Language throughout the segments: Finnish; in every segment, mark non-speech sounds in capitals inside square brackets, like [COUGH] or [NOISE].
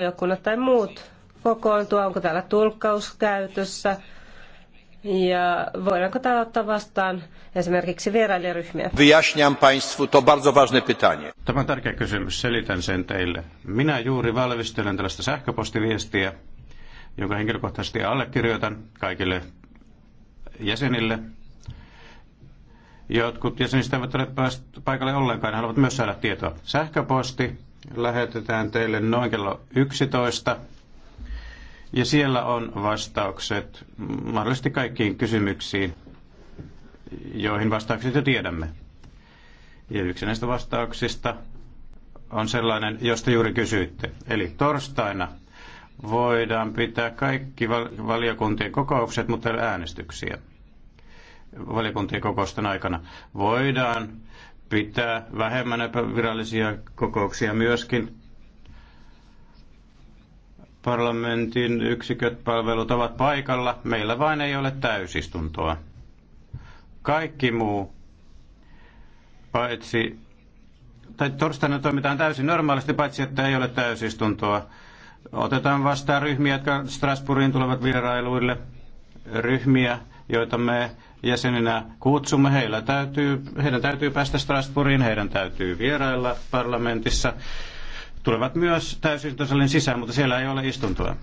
valiokunnat tai muut kokoontua, onko täällä tulkkaus käytössä ja voidaanko täällä ottaa vastaan esimerkiksi vierailijaryhmiä? Wyjaśniam Państwu, to bardzo ważne pytanie. Tämä on tärkeä kysymys, selitän sen teille. Minä juuri valmistelen tällaista sähköpostiviestiä, jonka henkilökohtaisesti allekirjoitan kaikille jäsenille. Jotkut jäsenistä eivät ole päässeet paikalle ollenkaan, he haluavat myös saada tietoa. Sähköposti lähetetään teille noin kello 11. Ja siellä on vastaukset mahdollisesti kaikkiin kysymyksiin, joihin vastaukset jo tiedämme. Ja yksi näistä vastauksista on sellainen, josta juuri kysyitte. Eli torstaina voidaan pitää kaikki valiokuntien kokoukset, mutta äänestyksiä valiokuntien kokousten aikana. Voidaan pitää vähemmän epävirallisia kokouksia myöskin. Parlamentin yksiköt palvelut ovat paikalla, meillä vain ei ole täysistuntoa. Kaikki muu, paitsi, tai torstaina toimitaan täysin normaalisti, paitsi että ei ole täysistuntoa. Otetaan vastaan ryhmiä, jotka Strasbourgiin tulevat vierailuille, ryhmiä, joita me jäseninä kutsumme. Heillä täytyy, heidän täytyy päästä Strasbourgiin, heidän täytyy vierailla parlamentissa. Tulevat myös täysistuntosalin sisään, mutta siellä ei ole istuntoa.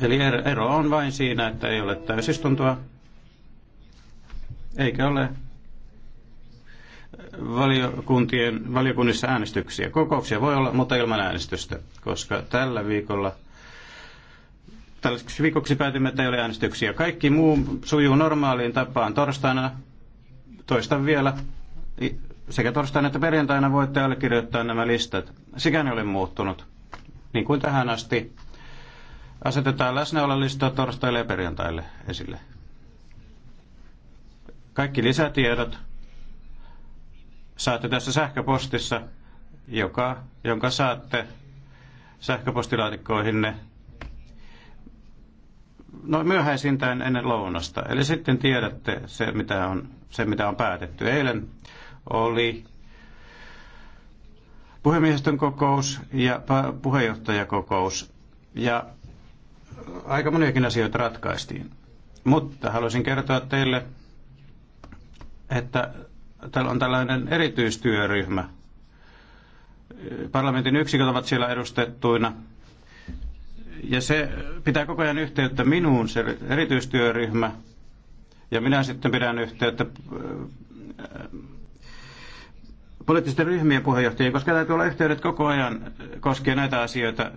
Eli er, ero on vain siinä, että ei ole täysistuntoa, eikä ole valiokuntien, valiokunnissa äänestyksiä. Kokouksia voi olla, mutta ilman äänestystä, koska tällä viikolla Tällaiseksi viikoksi päätimme, että ei ole äänestyksiä. Kaikki muu sujuu normaaliin tapaan torstaina. Toistan vielä. Sekä torstaina että perjantaina voitte allekirjoittaa nämä listat. Sikään ei ole muuttunut. Niin kuin tähän asti. Asetetaan läsnäololista torstaille ja perjantaille esille. Kaikki lisätiedot saatte tässä sähköpostissa, joka, jonka saatte sähköpostilaatikkoihinne no, myöhäisintään ennen lounasta. Eli sitten tiedätte se, mitä on, se, mitä on päätetty. Eilen oli puhemiehistön kokous ja puheenjohtajakokous ja aika moniakin asioita ratkaistiin. Mutta haluaisin kertoa teille, että täällä on tällainen erityistyöryhmä. Parlamentin yksiköt ovat siellä edustettuina ja se pitää koko ajan yhteyttä minuun, se erityistyöryhmä. Ja minä sitten pidän yhteyttä äh, poliittisten ryhmien puheenjohtajien, koska täytyy olla yhteydet koko ajan koskien näitä asioita, äh,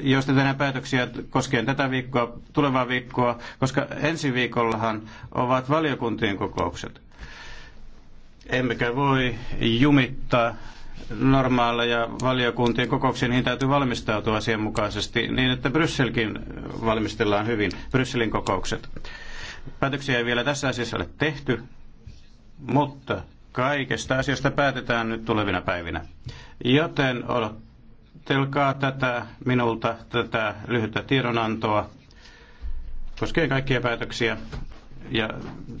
joista tehdään päätöksiä koskien tätä viikkoa, tulevaa viikkoa, koska ensi viikollahan ovat valiokuntien kokoukset. Emmekä voi jumittaa normaaleja valiokuntien kokouksiin, niihin täytyy valmistautua asianmukaisesti niin, että Brysselkin valmistellaan hyvin, Brysselin kokoukset. Päätöksiä ei vielä tässä asiassa ole tehty, mutta kaikesta asiasta päätetään nyt tulevina päivinä. Joten odotelkaa tätä minulta, tätä lyhyttä tiedonantoa koskien kaikkia päätöksiä ja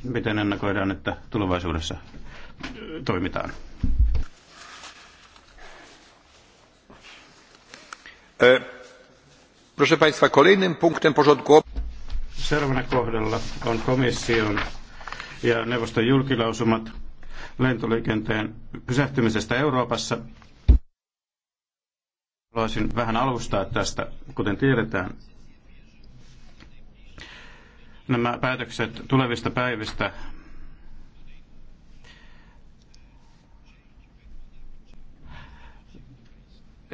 miten ennakoidaan, että tulevaisuudessa toimitaan. E, proszę Państwa, kolejnym punktem porządku Seuraavana kohdalla on komission ja neuvoston julkilausumat lentoliikenteen pysähtymisestä Euroopassa. Haluaisin vähän alustaa tästä, kuten tiedetään. Nämä päätökset tulevista päivistä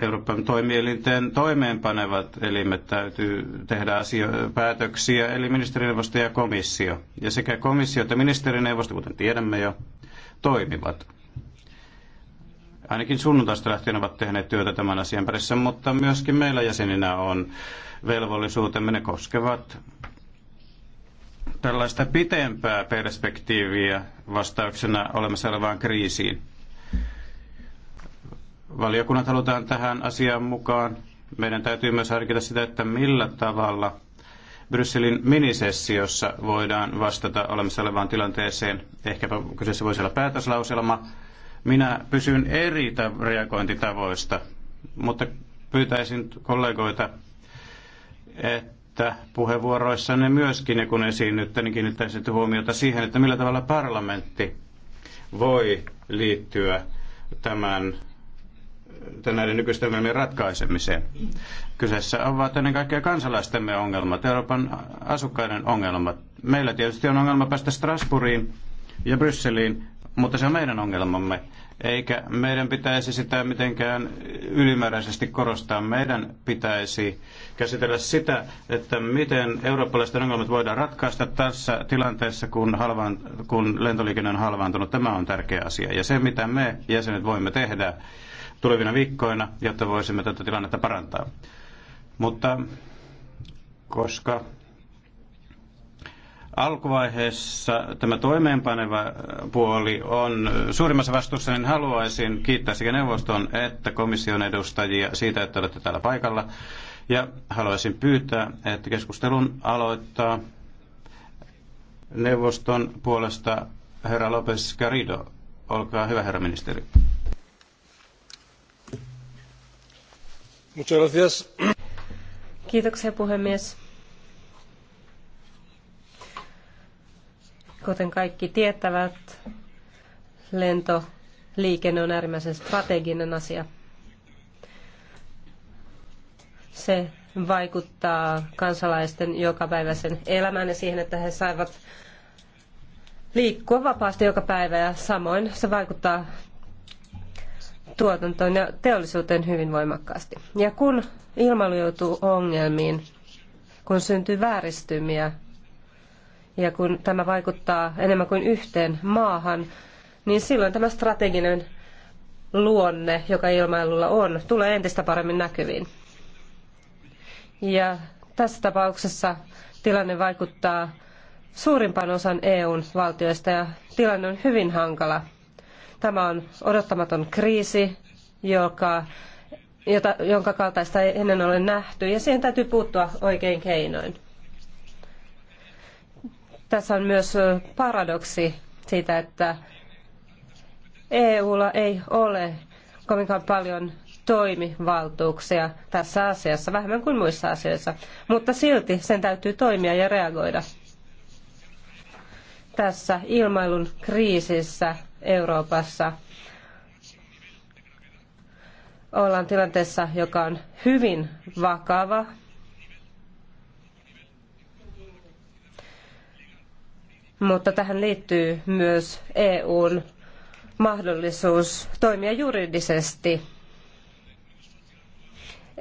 Euroopan toimielinten toimeenpanevat elimet täytyy tehdä asio- päätöksiä, eli ministerineuvosto ja komissio. Ja sekä komissio että ministerineuvosto, kuten tiedämme jo, toimivat. Ainakin sunnuntaista lähtien ovat tehneet työtä tämän asian parissa, mutta myöskin meillä jäseninä on velvollisuutemme. Ne koskevat tällaista pitempää perspektiiviä vastauksena olemassa olevaan kriisiin valiokunnat halutaan tähän asiaan mukaan. Meidän täytyy myös harkita sitä, että millä tavalla Brysselin minisessiossa voidaan vastata olemassa olevaan tilanteeseen. Ehkäpä kyseessä voisi olla päätöslauselma. Minä pysyn eri reagointitavoista, mutta pyytäisin kollegoita, että puheenvuoroissanne myöskin, ja kun nyt, niin kiinnittäisitte huomiota siihen, että millä tavalla parlamentti voi liittyä tämän näiden nykyisten ongelmien ratkaisemiseen. Kyseessä ovat ennen kaikkea kansalaistemme ongelmat, Euroopan asukkaiden ongelmat. Meillä tietysti on ongelma päästä Strasbourgiin ja Brysseliin, mutta se on meidän ongelmamme. Eikä meidän pitäisi sitä mitenkään ylimääräisesti korostaa. Meidän pitäisi käsitellä sitä, että miten eurooppalaisten ongelmat voidaan ratkaista tässä tilanteessa, kun, halvaan, kun lentoliikenne on halvaantunut. Tämä on tärkeä asia. Ja se, mitä me jäsenet voimme tehdä, tulevina viikkoina, jotta voisimme tätä tilannetta parantaa. Mutta koska alkuvaiheessa tämä toimeenpaneva puoli on suurimmassa vastuussa, niin haluaisin kiittää sekä neuvoston että komission edustajia siitä, että olette täällä paikalla. Ja haluaisin pyytää, että keskustelun aloittaa neuvoston puolesta herra López Garrido. Olkaa hyvä, herra ministeri. Kiitoksia puhemies. Kuten kaikki tietävät, lentoliikenne on äärimmäisen strateginen asia. Se vaikuttaa kansalaisten jokapäiväisen elämään ja siihen, että he saivat liikkua vapaasti joka päivä ja samoin se vaikuttaa tuotantoon ja teollisuuteen hyvin voimakkaasti. Ja kun ilmailu joutuu ongelmiin, kun syntyy vääristymiä ja kun tämä vaikuttaa enemmän kuin yhteen maahan, niin silloin tämä strateginen luonne, joka ilmailulla on, tulee entistä paremmin näkyviin. Ja tässä tapauksessa tilanne vaikuttaa suurimpaan osan EUn valtioista ja tilanne on hyvin hankala Tämä on odottamaton kriisi, joka, jota, jonka kaltaista ei ennen ole nähty, ja siihen täytyy puuttua oikein keinoin. Tässä on myös paradoksi siitä, että EUlla ei ole kovinkaan paljon toimivaltuuksia tässä asiassa, vähemmän kuin muissa asioissa, mutta silti sen täytyy toimia ja reagoida. Tässä ilmailun kriisissä Euroopassa ollaan tilanteessa, joka on hyvin vakava. Mutta tähän liittyy myös EUn mahdollisuus toimia juridisesti.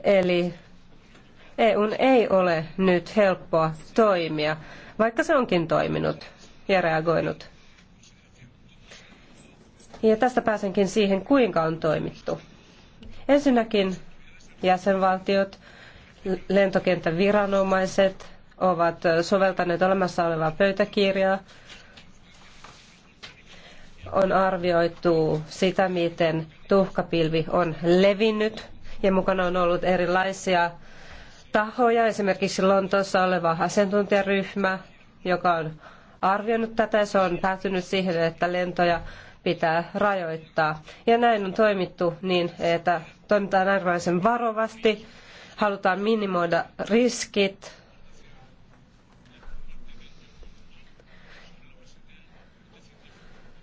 Eli EUn ei ole nyt helppoa toimia, vaikka se onkin toiminut ja reagoinut. Ja tästä pääsenkin siihen, kuinka on toimittu. Ensinnäkin jäsenvaltiot, lentokentän viranomaiset ovat soveltaneet olemassa olevaa pöytäkirjaa. On arvioitu sitä, miten tuhkapilvi on levinnyt ja mukana on ollut erilaisia tahoja, esimerkiksi Lontoossa oleva asiantuntijaryhmä, joka on arvioinut tätä. Se on päätynyt siihen, että lentoja pitää rajoittaa. Ja näin on toimittu niin, että toimitaan äärimmäisen varovasti, halutaan minimoida riskit,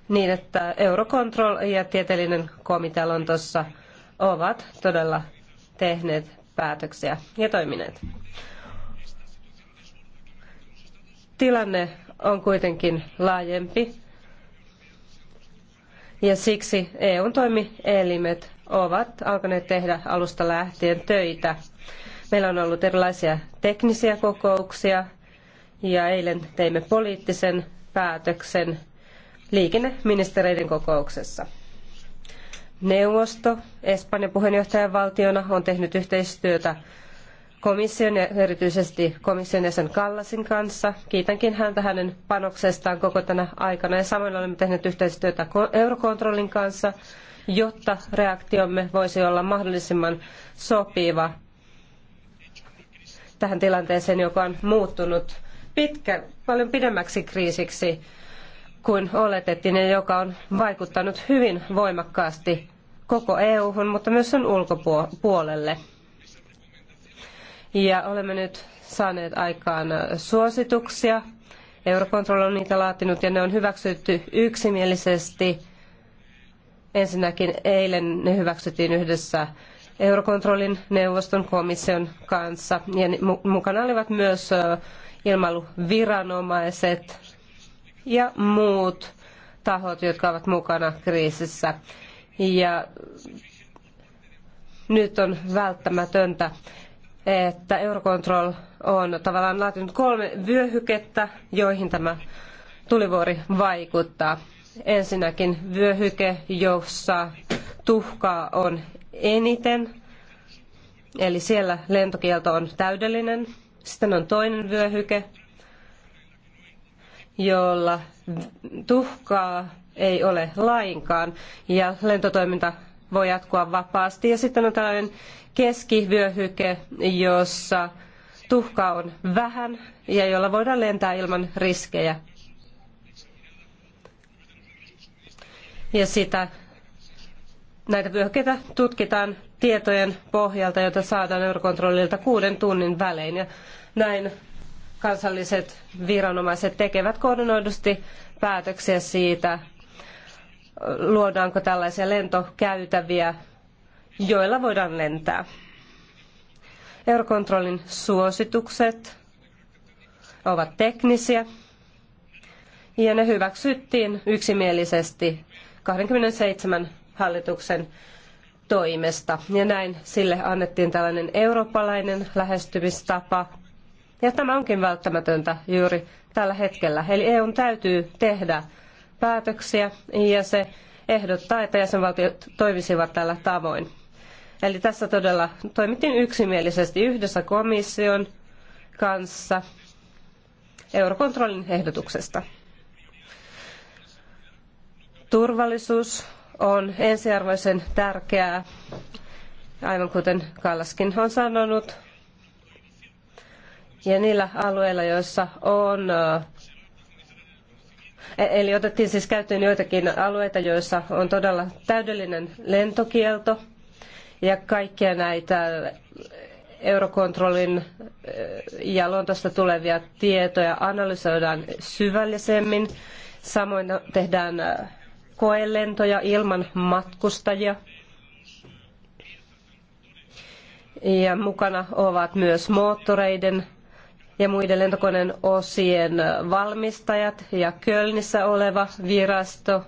niin, että Eurocontrol ja tieteellinen komitea Lontossa ovat todella tehneet päätöksiä ja toimineet. Tilanne on kuitenkin laajempi. Ja siksi EUn toimielimet ovat alkaneet tehdä alusta lähtien töitä. Meillä on ollut erilaisia teknisiä kokouksia ja eilen teimme poliittisen päätöksen liikenneministereiden kokouksessa. Neuvosto Espanjan puheenjohtajavaltiona on tehnyt yhteistyötä komission ja erityisesti komission jäsen Kallasin kanssa. Kiitänkin häntä hänen panoksestaan koko tänä aikana ja samoin olemme tehneet yhteistyötä Eurokontrollin kanssa, jotta reaktiomme voisi olla mahdollisimman sopiva tähän tilanteeseen, joka on muuttunut pitkä, paljon pidemmäksi kriisiksi kuin oletettiin ja joka on vaikuttanut hyvin voimakkaasti koko EU-hun, mutta myös sen ulkopuolelle. Ja olemme nyt saaneet aikaan äh, suosituksia. Eurocontrol on niitä laatinut ja ne on hyväksytty yksimielisesti. Ensinnäkin eilen ne hyväksyttiin yhdessä Eurokontrollin neuvoston komission kanssa. Ja mukana olivat myös äh, ilmailuviranomaiset ja muut tahot, jotka ovat mukana kriisissä. Ja nyt on välttämätöntä, että Eurocontrol on tavallaan laatinut kolme vyöhykettä, joihin tämä tulivuori vaikuttaa. Ensinnäkin vyöhyke, jossa tuhkaa on eniten, eli siellä lentokielto on täydellinen. Sitten on toinen vyöhyke, jolla tuhkaa ei ole lainkaan ja lentotoiminta voi jatkua vapaasti. Ja sitten on tällainen keskivyöhyke, jossa tuhkaa on vähän ja jolla voidaan lentää ilman riskejä. Ja sitä, näitä vyöhykkeitä tutkitaan tietojen pohjalta, joita saadaan eurokontrollilta kuuden tunnin välein. Ja näin kansalliset viranomaiset tekevät koordinoidusti päätöksiä siitä, luodaanko tällaisia lentokäytäviä, joilla voidaan lentää. Eurokontrollin suositukset ovat teknisiä ja ne hyväksyttiin yksimielisesti 27 hallituksen toimesta. Ja näin sille annettiin tällainen eurooppalainen lähestymistapa. Ja tämä onkin välttämätöntä juuri tällä hetkellä. Eli EUn täytyy tehdä päätöksiä ja se ehdottaa, että jäsenvaltiot toimisivat tällä tavoin. Eli tässä todella toimittiin yksimielisesti yhdessä komission kanssa eurokontrollin ehdotuksesta. Turvallisuus on ensiarvoisen tärkeää, aivan kuten Kallaskin on sanonut. Ja niillä alueilla, joissa on E- eli otettiin siis käyttöön joitakin alueita, joissa on todella täydellinen lentokielto ja kaikkia näitä Eurokontrollin e- ja Lontosta tulevia tietoja analysoidaan syvällisemmin. Samoin tehdään e- koelentoja ilman matkustajia. Ja mukana ovat myös moottoreiden ja muiden lentokoneen osien valmistajat ja Kölnissä oleva virasto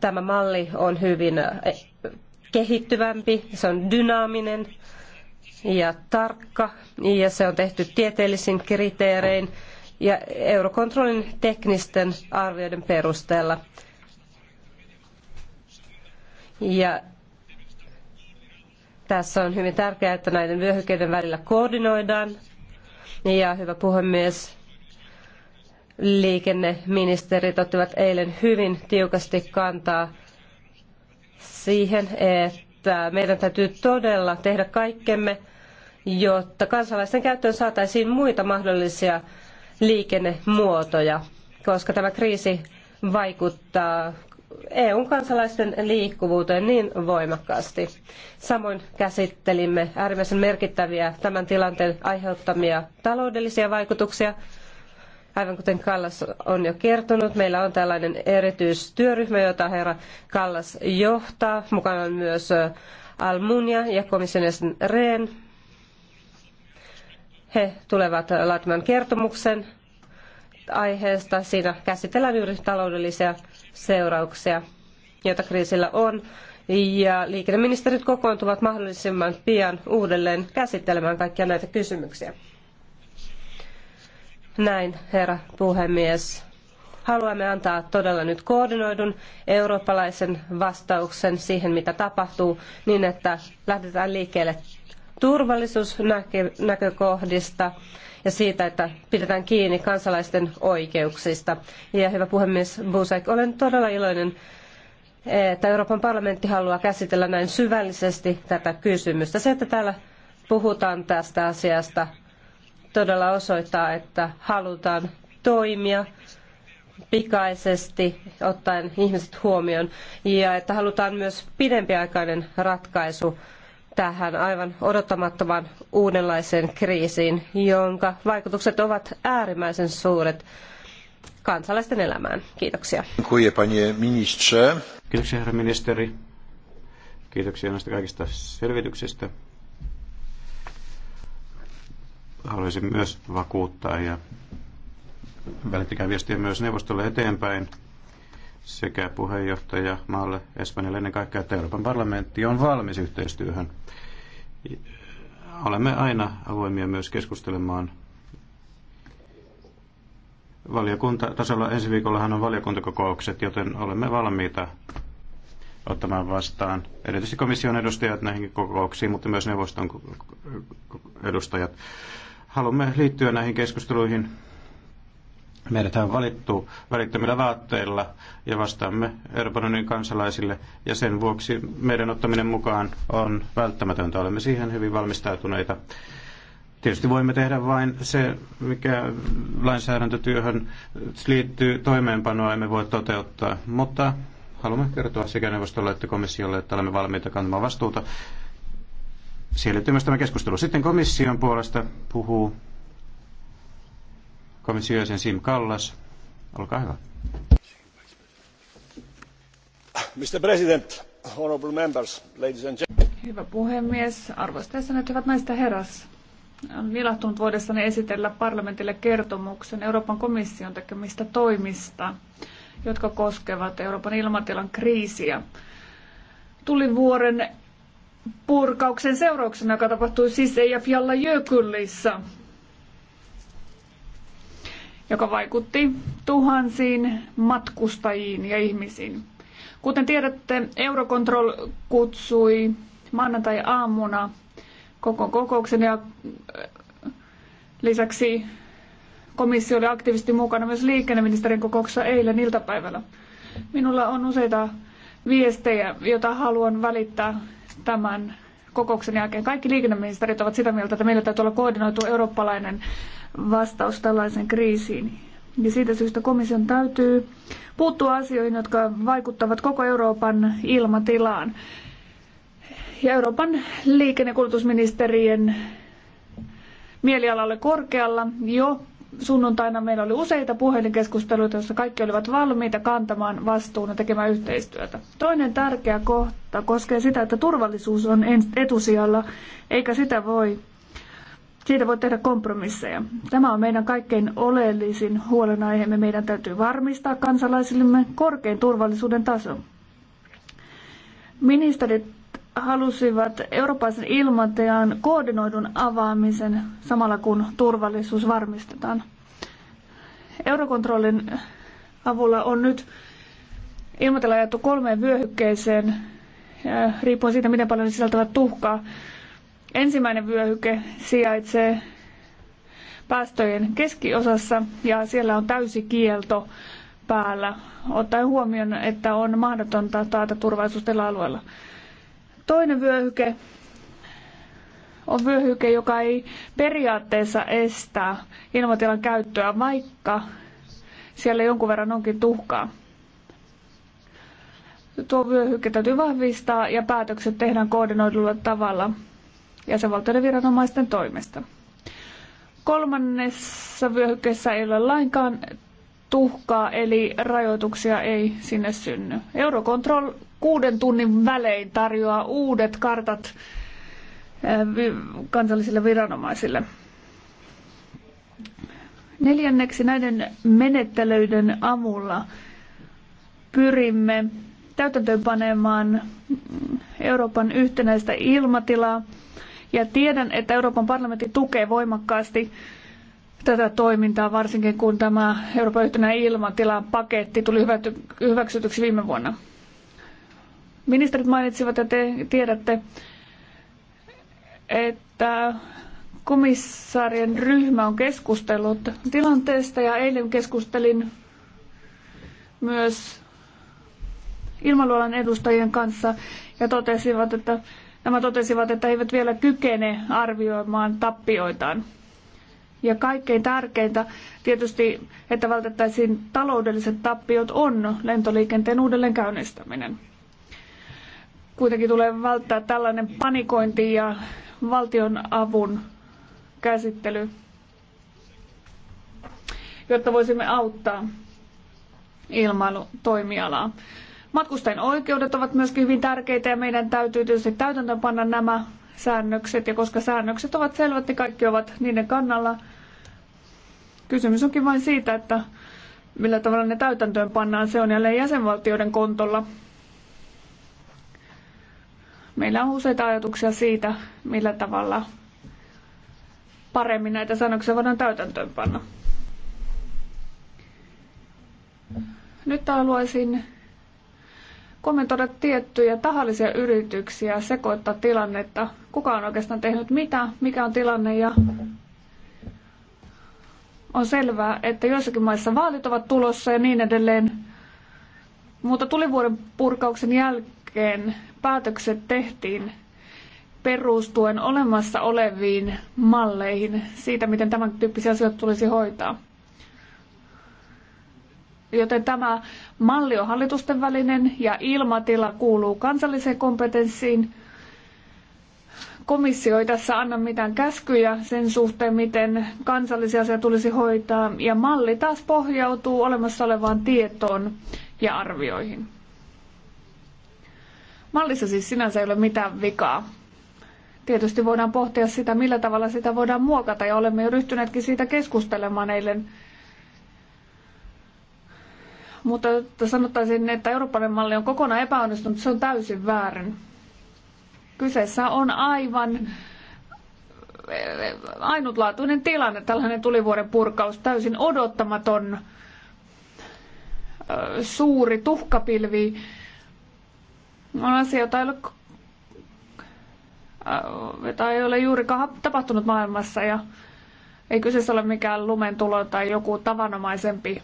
tämä malli on hyvin eh, kehittyvämpi, se on dynaaminen ja tarkka ja se on tehty tieteellisin kriteerein ja Eurokontrollin teknisten arvioiden perusteella. Ja tässä on hyvin tärkeää, että näiden vyöhykkeiden välillä koordinoidaan. Ja hyvä puhemies, liikenneministerit ottivat eilen hyvin tiukasti kantaa siihen, että meidän täytyy todella tehdä kaikkemme, jotta kansalaisten käyttöön saataisiin muita mahdollisia liikennemuotoja, koska tämä kriisi vaikuttaa EUn kansalaisten liikkuvuuteen niin voimakkaasti. Samoin käsittelimme äärimmäisen merkittäviä tämän tilanteen aiheuttamia taloudellisia vaikutuksia. Aivan kuten Kallas on jo kertonut, meillä on tällainen erityistyöryhmä, jota herra Kallas johtaa. Mukana on myös Almunia ja komission jäsen Rehn. He tulevat laatimaan kertomuksen aiheesta. Siinä käsitellään juuri taloudellisia seurauksia, joita kriisillä on. Ja liikenneministerit kokoontuvat mahdollisimman pian uudelleen käsittelemään kaikkia näitä kysymyksiä. Näin, herra puhemies. Haluamme antaa todella nyt koordinoidun eurooppalaisen vastauksen siihen, mitä tapahtuu, niin että lähdetään liikkeelle turvallisuusnäkökohdista. Turvallisuusnäkö- ja siitä, että pidetään kiinni kansalaisten oikeuksista. Ja hyvä puhemies Busek, olen todella iloinen että Euroopan parlamentti haluaa käsitellä näin syvällisesti tätä kysymystä. Se, että täällä puhutaan tästä asiasta, todella osoittaa, että halutaan toimia pikaisesti ottaen ihmiset huomioon ja että halutaan myös pidempiaikainen ratkaisu tähän aivan odottamattoman uudenlaiseen kriisiin, jonka vaikutukset ovat äärimmäisen suuret kansalaisten elämään. Kiitoksia. Kiitoksia herra ministeri. Kiitoksia näistä kaikista selvityksistä. Haluaisin myös vakuuttaa ja välittäkää viestiä myös neuvostolle eteenpäin sekä puheenjohtaja maalle Espanjalle ennen kaikkea, että Euroopan parlamentti on valmis yhteistyöhön. Olemme aina avoimia myös keskustelemaan valiokuntatasolla. Ensi viikollahan on valiokuntakokoukset, joten olemme valmiita ottamaan vastaan erityisesti komission edustajat näihin kokouksiin, mutta myös neuvoston edustajat. Haluamme liittyä näihin keskusteluihin Meidät on valittu välittömillä vaatteilla ja vastaamme Euroopan unionin kansalaisille ja sen vuoksi meidän ottaminen mukaan on välttämätöntä. Olemme siihen hyvin valmistautuneita. Tietysti voimme tehdä vain se, mikä lainsäädäntötyöhön liittyy toimeenpanoa, emme voi toteuttaa, mutta haluamme kertoa sekä neuvostolle että komissiolle, että olemme valmiita kantamaan vastuuta. Siellä liittyy myös tämä keskustelu. Sitten komission puolesta puhuu komissio jäsen Sim Kallas. Olkaa hyvä. Mr. President, honorable members, ladies and gentlemen. Hyvä puhemies, arvoisat jäsenet, hyvät naiset ja herras. Olen ilahtunut vuodessani esitellä parlamentille kertomuksen Euroopan komission tekemistä toimista, jotka koskevat Euroopan ilmatilan kriisiä. vuoren purkauksen seurauksena, joka tapahtui siis Eyjafjallajökullissa joka vaikutti tuhansiin matkustajiin ja ihmisiin. Kuten tiedätte, Eurocontrol kutsui maanantai-aamuna koko kokouksen ja äh, lisäksi komissio oli aktiivisesti mukana myös liikenneministerin kokouksessa eilen iltapäivällä. Minulla on useita viestejä, joita haluan välittää tämän kokouksen jälkeen. Kaikki liikenneministerit ovat sitä mieltä, että meillä täytyy olla koordinoitu eurooppalainen vastaus tällaiseen kriisiin. Ja siitä syystä komission täytyy puuttua asioihin, jotka vaikuttavat koko Euroopan ilmatilaan. Ja Euroopan liikenne- ja kulutusministerien mielialalle korkealla jo sunnuntaina meillä oli useita puhelinkeskusteluita, joissa kaikki olivat valmiita kantamaan vastuun ja tekemään yhteistyötä. Toinen tärkeä kohta koskee sitä, että turvallisuus on etusijalla, eikä sitä voi siitä voi tehdä kompromisseja. Tämä on meidän kaikkein oleellisin huolenaiheemme. Meidän täytyy varmistaa kansalaisillemme korkein turvallisuuden taso. Ministerit halusivat eurooppalaisen ilmatean koordinoidun avaamisen samalla kun turvallisuus varmistetaan. Eurokontrollin avulla on nyt ilmatila jaettu kolmeen vyöhykkeeseen, riippuen siitä, miten paljon ne sisältävät tuhkaa. Ensimmäinen vyöhyke sijaitsee päästöjen keskiosassa ja siellä on täysi kielto päällä, ottaen huomioon, että on mahdotonta taata turvallisuus tällä alueella. Toinen vyöhyke on vyöhyke, joka ei periaatteessa estä ilmatilan käyttöä, vaikka siellä jonkun verran onkin tuhkaa. Tuo vyöhyke täytyy vahvistaa ja päätökset tehdään koordinoidulla tavalla jäsenvaltioiden viranomaisten toimesta. Kolmannessa vyöhykkeessä ei ole lainkaan tuhkaa, eli rajoituksia ei sinne synny. Eurocontrol kuuden tunnin välein tarjoaa uudet kartat äh, kansallisille viranomaisille. Neljänneksi näiden menettelyiden avulla pyrimme täytäntöönpanemaan Euroopan yhtenäistä ilmatilaa ja tiedän, että Euroopan parlamentti tukee voimakkaasti tätä toimintaa, varsinkin kun tämä Euroopan yhtenäinen ilmatila-paketti tuli hyväksytyksi viime vuonna. Ministerit mainitsivat, ja te tiedätte, että komissaarien ryhmä on keskustellut tilanteesta ja eilen keskustelin myös ilmaluolan edustajien kanssa ja totesivat, että Nämä totesivat, että he eivät vielä kykene arvioimaan tappioitaan. Ja kaikkein tärkeintä tietysti, että vältettäisiin taloudelliset tappiot, on lentoliikenteen uudelleenkäynnistäminen. Kuitenkin tulee välttää tällainen panikointi ja valtion avun käsittely, jotta voisimme auttaa ilmailutoimialaa. Matkustajien oikeudet ovat myöskin hyvin tärkeitä ja meidän täytyy tietysti täytäntöönpanna nämä säännökset. Ja koska säännökset ovat selvät, niin kaikki ovat niiden kannalla. Kysymys onkin vain siitä, että millä tavalla ne täytäntöön pannaan, se on jälleen jäsenvaltioiden kontolla. Meillä on useita ajatuksia siitä, millä tavalla paremmin näitä sanoksia voidaan täytäntöönpanna. Nyt haluaisin kommentoida tiettyjä tahallisia yrityksiä sekoittaa tilannetta. Kuka on oikeastaan tehnyt mitä, mikä on tilanne ja on selvää, että joissakin maissa vaalit ovat tulossa ja niin edelleen. Mutta tulivuoden purkauksen jälkeen päätökset tehtiin perustuen olemassa oleviin malleihin siitä, miten tämän tyyppisiä asioita tulisi hoitaa. Joten tämä malli on hallitusten välinen ja ilmatila kuuluu kansalliseen kompetenssiin. Komissio ei tässä anna mitään käskyjä sen suhteen, miten kansallisia asioita tulisi hoitaa, ja malli taas pohjautuu olemassa olevaan tietoon ja arvioihin. Mallissa siis sinänsä ei ole mitään vikaa. Tietysti voidaan pohtia sitä, millä tavalla sitä voidaan muokata, ja olemme jo ryhtyneetkin siitä keskustelemaan eilen mutta että sanottaisin, että eurooppalainen malli on kokonaan epäonnistunut, se on täysin väärin. Kyseessä on aivan eh, ainutlaatuinen tilanne, tällainen tulivuoren purkaus, täysin odottamaton eh, suuri tuhkapilvi. On asia, jota ei ole, eh, jota ei ole juurikaan tapahtunut maailmassa ja ei kyseessä ole mikään lumentulo tai joku tavanomaisempi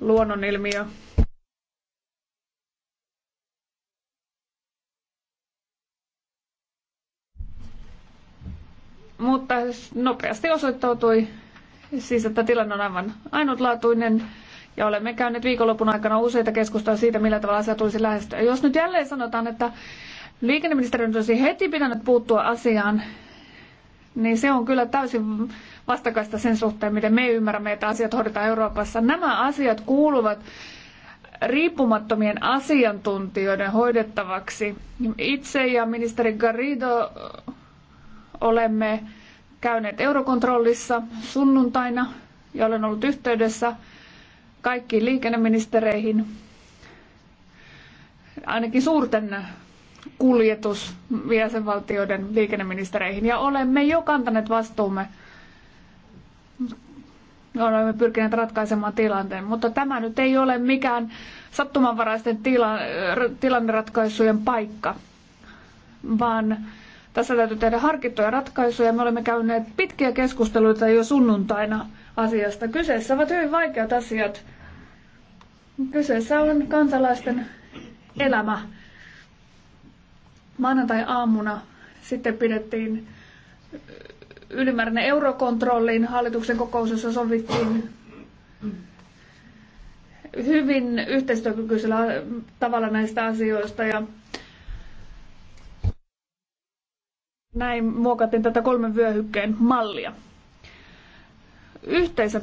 luonnonilmiö. Mutta nopeasti osoittautui siis, että tilanne on aivan ainutlaatuinen ja olemme käyneet viikonlopun aikana useita keskusteluja siitä, millä tavalla asia tulisi lähestyä. Jos nyt jälleen sanotaan, että liikenneministeriön olisi heti pitänyt puuttua asiaan, niin se on kyllä täysin vastakkaista sen suhteen, miten me ymmärrämme, että asiat hoidetaan Euroopassa. Nämä asiat kuuluvat riippumattomien asiantuntijoiden hoidettavaksi. Itse ja ministeri Garrido olemme käyneet Eurokontrollissa sunnuntaina ja olen ollut yhteydessä kaikkiin liikenneministereihin, ainakin suurten kuljetus jäsenvaltioiden liikenneministereihin ja olemme jo kantaneet vastuumme olemme pyrkineet ratkaisemaan tilanteen. Mutta tämä nyt ei ole mikään sattumanvaraisten tila, tilanneratkaisujen paikka, vaan tässä täytyy tehdä harkittuja ratkaisuja. Me olemme käyneet pitkiä keskusteluita jo sunnuntaina asiasta. Kyseessä ovat hyvin vaikeat asiat. Kyseessä on kansalaisten elämä. Maanantai-aamuna sitten pidettiin ylimääräinen eurokontrolliin hallituksen kokous, jossa sovittiin hyvin yhteistyökykyisellä tavalla näistä asioista ja näin muokattiin tätä kolmen vyöhykkeen mallia. Yhteisessä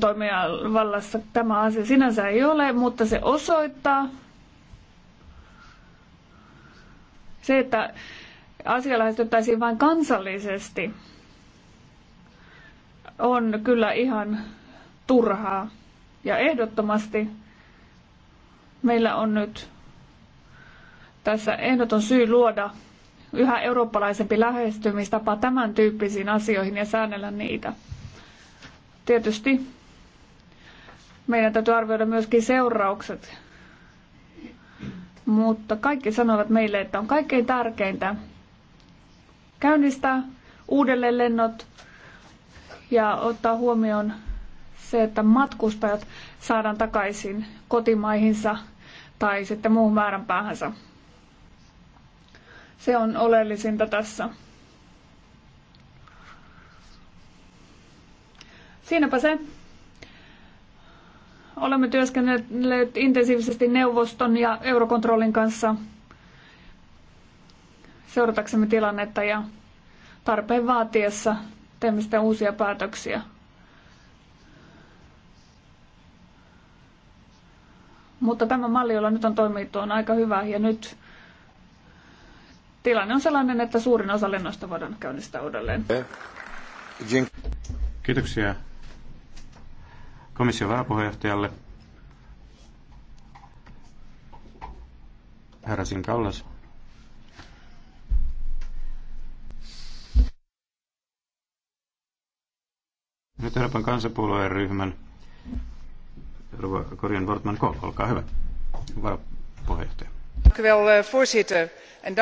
tämä asia sinänsä ei ole, mutta se osoittaa se, että asia lähestyttäisiin vain kansallisesti on kyllä ihan turhaa. Ja ehdottomasti meillä on nyt tässä ehdoton syy luoda yhä eurooppalaisempi lähestymistapa tämän tyyppisiin asioihin ja säännellä niitä. Tietysti meidän täytyy arvioida myöskin seuraukset. Mutta kaikki sanovat meille, että on kaikkein tärkeintä käynnistää uudelleen lennot ja ottaa huomioon se, että matkustajat saadaan takaisin kotimaihinsa tai sitten muuhun määränpäähänsä. Se on oleellisinta tässä. Siinäpä se. Olemme työskennelleet intensiivisesti neuvoston ja eurokontrollin kanssa seurataksemme tilannetta ja tarpeen vaatiessa tämmöistä uusia päätöksiä. Mutta tämä malli, jolla nyt on toimittu, on aika hyvä ja nyt tilanne on sellainen, että suurin osa lennoista voidaan käynnistää uudelleen. Kiitoksia komission varapuheenjohtajalle. Herra Sinkallas. Nyt Euroopan kansanpuolueen ryhmän Korjan Wortman Kohl, olkaa hyvä. puheenjohtaja. Eh,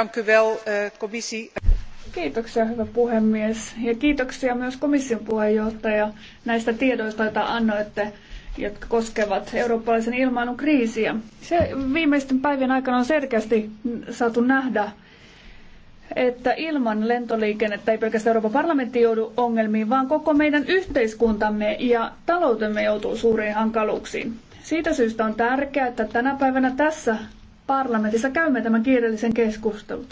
eh, kiitoksia, hyvä puhemies. Ja kiitoksia myös komission puheenjohtaja näistä tiedoista, joita annoitte jotka koskevat eurooppalaisen ilmailun kriisiä. Se viimeisten päivien aikana on selkeästi saatu nähdä, että ilman lentoliikennettä ei pelkästään Euroopan parlamentti joudu ongelmiin, vaan koko meidän yhteiskuntamme ja taloutemme joutuu suuriin hankaluuksiin. Siitä syystä on tärkeää, että tänä päivänä tässä parlamentissa käymme tämän kiireellisen keskustelun.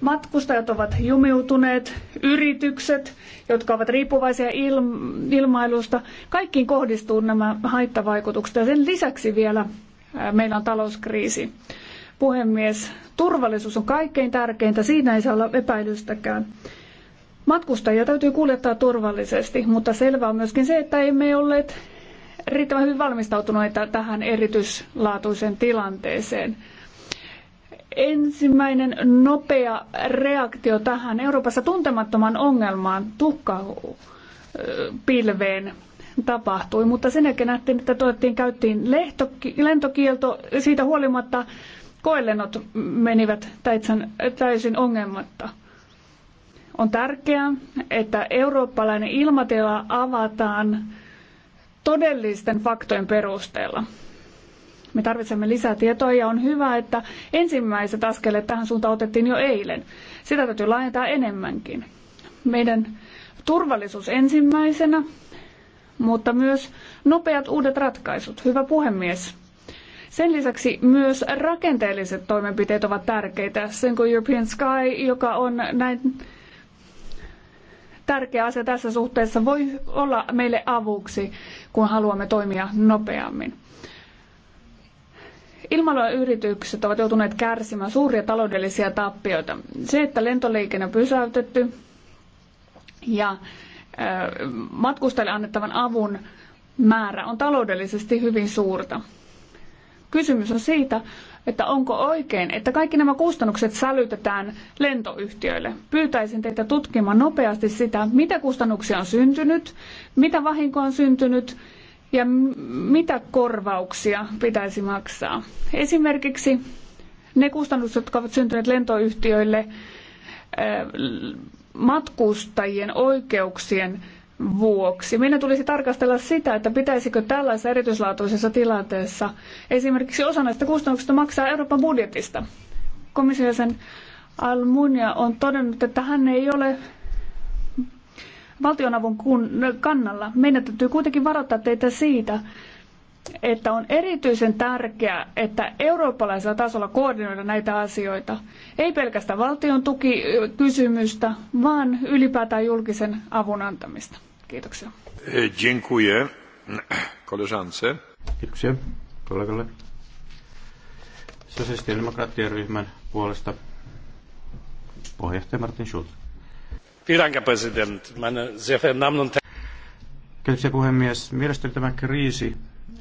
Matkustajat ovat jumiutuneet, yritykset, jotka ovat riippuvaisia ilmailusta, kaikkiin kohdistuu nämä haittavaikutukset ja sen lisäksi vielä meillä on talouskriisi puhemies. Turvallisuus on kaikkein tärkeintä, siinä ei saa olla epäilystäkään. Matkustajia täytyy kuljettaa turvallisesti, mutta selvää on myöskin se, että emme olleet riittävän hyvin valmistautuneita tähän erityislaatuiseen tilanteeseen. Ensimmäinen nopea reaktio tähän Euroopassa tuntemattoman ongelmaan, tukkapilveen, tapahtui, mutta sen jälkeen nähtiin, että tuotiin, käyttiin lehtoki, lentokielto. Siitä huolimatta koellennot menivät täysin, täysin ongelmatta. On tärkeää, että eurooppalainen ilmatila avataan todellisten faktojen perusteella. Me tarvitsemme lisää tietoa ja on hyvä, että ensimmäiset askeleet tähän suuntaan otettiin jo eilen. Sitä täytyy laajentaa enemmänkin. Meidän turvallisuus ensimmäisenä, mutta myös nopeat uudet ratkaisut. Hyvä puhemies. Sen lisäksi myös rakenteelliset toimenpiteet ovat tärkeitä. Sen kuin European Sky, joka on näin tärkeä asia tässä suhteessa, voi olla meille avuksi, kun haluamme toimia nopeammin. Ilmailualan yritykset ovat joutuneet kärsimään suuria taloudellisia tappioita. Se, että lentoliikenne on pysäytetty ja matkustajille annettavan avun määrä on taloudellisesti hyvin suurta. Kysymys on siitä, että onko oikein, että kaikki nämä kustannukset sälytetään lentoyhtiöille. Pyytäisin teitä tutkimaan nopeasti sitä, mitä kustannuksia on syntynyt, mitä vahinkoa on syntynyt ja mitä korvauksia pitäisi maksaa. Esimerkiksi ne kustannukset, jotka ovat syntyneet lentoyhtiöille matkustajien oikeuksien vuoksi. Meidän tulisi tarkastella sitä, että pitäisikö tällaisessa erityislaatuisessa tilanteessa esimerkiksi osa näistä kustannuksista maksaa Euroopan budjetista. Komissiojäsen Almunia on todennut, että hän ei ole valtionavun kun, kannalla. Meidän täytyy kuitenkin varoittaa teitä siitä, että on erityisen tärkeää, että eurooppalaisella tasolla koordinoida näitä asioita. Ei pelkästään valtion tukikysymystä, vaan ylipäätään julkisen avun antamista. Kiitoksia. E, dziękuję [CLEARS THROAT] koleżance. Kiitoksia kollegalle. Sosialistidemokraattien ryhmän puolesta puheenjohtaja Martin Schulz. Vielen President, meine sehr verehrten Damen und Herren. Kiitoksia puhemies. Mielestäni tämä kriisi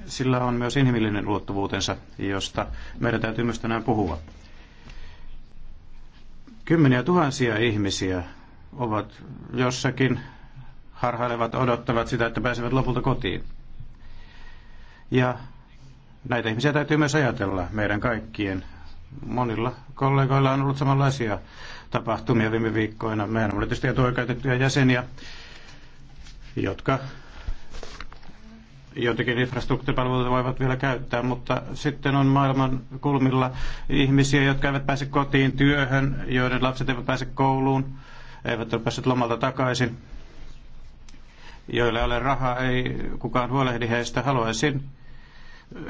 sillä on myös inhimillinen ulottuvuutensa, josta meidän täytyy myös tänään puhua. Kymmeniä tuhansia ihmisiä ovat jossakin, harhailevat, odottavat sitä, että pääsevät lopulta kotiin. Ja näitä ihmisiä täytyy myös ajatella meidän kaikkien. Monilla kollegoilla on ollut samanlaisia tapahtumia viime viikkoina. Meidän on tietysti etuoikeutettuja jäseniä, jotka jotenkin infrastruktuuripalveluita voivat vielä käyttää, mutta sitten on maailman kulmilla ihmisiä, jotka eivät pääse kotiin työhön, joiden lapset eivät pääse kouluun, eivät ole päässeet lomalta takaisin, joilla ei ole rahaa, ei kukaan huolehdi heistä. Haluaisin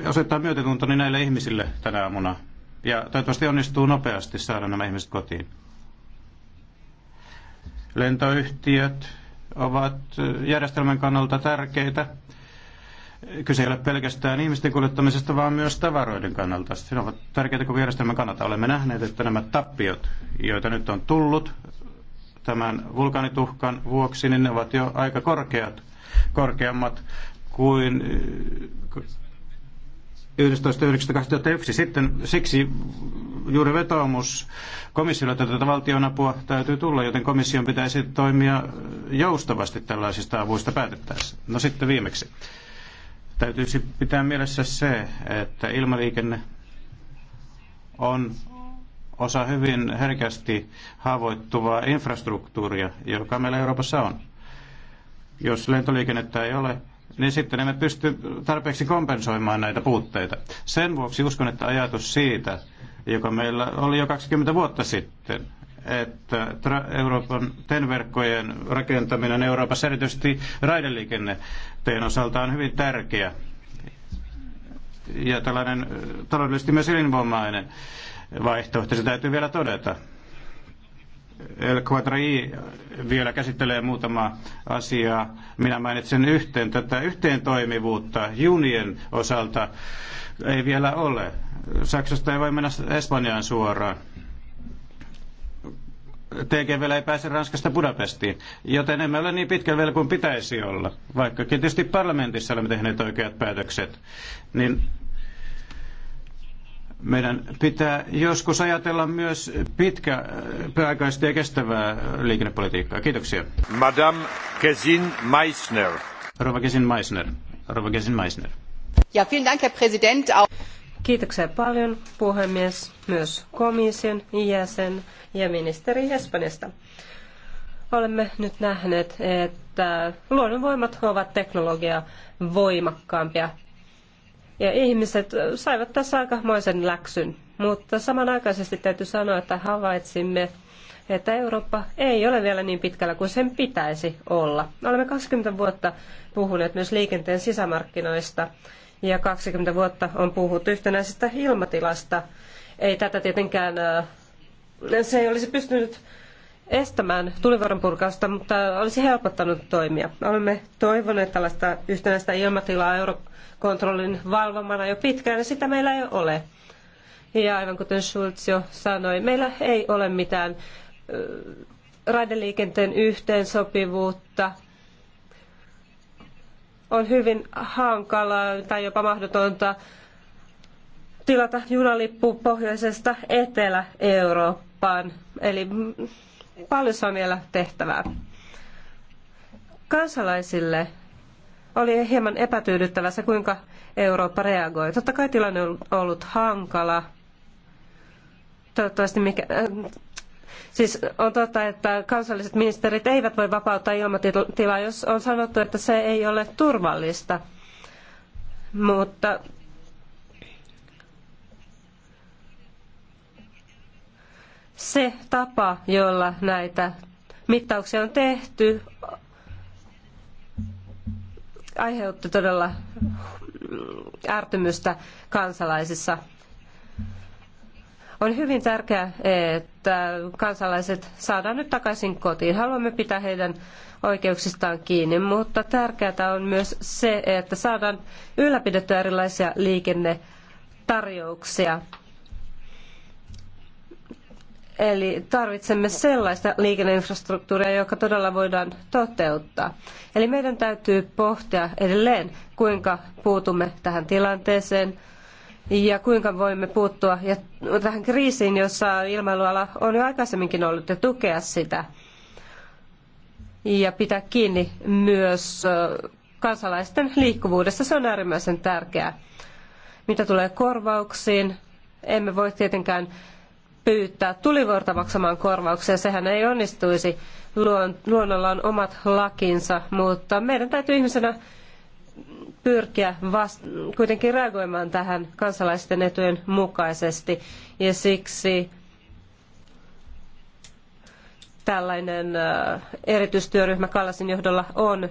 osoittaa myötätuntoni näille ihmisille tänä aamuna. Ja toivottavasti onnistuu nopeasti saada nämä ihmiset kotiin. Lentoyhtiöt ovat järjestelmän kannalta tärkeitä Kyse ei ole pelkästään ihmisten kuljettamisesta, vaan myös tavaroiden kannalta. Se on tärkeää koko järjestelmän kannalta. Olemme nähneet, että nämä tappiot, joita nyt on tullut tämän vulkaanituhkan vuoksi, niin ne ovat jo aika korkeat, korkeammat kuin 11.9.2001. Äh, sitten siksi juuri vetoomus komissiolle tätä valtionapua täytyy tulla, joten komission pitäisi toimia joustavasti tällaisista avuista päätettäessä. No sitten viimeksi. Täytyy pitää mielessä se, että ilmaliikenne on osa hyvin herkästi haavoittuvaa infrastruktuuria, joka meillä Euroopassa on. Jos lentoliikennettä ei ole, niin sitten emme pysty tarpeeksi kompensoimaan näitä puutteita. Sen vuoksi uskon, että ajatus siitä, joka meillä oli jo 20 vuotta sitten, että Euroopan TEN-verkkojen rakentaminen Euroopassa erityisesti raideliikenteen osalta on hyvin tärkeä ja tällainen taloudellisesti myös elinvoimainen vaihtoehto. Se täytyy vielä todeta. El Quadri vielä käsittelee muutama asiaa. Minä mainitsen yhteen tätä yhteen toimivuutta junien osalta ei vielä ole. Saksasta ei voi mennä Espanjaan suoraan. TGV ei pääse Ranskasta Budapestiin, joten emme ole niin pitkällä vielä kuin pitäisi olla. Vaikkakin tietysti parlamentissa olemme tehneet oikeat päätökset, niin meidän pitää joskus ajatella myös pitkäaikaista ja kestävää liikennepolitiikkaa. Kiitoksia. Madame Kesin Meissner. Rova Kesin Meissner. Rova Kesin Meissner. Ja, vielen Dank, Herr Präsident. Kiitoksia paljon puhemies, myös komission jäsen ja ministeri Espanjasta. Olemme nyt nähneet, että luonnonvoimat ovat teknologiaa voimakkaampia. Ja ihmiset saivat tässä aikamoisen läksyn, mutta samanaikaisesti täytyy sanoa, että havaitsimme, että Eurooppa ei ole vielä niin pitkällä kuin sen pitäisi olla. Olemme 20 vuotta puhuneet myös liikenteen sisämarkkinoista ja 20 vuotta on puhuttu yhtenäisestä ilmatilasta. Ei tätä tietenkään, äh, se ei olisi pystynyt estämään tulivuoron purkausta, mutta olisi helpottanut toimia. Olemme toivoneet tällaista yhtenäistä ilmatilaa eurokontrollin valvomana jo pitkään, ja sitä meillä ei ole. Ja aivan kuten Schulz jo sanoi, meillä ei ole mitään äh, raideliikenteen yhteensopivuutta, on hyvin hankalaa tai jopa mahdotonta tilata junalippu pohjoisesta Etelä-Eurooppaan. Eli paljon on vielä tehtävää. Kansalaisille oli hieman epätyydyttävää se, kuinka Eurooppa reagoi. Totta kai tilanne on ollut hankala. Toivottavasti mikä, Siis on totta, että kansalliset ministerit eivät voi vapauttaa ilmatilaa, jos on sanottu, että se ei ole turvallista. Mutta se tapa, jolla näitä mittauksia on tehty, aiheutti todella ärtymystä kansalaisissa. On hyvin tärkeää, että kansalaiset saadaan nyt takaisin kotiin. Haluamme pitää heidän oikeuksistaan kiinni, mutta tärkeää on myös se, että saadaan ylläpidettyä erilaisia liikennetarjouksia. Eli tarvitsemme sellaista liikenneinfrastruktuuria, joka todella voidaan toteuttaa. Eli meidän täytyy pohtia edelleen, kuinka puutumme tähän tilanteeseen, ja kuinka voimme puuttua ja tähän kriisiin, jossa ilmailuala on jo aikaisemminkin ollut ja tukea sitä ja pitää kiinni myös kansalaisten liikkuvuudesta. Se on äärimmäisen tärkeää. Mitä tulee korvauksiin, emme voi tietenkään pyytää tulivuorta maksamaan korvauksia. Sehän ei onnistuisi. Luonnolla on omat lakinsa, mutta meidän täytyy ihmisenä pyrkiä vast- kuitenkin reagoimaan tähän kansalaisten etujen mukaisesti. Ja siksi tällainen erityistyöryhmä Kallasin johdolla on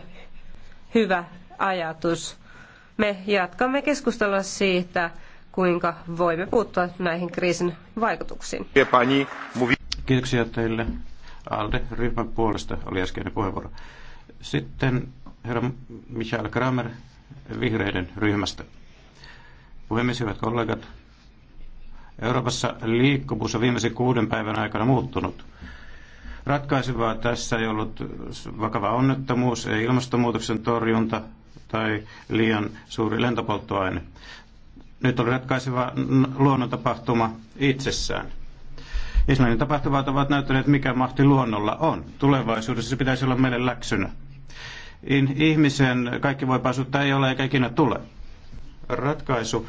hyvä ajatus. Me jatkamme keskustelua siitä, kuinka voimme puuttua näihin kriisin vaikutuksiin. Kiitoksia teille. ALDE-ryhmän puolesta oli äskeinen puheenvuoro. Sitten herra Michael Kramer, vihreiden ryhmästä. Puhemies, hyvät kollegat, Euroopassa liikkuvuus on viimeisen kuuden päivän aikana muuttunut. Ratkaisevaa tässä ei ollut vakava onnettomuus, ei ilmastonmuutoksen torjunta tai liian suuri lentopolttoaine. Nyt oli ratkaiseva luonnontapahtuma itsessään. Islannin tapahtumat ovat näyttäneet, mikä mahti luonnolla on. Tulevaisuudessa se pitäisi olla meille läksynä ihmisen kaikki voi ei ole eikä ikinä tule. Ratkaisu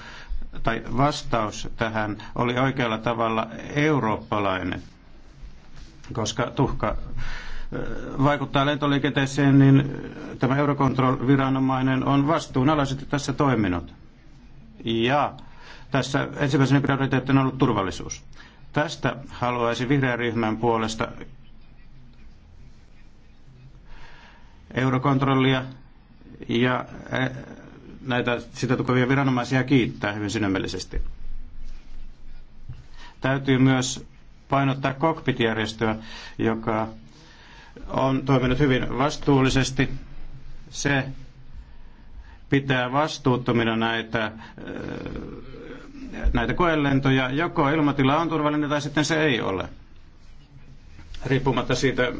tai vastaus tähän oli oikealla tavalla eurooppalainen, koska tuhka vaikuttaa lentoliikenteeseen, niin tämä Eurocontrol-viranomainen on vastuunalaisesti tässä toiminut. Ja tässä ensimmäisenä prioriteettina on ollut turvallisuus. Tästä haluaisin vihreän ryhmän puolesta eurokontrollia ja e, näitä sitä tukevia viranomaisia kiittää hyvin sydämellisesti. Täytyy myös painottaa kokpitjärjestöä, joka on toiminut hyvin vastuullisesti. Se pitää vastuuttomina näitä, e, näitä koelentoja. Joko ilmatila on turvallinen tai sitten se ei ole riippumatta siitä,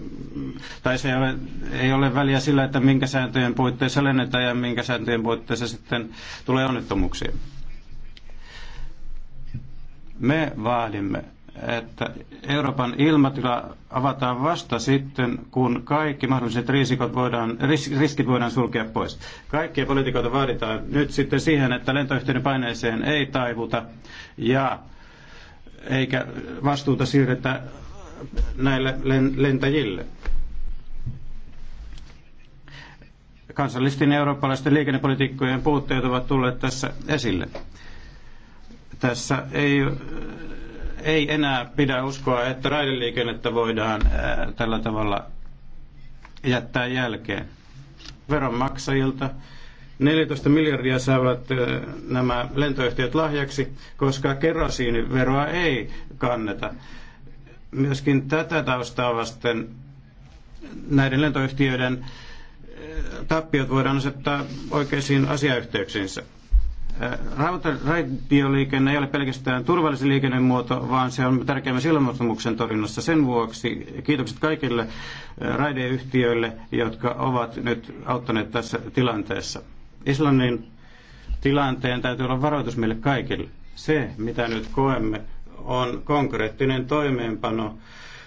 tai se ei ole, ei ole väliä sillä, että minkä sääntöjen puitteissa lennetään ja minkä sääntöjen puitteissa sitten tulee onnettomuuksia. Me vaadimme, että Euroopan ilmatila avataan vasta sitten, kun kaikki mahdolliset riskit voidaan, riskit voidaan sulkea pois. Kaikkia poliitikoita vaaditaan nyt sitten siihen, että lentoyhtiön paineeseen ei taivuta ja eikä vastuuta siirretä näille lentäjille. Kansallisten ja eurooppalaisten liikennepolitiikkojen puutteet ovat tulleet tässä esille. Tässä ei, ei enää pidä uskoa, että raideliikennettä voidaan tällä tavalla jättää jälkeen. Veronmaksajilta 14 miljardia saavat nämä lentoyhtiöt lahjaksi, koska kerosiiniveroa ei kanneta Myöskin tätä taustaa vasten näiden lentoyhtiöiden eh, tappiot voidaan asettaa oikeisiin asiayhteyksiinsä. Eh, Rautaraitioliikenne ei ole pelkästään turvallisen liikennemuoto, vaan se on tärkeä myös ilmastonmuutoksen torjunnassa. Sen vuoksi kiitokset kaikille eh, raideyhtiöille, jotka ovat nyt auttaneet tässä tilanteessa. Islannin tilanteen täytyy olla varoitus meille kaikille. Se, mitä nyt koemme, on konkreettinen toimeenpano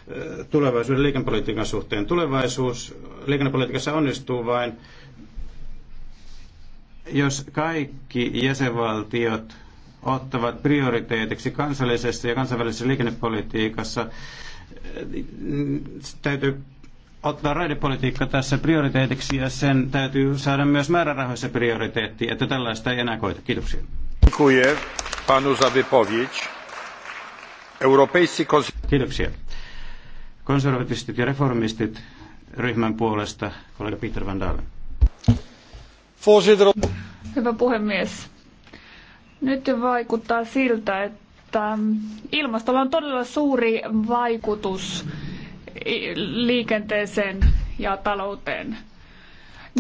eh, tulevaisuuden liikennepolitiikan suhteen. Tulevaisuus liikennepolitiikassa onnistuu vain, jos kaikki jäsenvaltiot ottavat prioriteetiksi kansallisessa ja kansainvälisessä liikennepolitiikassa. Eh, täytyy ottaa raidepolitiikka tässä prioriteetiksi ja sen täytyy saada myös määrärahoissa prioriteetti, että tällaista ei enää koita. Kiitoksia. Dziękuję panu za wypowiedź. Kiitoksia. Konservatistit ja reformistit ryhmän puolesta, kollega Peter van Dalen. Hyvä puhemies. Nyt vaikuttaa siltä, että ilmastolla on todella suuri vaikutus liikenteeseen ja talouteen.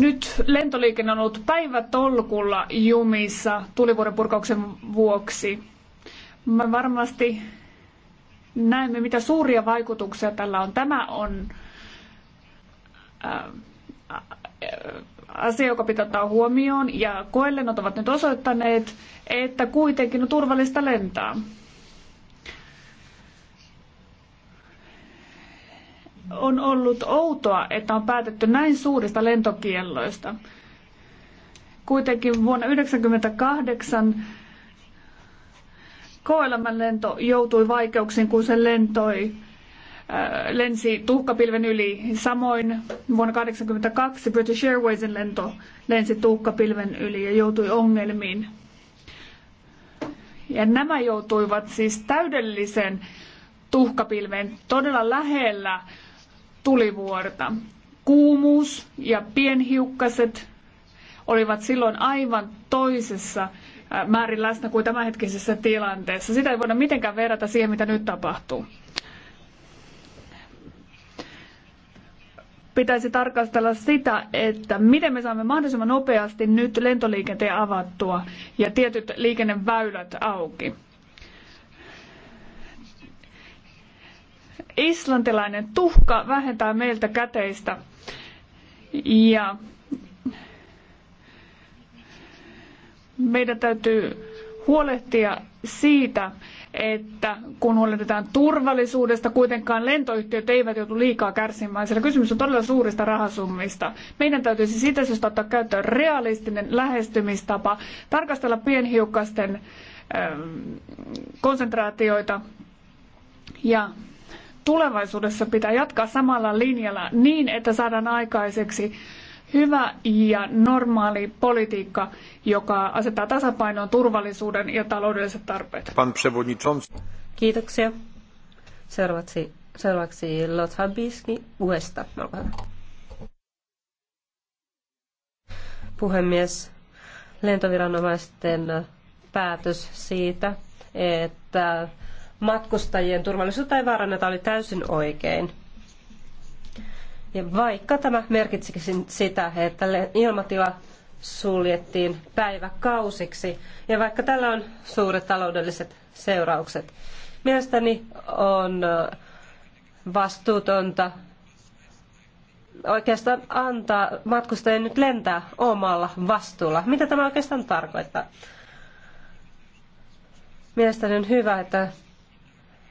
Nyt lentoliikenne on ollut päivätolkulla jumissa tulivuoren purkauksen vuoksi. Mä varmasti näemme, mitä suuria vaikutuksia tällä on. Tämä on äh, asia, joka pitää ottaa huomioon, ja koelennot ovat nyt osoittaneet, että kuitenkin on turvallista lentää. On ollut outoa, että on päätetty näin suurista lentokielloista. Kuitenkin vuonna 1998 Koelämän lento joutui vaikeuksiin, kun se lentoi äh, lensi tuhkapilven yli. Samoin vuonna 1982 British Airwaysin lento lensi tuhkapilven yli ja joutui ongelmiin. Ja nämä joutuivat siis täydellisen tuhkapilven todella lähellä tulivuorta. Kuumuus ja pienhiukkaset olivat silloin aivan toisessa määrin läsnä kuin tämänhetkisessä tilanteessa. Sitä ei voida mitenkään verrata siihen, mitä nyt tapahtuu. Pitäisi tarkastella sitä, että miten me saamme mahdollisimman nopeasti nyt lentoliikenteen avattua ja tietyt liikenneväylät auki. Islantilainen tuhka vähentää meiltä käteistä ja meidän täytyy huolehtia siitä, että kun huolehditaan turvallisuudesta, kuitenkaan lentoyhtiöt eivät joutu liikaa kärsimään, sillä kysymys on todella suurista rahasummista. Meidän täytyisi siitä syystä ottaa käyttöön realistinen lähestymistapa, tarkastella pienhiukkasten ähm, konsentraatioita ja tulevaisuudessa pitää jatkaa samalla linjalla niin, että saadaan aikaiseksi hyvä ja normaali politiikka, joka asettaa tasapainoon turvallisuuden ja taloudelliset tarpeet. Kiitoksia. Seuraavaksi, seuraavaksi Lothar Biski Uesta. Puhemies, lentoviranomaisten päätös siitä, että matkustajien turvallisuutta ei vaaranneta, oli täysin oikein. Ja vaikka tämä merkitsikin sitä, että ilmatila suljettiin päiväkausiksi, ja vaikka tällä on suuret taloudelliset seuraukset, mielestäni on vastuutonta oikeastaan antaa matkustajien nyt lentää omalla vastuulla. Mitä tämä oikeastaan tarkoittaa? Mielestäni on hyvä, että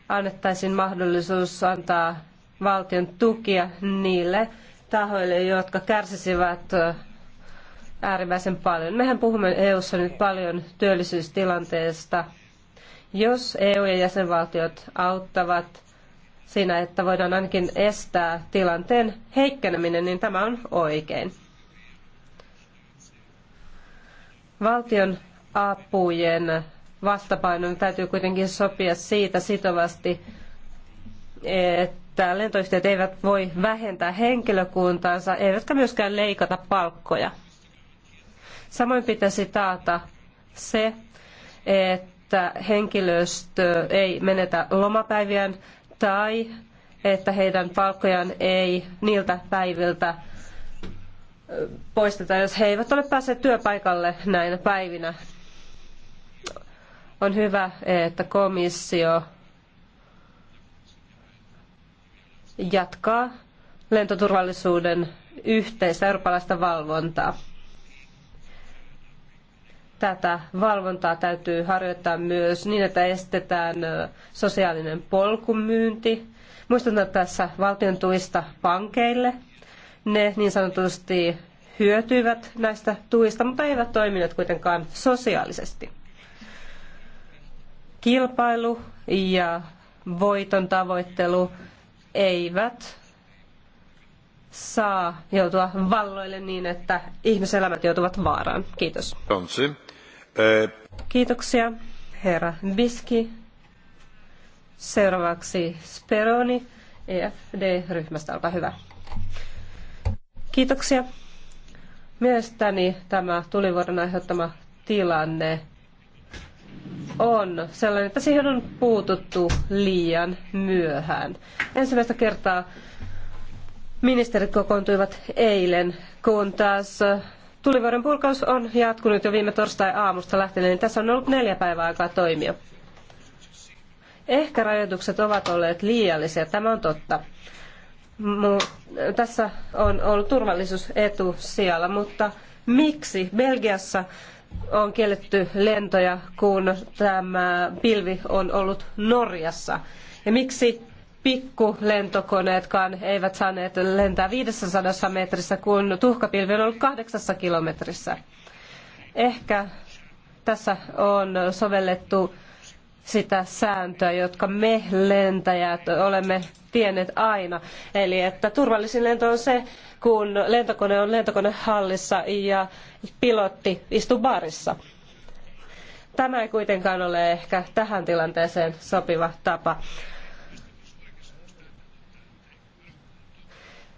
annettaisiin mahdollisuus antaa valtion tukia niille tahoille, jotka kärsisivät äärimmäisen paljon. Mehän puhumme EU:ssa nyt paljon työllisyystilanteesta. Jos EU ja jäsenvaltiot auttavat siinä, että voidaan ainakin estää tilanteen heikkeneminen, niin tämä on oikein. Valtion apujen vastapainon täytyy kuitenkin sopia siitä sitovasti, että että lentoyhtiöt eivät voi vähentää henkilökuntaansa, eivätkä myöskään leikata palkkoja. Samoin pitäisi taata se, että henkilöstö ei menetä lomapäiviään tai että heidän palkkojaan ei niiltä päiviltä poisteta, jos he eivät ole päässeet työpaikalle näinä päivinä. On hyvä, että komissio jatkaa lentoturvallisuuden yhteistä eurooppalaista valvontaa. Tätä valvontaa täytyy harjoittaa myös niin, että estetään sosiaalinen polkumyynti. Muistutan tässä valtion tuista pankeille. Ne niin sanotusti hyötyivät näistä tuista, mutta eivät toimineet kuitenkaan sosiaalisesti. Kilpailu ja voiton tavoittelu eivät saa joutua valloille niin, että ihmiselämät joutuvat vaaraan. Kiitos. Eh. Kiitoksia, herra Biski. Seuraavaksi Speroni EFD-ryhmästä, olkaa hyvä. Kiitoksia. Mielestäni tämä tulivuoren aiheuttama tilanne on sellainen, että siihen on puututtu liian myöhään. Ensimmäistä kertaa ministerit kokoontuivat eilen, kun taas tulivuoren purkaus on jatkunut jo viime torstai-aamusta lähtien, niin tässä on ollut neljä päivää aikaa toimia. Ehkä rajoitukset ovat olleet liiallisia, tämä on totta. tässä on ollut turvallisuusetu siellä, mutta miksi Belgiassa on kielletty lentoja, kun tämä pilvi on ollut Norjassa. Ja miksi pikkulentokoneetkaan eivät saaneet lentää 500 metrissä, kun tuhkapilvi on ollut kahdeksassa kilometrissä? Ehkä tässä on sovellettu sitä sääntöä, jotka me lentäjät olemme tienneet aina. Eli että turvallisin lento on se, kun lentokone on lentokonehallissa ja pilotti istuu baarissa. Tämä ei kuitenkaan ole ehkä tähän tilanteeseen sopiva tapa.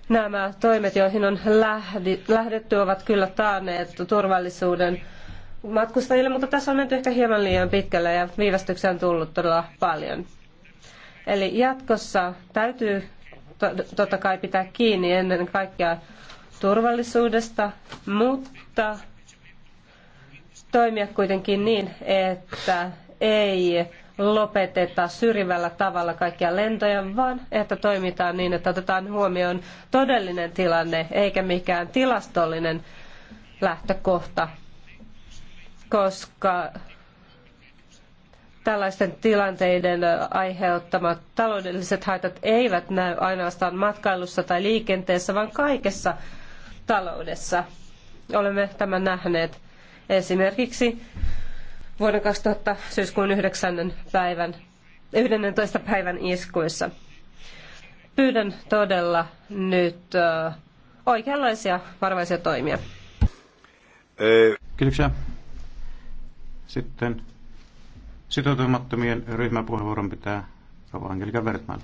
Nämä toimet, joihin on lähdetty, ovat kyllä taanneet turvallisuuden matkustajille, mutta tässä on menty ehkä hieman liian pitkälle ja viivästyksiä on tullut todella paljon. Eli jatkossa täytyy totta kai pitää kiinni ennen kaikkea turvallisuudesta, mutta toimia kuitenkin niin, että ei lopeteta syrjivällä tavalla kaikkia lentoja, vaan että toimitaan niin, että otetaan huomioon todellinen tilanne eikä mikään tilastollinen lähtökohta koska tällaisten tilanteiden aiheuttamat taloudelliset haitat eivät näy ainoastaan matkailussa tai liikenteessä, vaan kaikessa taloudessa. Olemme tämän nähneet esimerkiksi vuoden 2000 syyskuun 9. päivän, 11. päivän iskuissa. Pyydän todella nyt oikeanlaisia varovaisia toimia. Kiitoksia. Sitten sitoutumattomien ryhmäpuheenvuoron pitää Rova Angelika Wertmann.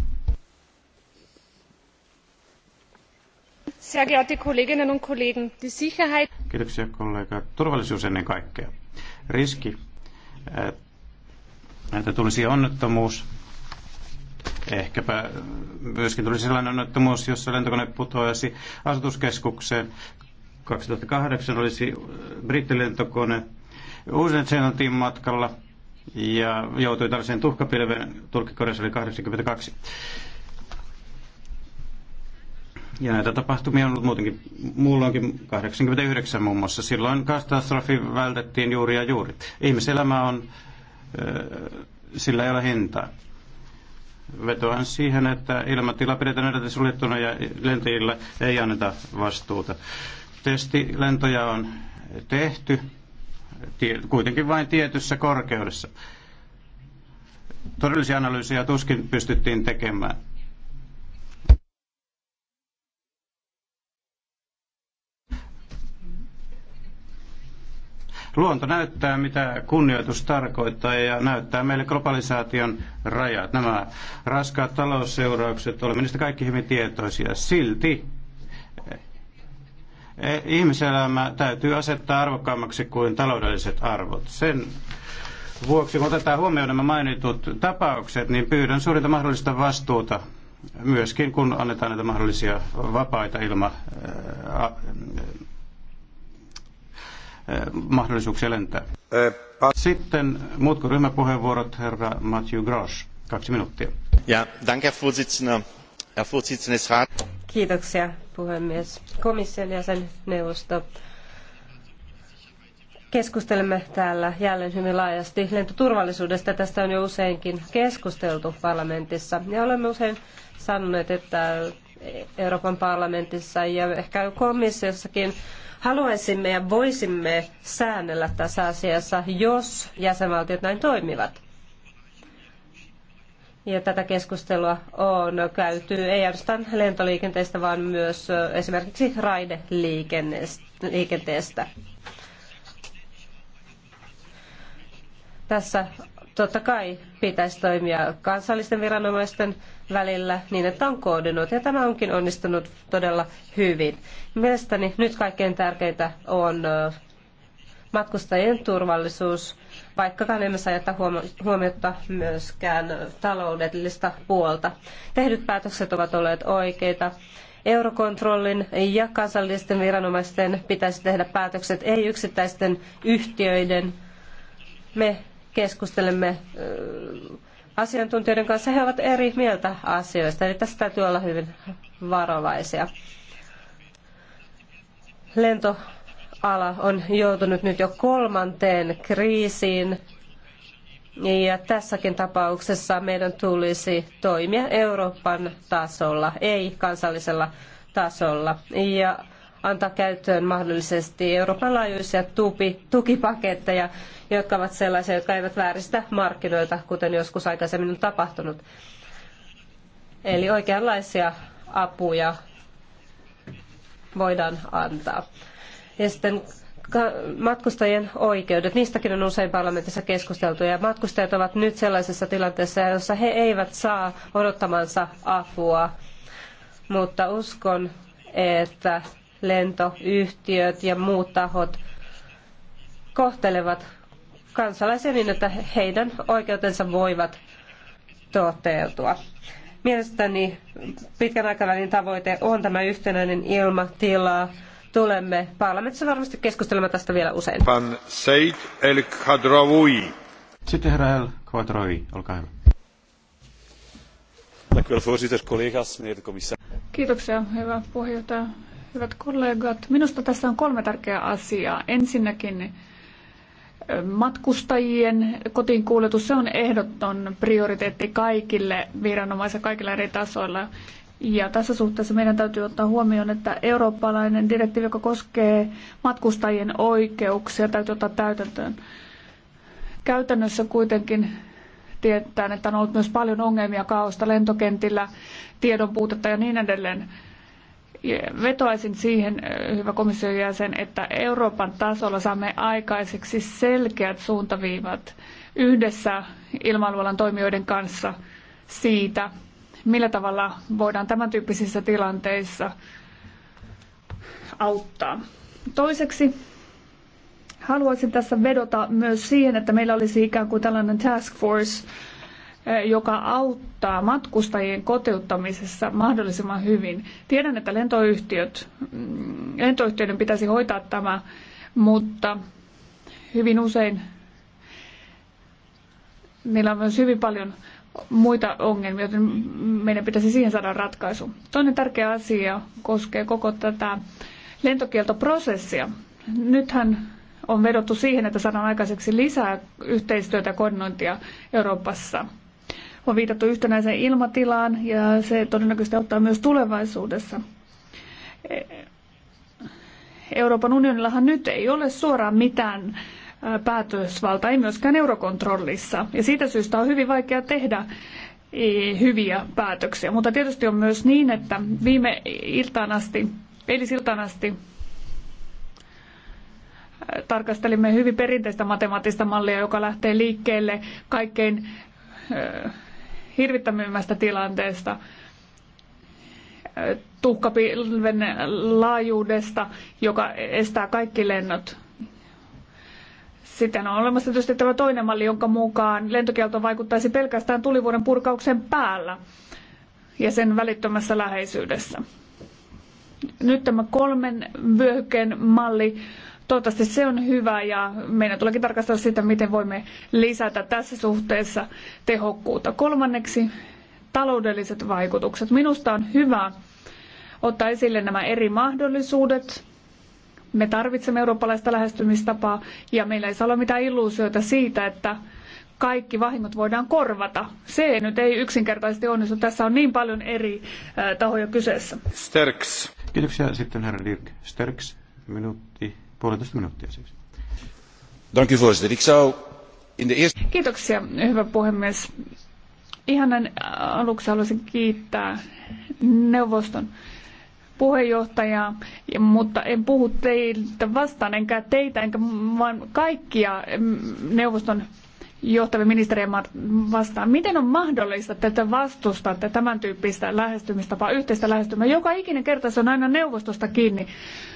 Sehr geehrte Kolleginnen und Kollegen, die Sicherheit... Kiitoksia kollega. Turvallisuus ennen kaikkea. Riski, eh, että tulisi onnettomuus, ehkäpä myöskin tuli sellainen onnettomuus, jossa lentokone putoaisi asutuskeskukseen. 2008 olisi brittilentokone uuden Zenotin matkalla ja joutui tällaiseen tuhkapilveen. Turkkikorjassa oli 82. Ja näitä tapahtumia on ollut muutenkin, onkin 89 muun muassa. Silloin katastrofi vältettiin juuri ja juuri. Ihmiselämä on, sillä ei ole hintaa. Vetoan siihen, että ilmatila pidetään edelleen suljettuna ja lentäjillä ei anneta vastuuta. Testilentoja on tehty kuitenkin vain tietyssä korkeudessa. Todellisia analyysejä tuskin pystyttiin tekemään. Luonto näyttää, mitä kunnioitus tarkoittaa ja näyttää meille globalisaation rajat. Nämä raskaat talousseuraukset, olemme niistä kaikki hyvin tietoisia. Silti E, ihmiselämä täytyy asettaa arvokkaammaksi kuin taloudelliset arvot. Sen vuoksi, kun otetaan huomioon nämä mainitut tapaukset, niin pyydän suurinta mahdollista vastuuta myöskin, kun annetaan näitä mahdollisia vapaita ilma e, e, mahdollisuuksia lentää. Sitten muut kuin ryhmäpuheenvuorot, herra Matthew Grosch, kaksi minuuttia. Ja, danke, Herr Vorsitzender. Herr Vorsitzender des Rates. Kiitoksia puhemies. Komission jäsen neuvosto. Keskustelemme täällä jälleen hyvin laajasti lentoturvallisuudesta. Tästä on jo useinkin keskusteltu parlamentissa ja olemme usein sanoneet, että Euroopan parlamentissa ja ehkä komissiossakin haluaisimme ja voisimme säännellä tässä asiassa, jos jäsenvaltiot näin toimivat. Ja tätä keskustelua on käyty ei ainoastaan lentoliikenteestä, vaan myös esimerkiksi raideliikenteestä. Tässä totta kai pitäisi toimia kansallisten viranomaisten välillä niin, että on koordinoitu. Ja tämä onkin onnistunut todella hyvin. Mielestäni nyt kaikkein tärkeintä on matkustajien turvallisuus vaikkakaan emme saa jättää huomiota myöskään taloudellista puolta. Tehdyt päätökset ovat olleet oikeita. Eurokontrollin ja kansallisten viranomaisten pitäisi tehdä päätökset, ei yksittäisten yhtiöiden. Me keskustelemme asiantuntijoiden kanssa, he ovat eri mieltä asioista, eli tässä täytyy olla hyvin varovaisia. Lento ala on joutunut nyt jo kolmanteen kriisiin. Ja tässäkin tapauksessa meidän tulisi toimia Euroopan tasolla, ei kansallisella tasolla. Ja antaa käyttöön mahdollisesti Euroopan laajuisia tupi, tukipaketteja, jotka ovat sellaisia, jotka eivät vääristä markkinoita, kuten joskus aikaisemmin on tapahtunut. Eli oikeanlaisia apuja voidaan antaa. Ja sitten matkustajien oikeudet, niistäkin on usein parlamentissa keskusteltu ja matkustajat ovat nyt sellaisessa tilanteessa, jossa he eivät saa odottamansa apua, mutta uskon, että lentoyhtiöt ja muut tahot kohtelevat kansalaisia niin, että heidän oikeutensa voivat toteutua. Mielestäni pitkän aikavälin tavoite on tämä yhtenäinen ilmatila, tulemme parlamentissa varmasti keskustelemaan tästä vielä usein. Pan Seid El Khadraoui. Sitten herra El Khadraoui, olkaa hyvä. Kiitoksia, hyvä puheenjohtaja. Hyvät kollegat, minusta tässä on kolme tärkeää asiaa. Ensinnäkin eh, matkustajien kotiin kuuletus se on ehdoton prioriteetti kaikille viranomaisille, kaikilla eri tasoilla. Ja tässä suhteessa meidän täytyy ottaa huomioon, että eurooppalainen direktiivi, joka koskee matkustajien oikeuksia, täytyy ottaa täytäntöön. Käytännössä kuitenkin tietää, että on ollut myös paljon ongelmia kaosta lentokentillä, tiedon puutetta ja niin edelleen. Vetoaisin siihen, hyvä komission jäsen, että Euroopan tasolla saamme aikaiseksi selkeät suuntaviivat yhdessä ilmailualan toimijoiden kanssa siitä, millä tavalla voidaan tämän tyyppisissä tilanteissa auttaa. Toiseksi haluaisin tässä vedota myös siihen, että meillä olisi ikään kuin tällainen task force, eh, joka auttaa matkustajien kotiuttamisessa mahdollisimman hyvin. Tiedän, että lentoyhtiöt, mm, lentoyhtiöiden pitäisi hoitaa tämä, mutta hyvin usein niillä on myös hyvin paljon muita ongelmia, joten meidän pitäisi siihen saada ratkaisu. Toinen tärkeä asia koskee koko tätä lentokieltoprosessia. Nythän on vedottu siihen, että saadaan aikaiseksi lisää yhteistyötä ja koordinointia Euroopassa. On viitattu yhtenäiseen ilmatilaan ja se todennäköisesti auttaa myös tulevaisuudessa. Euroopan unionillahan nyt ei ole suoraan mitään päätösvalta, ei myöskään eurokontrollissa. Ja siitä syystä on hyvin vaikea tehdä e, hyviä päätöksiä. Mutta tietysti on myös niin, että viime iltaan asti, eilisiltaan asti tarkastelimme hyvin perinteistä matemaattista mallia, joka lähtee liikkeelle kaikkein hirvittävimmästä tilanteesta, tuhkapilven laajuudesta, joka estää kaikki lennot sitten on olemassa tietysti tämä toinen malli, jonka mukaan lentokielto vaikuttaisi pelkästään tulivuoren purkauksen päällä ja sen välittömässä läheisyydessä. Nyt tämä kolmen vyöhykkeen malli, toivottavasti se on hyvä ja meidän tuleekin tarkastella sitä, miten voimme lisätä tässä suhteessa tehokkuutta. Kolmanneksi taloudelliset vaikutukset. Minusta on hyvä ottaa esille nämä eri mahdollisuudet, me tarvitsemme eurooppalaista lähestymistapaa ja meillä ei saa olla mitään illuusioita siitä, että kaikki vahingot voidaan korvata. Se nyt ei yksinkertaisesti onnistu. Tässä on niin paljon eri äh, tahoja kyseessä. Sterks. Kiitoksia sitten herra Dirk Sterks. Minuutti, puolitoista minuuttia siis. Dank u voorzitter. Ik zou in de eerste... Kiitoksia, hyvä puhemies. Ihan äh, aluksi haluaisin kiittää neuvoston puheenjohtaja, mutta en puhu teiltä vastaan, enkä teitä, enkä vaan kaikkia neuvoston johtavia ministeriä vastaan. Miten on mahdollista, että te vastustatte tämän tyyppistä lähestymistapaa, yhteistä lähestymää? Joka ikinen kerta se on aina neuvostosta kiinni.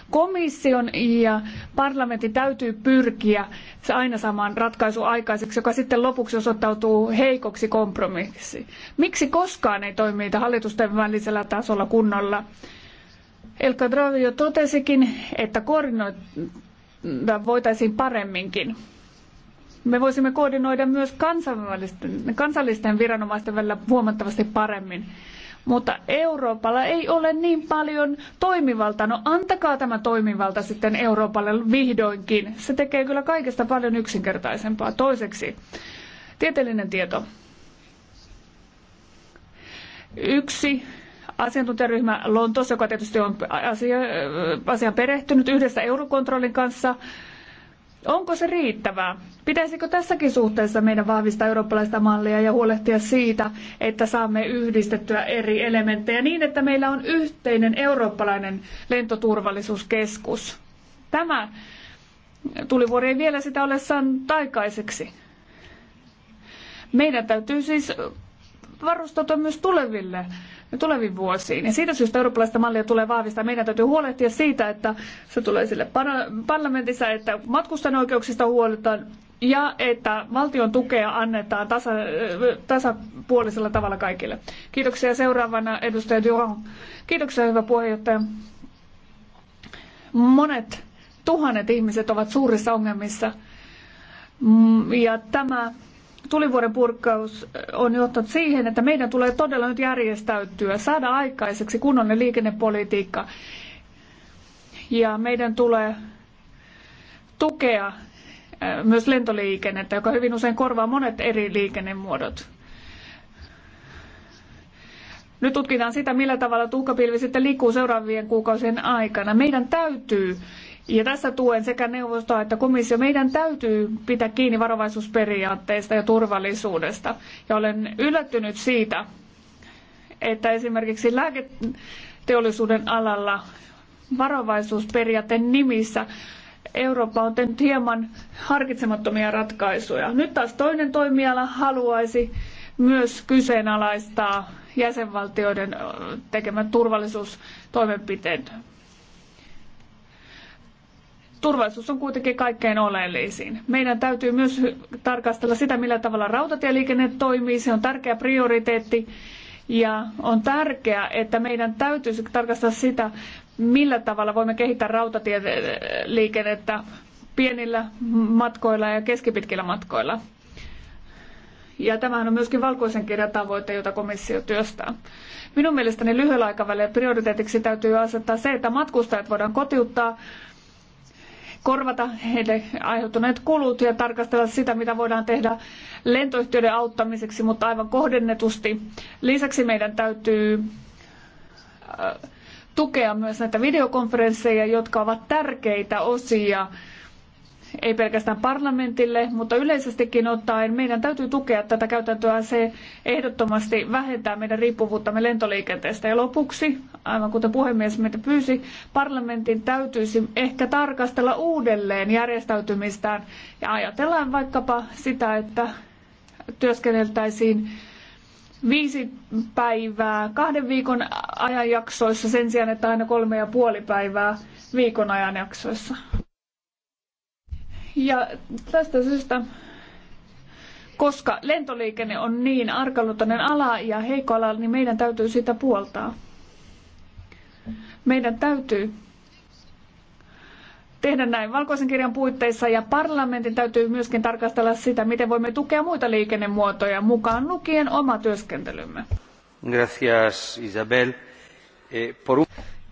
Komission ja parlamentin täytyy pyrkiä se aina samaan ratkaisu aikaiseksi, joka sitten lopuksi osoittautuu heikoksi kompromissiksi. Miksi koskaan ei toimita hallitusten välisellä tasolla kunnolla? El Kadravi jo totesikin, että koordinoida voitaisiin paremminkin. Me voisimme koordinoida myös kansallisten, kansallisten viranomaisten välillä huomattavasti paremmin. Mutta Euroopalla ei ole niin paljon toimivaltaa. No antakaa tämä toimivalta sitten Euroopalle vihdoinkin. Se tekee kyllä kaikesta paljon yksinkertaisempaa. Toiseksi, tieteellinen tieto. Yksi asiantuntijaryhmä Lontoossa, joka tietysti on asia, äh, asiaan perehtynyt yhdessä Eurokontrollin kanssa. Onko se riittävää? Pitäisikö tässäkin suhteessa meidän vahvistaa eurooppalaista mallia ja huolehtia siitä, että saamme yhdistettyä eri elementtejä niin, että meillä on yhteinen eurooppalainen lentoturvallisuuskeskus? Tämä tulivuori ei vielä sitä ole saanut aikaiseksi. Meidän täytyy siis varustautua myös tuleville tuleviin vuosiin. Ja siitä syystä eurooppalaista mallia tulee vahvistaa. Meidän täytyy huolehtia siitä, että se tulee sille parlamentissa, että matkustan oikeuksista huolitaan ja että valtion tukea annetaan tasa, tasapuolisella tavalla kaikille. Kiitoksia seuraavana edustaja Durand. Kiitoksia hyvä puheenjohtaja. Monet tuhannet ihmiset ovat suurissa ongelmissa mm, ja tämä tulivuoren purkaus äh, on johtanut siihen, että meidän tulee todella nyt järjestäytyä, saada aikaiseksi kunnollinen liikennepolitiikka. Ja meidän tulee tukea äh, myös lentoliikennettä, joka hyvin usein korvaa monet eri liikennemuodot. Nyt tutkitaan sitä, millä tavalla tuhkapilvi sitten liikkuu seuraavien kuukausien aikana. Meidän täytyy ja tässä tuen sekä neuvostoa että komissio. Meidän täytyy pitää kiinni varovaisuusperiaatteista ja turvallisuudesta. Ja olen yllättynyt siitä, että esimerkiksi lääketeollisuuden alalla varovaisuusperiaatteen nimissä Eurooppa on tehnyt hieman harkitsemattomia ratkaisuja. Nyt taas toinen toimiala haluaisi myös kyseenalaistaa jäsenvaltioiden tekemät turvallisuustoimenpiteet turvallisuus on kuitenkin kaikkein oleellisin. Meidän täytyy myös tarkastella sitä, millä tavalla rautatieliikenne toimii. Se on tärkeä prioriteetti ja on tärkeää, että meidän täytyisi tarkastella sitä, millä tavalla voimme kehittää rautatieliikennettä pienillä matkoilla ja keskipitkillä matkoilla. Ja tämähän on myöskin valkoisen kirjan tavoite, jota komissio työstää. Minun mielestäni lyhyellä aikavälillä prioriteetiksi täytyy asettaa se, että matkustajat voidaan kotiuttaa korvata heille aiheutuneet kulut ja tarkastella sitä, mitä voidaan tehdä lentoyhtiöiden auttamiseksi, mutta aivan kohdennetusti. Lisäksi meidän täytyy äh, tukea myös näitä videokonferensseja, jotka ovat tärkeitä osia ei pelkästään parlamentille, mutta yleisestikin ottaen meidän täytyy tukea tätä käytäntöä. Se ehdottomasti vähentää meidän riippuvuuttamme lentoliikenteestä. Ja lopuksi, aivan kuten puhemies meitä pyysi, parlamentin täytyisi ehkä tarkastella uudelleen järjestäytymistään. Ja ajatellaan vaikkapa sitä, että työskenneltäisiin viisi päivää kahden viikon ajanjaksoissa sen sijaan, että aina kolme ja puoli päivää viikon ajanjaksoissa. Ja tästä syystä, koska lentoliikenne on niin arkaluutainen ala ja heikko ala, niin meidän täytyy sitä puoltaa. Meidän täytyy tehdä näin valkoisen kirjan puitteissa ja parlamentin täytyy myöskin tarkastella sitä, miten voimme tukea muita liikennemuotoja mukaan lukien oma työskentelymme. Gracias, Isabel. Eh,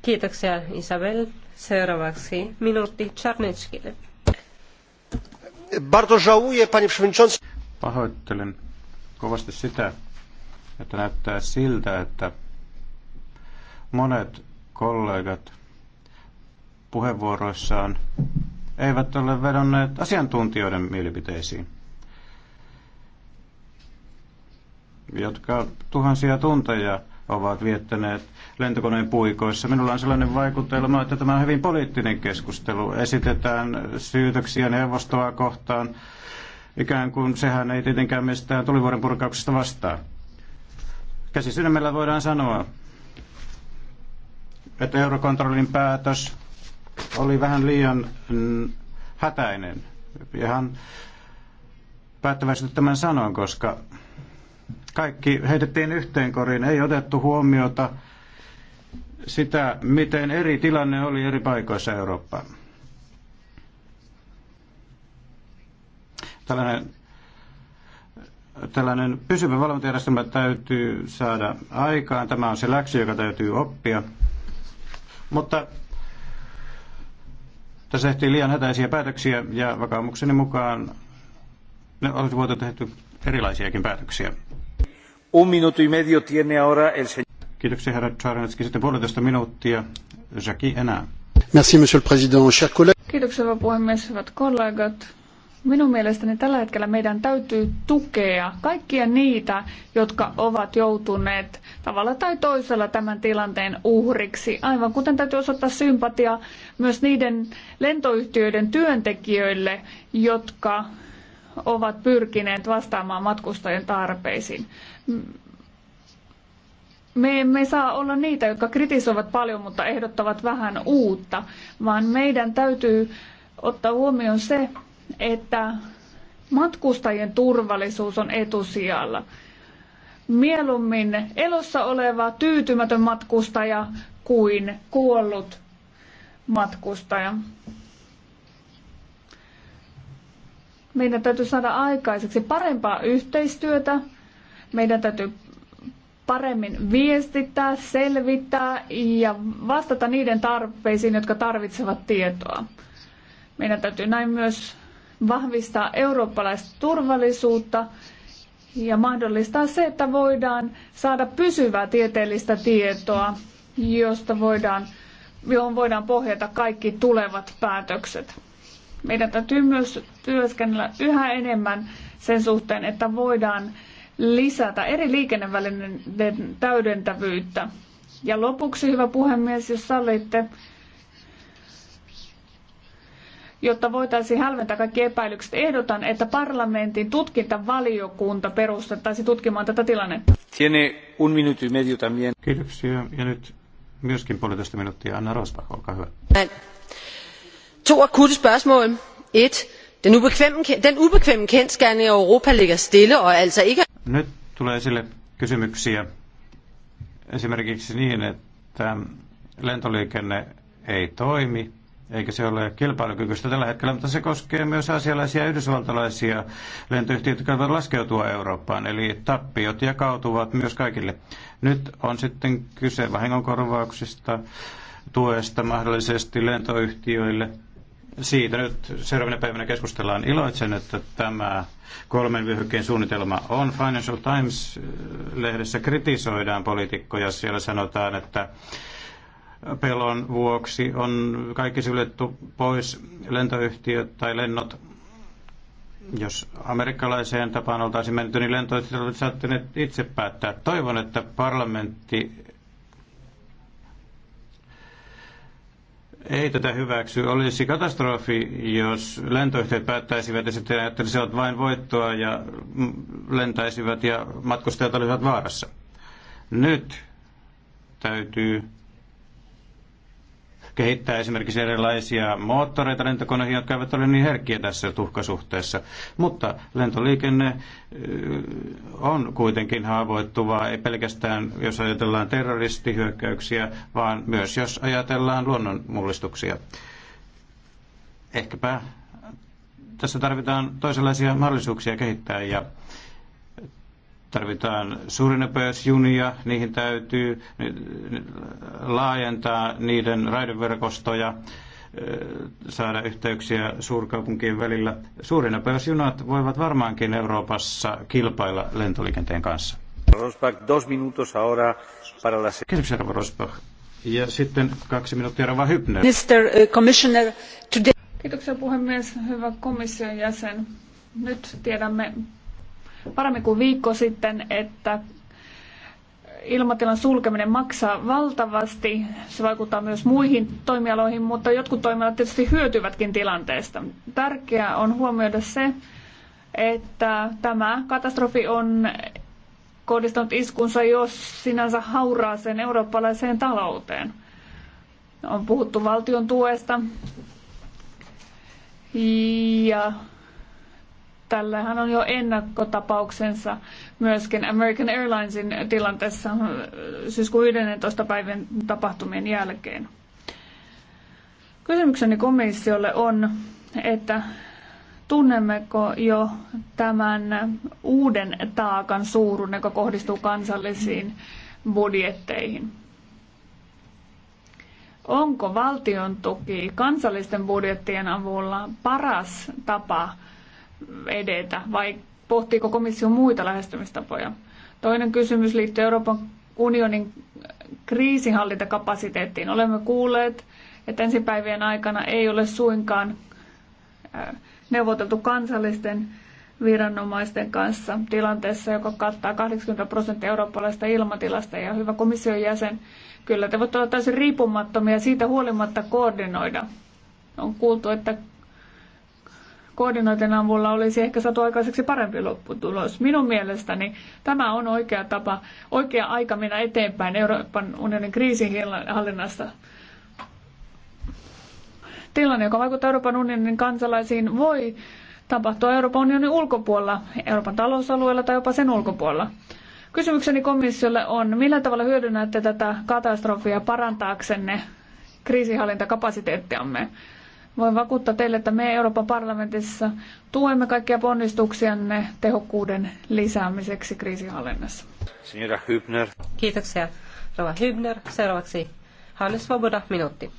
Kiitoksia Isabel. Seuraavaksi minuutti Czarneckille. Bardzo żałuję, panie przewodniczący. Pahoittelen kovasti sitä, että näyttää siltä, että monet kollegat puheenvuoroissaan eivät ole vedonneet asiantuntijoiden mielipiteisiin, jotka tuhansia tunteja ovat viettäneet lentokoneen puikoissa. Minulla on sellainen vaikutelma, että tämä on hyvin poliittinen keskustelu. Esitetään syytöksiä neuvostoa kohtaan, ikään kuin sehän ei tietenkään mistään tulivuoren purkauksesta vastaa. Käsi sydämellä voidaan sanoa, että eurokontrollin päätös oli vähän liian mm, hätäinen. Ihan päättäväisesti tämän sanon, koska kaikki heitettiin yhteen koriin, ei otettu huomiota sitä, miten eri tilanne oli eri paikoissa Eurooppaa. Tällainen, tällainen pysyvä valvontajärjestelmä täytyy saada aikaan. Tämä on se läksy, joka täytyy oppia. Mutta tässä tehtiin liian hätäisiä päätöksiä ja vakaumukseni mukaan ne olisi voitu tehty erilaisiakin päätöksiä. Un minuto y medio tiene ahora el señor. Kiitoksia herra Czarnecki. Sitten puolitoista minuuttia. Jackie enää. Merci, monsieur le président. Kiitoksia, hyvä puhemies, hyvät kollegat. Minun mielestäni tällä hetkellä meidän täytyy tukea kaikkia niitä, jotka ovat joutuneet tavalla tai toisella tämän tilanteen uhriksi. Aivan kuten täytyy osoittaa sympatia myös niiden lentoyhtiöiden työntekijöille, jotka ovat pyrkineet vastaamaan matkustajien tarpeisiin. Me emme saa olla niitä, jotka kritisoivat paljon, mutta ehdottavat vähän uutta, vaan meidän täytyy ottaa huomioon se, että matkustajien turvallisuus on etusijalla. Mieluummin elossa oleva tyytymätön matkustaja kuin kuollut matkustaja. Meidän täytyy saada aikaiseksi parempaa yhteistyötä. Meidän täytyy paremmin viestittää, selvittää ja vastata niiden tarpeisiin, jotka tarvitsevat tietoa. Meidän täytyy näin myös vahvistaa eurooppalaista turvallisuutta ja mahdollistaa se, että voidaan saada pysyvää tieteellistä tietoa, josta voidaan, johon voidaan pohjata kaikki tulevat päätökset. Meidän täytyy myös työskennellä yhä enemmän sen suhteen, että voidaan lisätä eri liikennevälineiden täydentävyyttä. Ja lopuksi, hyvä puhemies, jos sallitte, jotta voitaisiin hälventää kaikki epäilykset, ehdotan, että parlamentin tutkintavaliokunta perustettaisiin tutkimaan tätä tilannetta. Tiene un minuto y medio también. Kiitoksia. Ja nyt myöskin puolitoista minuuttia. Anna Rosbach, olkaa hyvä to akutte spørgsmål 1. Den ubekvemme, den ubekvemme kendsgerning, at Europa ligger stille og altså ikke... Nyt tulee esille kysymyksiä esimerkiksi niin, että lentoliikenne ei toimi, eikä se ole kilpailukykyistä tällä hetkellä, mutta se koskee myös asialaisia ja yhdysvaltalaisia lentoyhtiöitä, jotka voivat laskeutua Eurooppaan, eli tappiot jakautuvat myös kaikille. Nyt on sitten kyse vahingonkorvauksista, tuesta mahdollisesti lentoyhtiöille – siitä nyt seuraavana päivänä keskustellaan. Iloitsen, että tämä kolmen vyöhykkeen suunnitelma on. Financial Times-lehdessä eh, kritisoidaan poliitikkoja. Siellä sanotaan, että pelon vuoksi on kaikki suljettu pois lentoyhtiöt tai lennot. Jos amerikkalaiseen tapaan oltaisiin menty, niin lentoyhtiöt olisivat saattaneet itse päättää. Toivon, että parlamentti ei tätä hyväksy. Olisi katastrofi, jos lentoyhtiöt päättäisivät ja sitten ajattelisivat vain voittoa ja lentäisivät ja matkustajat olisivat vaarassa. Nyt täytyy kehittää esimerkiksi erilaisia moottoreita lentokoneihin, jotka eivät ole niin herkkiä tässä tuhkasuhteessa. Mutta lentoliikenne on kuitenkin haavoittuvaa, ei pelkästään jos ajatellaan terroristihyökkäyksiä, vaan myös jos ajatellaan luonnonmullistuksia. Ehkäpä tässä tarvitaan toisenlaisia mahdollisuuksia kehittää ja Tarvitaan suurinopeusjunia, niihin täytyy laajentaa niiden raideverkostoja, saada yhteyksiä suurkaupunkien välillä. Suurinopeusjunat voivat varmaankin Euroopassa kilpailla lentoliikenteen kanssa. Rosbach, dos minutos ahora para la... Kiitos, Rosbach. Ja sitten kaksi minuuttia Rava Hypner. Mr. Commissioner, today... Kiitoksia puhemies, hyvä komission jäsen. Nyt tiedämme paremmin kuin viikko sitten, että ilmatilan sulkeminen maksaa valtavasti. Se vaikuttaa myös muihin toimialoihin, mutta jotkut toimialat tietysti hyötyvätkin tilanteesta. Tärkeää on huomioida se, että tämä katastrofi on kohdistanut iskunsa jo sinänsä hauraaseen eurooppalaiseen talouteen. On puhuttu valtion tuesta ja Tällähän on jo ennakkotapauksensa myöskin American Airlinesin tilanteessa syyskuun 11. päivän tapahtumien jälkeen. Kysymykseni komissiolle on, että tunnemmeko jo tämän uuden taakan suurun, joka kohdistuu kansallisiin budjetteihin? Onko valtion tuki kansallisten budjettien avulla paras tapa edetä vai pohtiiko komissio muita lähestymistapoja? Toinen kysymys liittyy Euroopan unionin kriisinhallintakapasiteettiin. Olemme kuulleet, että ensipäivien aikana ei ole suinkaan neuvoteltu kansallisten viranomaisten kanssa tilanteessa, joka kattaa 80 prosenttia eurooppalaista ilmatilasta. Ja hyvä komission jäsen, kyllä te voitte olla täysin riippumattomia siitä huolimatta koordinoida. On kuultu, että koordinaatin avulla olisi ehkä saatu aikaiseksi parempi lopputulos. Minun mielestäni tämä on oikea tapa, oikea aika mennä eteenpäin Euroopan unionin kriisinhallinnasta. Tilanne, joka vaikuttaa Euroopan unionin kansalaisiin, voi tapahtua Euroopan unionin ulkopuolella, Euroopan talousalueella tai jopa sen ulkopuolella. Kysymykseni komissiolle on, millä tavalla hyödynnätte tätä katastrofia parantaaksenne kriisinhallintakapasiteettiamme? Voin vakuuttaa teille, että me Euroopan parlamentissa tuemme kaikkia ponnistuksianne tehokkuuden lisäämiseksi kriisinhallinnassa. Signora Hübner. Kiitoksia, Rova Hübner. Seuraavaksi Hannes Svoboda, minuutti.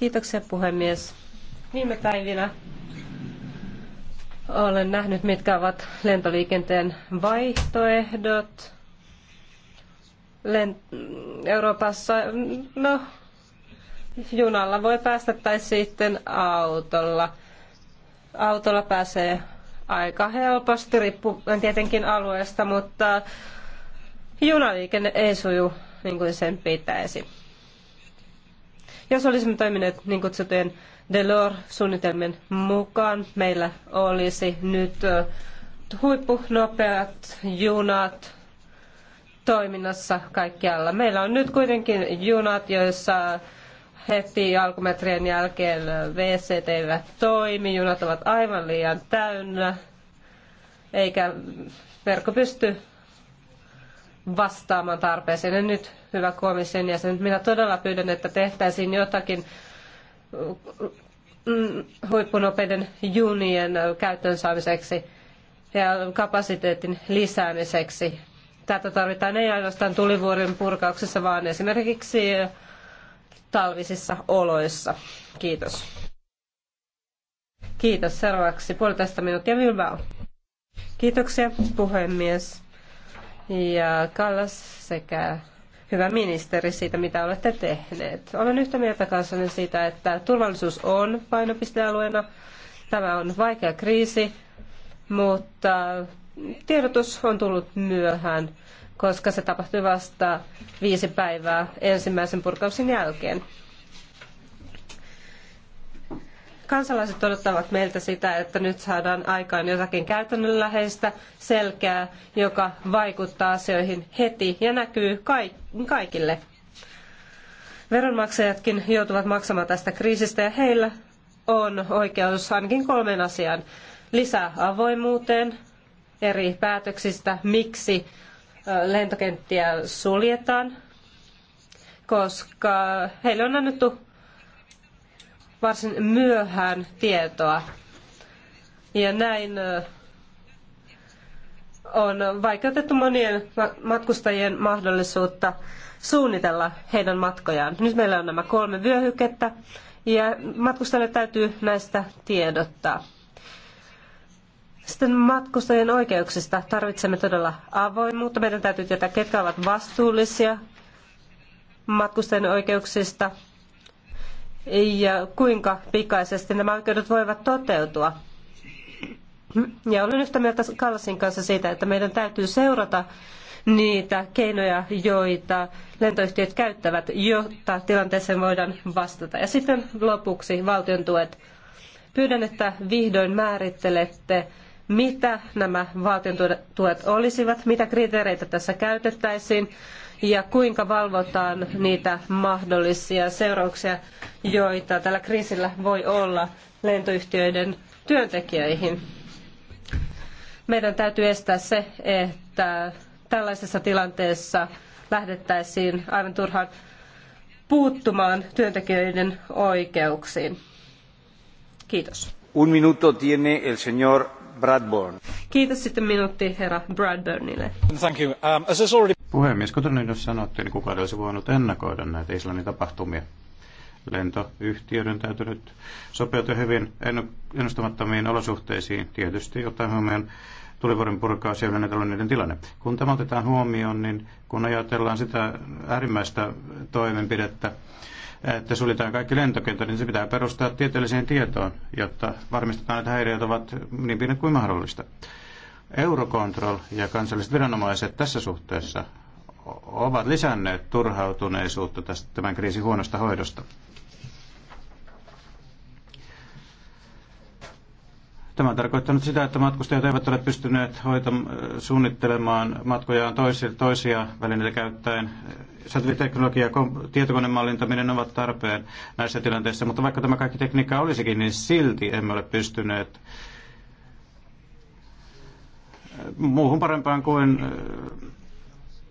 Kiitoksia, puhemies. Viime päivinä olen nähnyt, mitkä ovat lentoliikenteen vaihtoehdot Lent Euroopassa. No, Junalla voi päästä tai sitten autolla. Autolla pääsee aika helposti, riippuen tietenkin alueesta, mutta junaliikenne ei suju niin kuin sen pitäisi. Jos olisimme toimineet niin kutsutujen Delors-suunnitelmien mukaan, meillä olisi nyt huippunopeat junat toiminnassa kaikkialla. Meillä on nyt kuitenkin junat, joissa heti alkumetrien jälkeen WC eivät toimi, junat ovat aivan liian täynnä, eikä verkko pysty vastaamaan tarpeeseen. Ja nyt, hyvä komission jäsen, minä todella pyydän, että tehtäisiin jotakin huippunopeiden junien käyttöön saamiseksi ja kapasiteetin lisäämiseksi. Tätä tarvitaan ei ainoastaan tulivuoren purkauksessa, vaan esimerkiksi talvisissa oloissa. Kiitos. Kiitos. Seuraavaksi puolitoista minuuttia Vilvao. Kiitoksia puhemies ja Kallas sekä hyvä ministeri siitä, mitä olette tehneet. Olen yhtä mieltä kanssanne siitä, että turvallisuus on painopistealueena. Tämä on vaikea kriisi, mutta tiedotus on tullut myöhään koska se tapahtui vasta viisi päivää ensimmäisen purkauksen jälkeen. Kansalaiset odottavat meiltä sitä, että nyt saadaan aikaan jotakin käytännönläheistä, selkeää, joka vaikuttaa asioihin heti ja näkyy kaikille. Veronmaksajatkin joutuvat maksamaan tästä kriisistä ja heillä on oikeus ainakin kolmeen asiaan. Lisää avoimuuteen eri päätöksistä, miksi lentokenttiä suljetaan, koska heille on annettu varsin myöhään tietoa. Ja näin on vaikeutettu monien matkustajien mahdollisuutta suunnitella heidän matkojaan. Nyt meillä on nämä kolme vyöhykettä ja matkustajille täytyy näistä tiedottaa. Sitten matkustajien oikeuksista tarvitsemme todella avoimuutta. Meidän täytyy tietää, ketkä ovat vastuullisia matkustajien oikeuksista ja kuinka pikaisesti nämä oikeudet voivat toteutua. Ja olen yhtä mieltä Kallasin kanssa siitä, että meidän täytyy seurata niitä keinoja, joita lentoyhtiöt käyttävät, jotta tilanteeseen voidaan vastata. Ja sitten lopuksi valtion tuet. Pyydän, että vihdoin määrittelette mitä nämä valtion olisivat, mitä kriteereitä tässä käytettäisiin ja kuinka valvotaan niitä mahdollisia seurauksia, joita tällä kriisillä voi olla lentoyhtiöiden työntekijöihin. Meidän täytyy estää se, että tällaisessa tilanteessa lähdettäisiin aivan turhaan puuttumaan työntekijöiden oikeuksiin. Kiitos. Un minuto tiene el señor Bradburn. Kiitos sitten minuutti herra Bradburnille. Thank you. Um, as already... Puhemies, kuten nyt sanottiin, niin kukaan olisi voinut ennakoida näitä Islannin tapahtumia. Lentoyhtiöiden täytyy nyt sopeutua hyvin ennustamattomiin olosuhteisiin, tietysti ottaen huomioon tulivuoren purkaa siellä taloudellinen tilanne. Kun tämä otetaan huomioon, niin kun ajatellaan sitä äärimmäistä toimenpidettä, että suljetaan kaikki lentokentät, niin se pitää perustaa tieteelliseen tietoon, jotta varmistetaan, että häiriöt ovat niin pienet kuin mahdollista. Eurocontrol ja kansalliset viranomaiset tässä suhteessa ovat lisänneet turhautuneisuutta tästä, tämän kriisin huonosta hoidosta. Tämä on tarkoittanut sitä, että matkustajat eivät ole pystyneet hoitam- äh, suunnittelemaan matkojaan toisia, toisia välineitä käyttäen. Satelliteknologia ja tietokonemallintaminen ovat tarpeen näissä tilanteissa, mutta vaikka tämä kaikki tekniikka olisikin, niin silti emme ole pystyneet äh, muuhun parempaan kuin äh,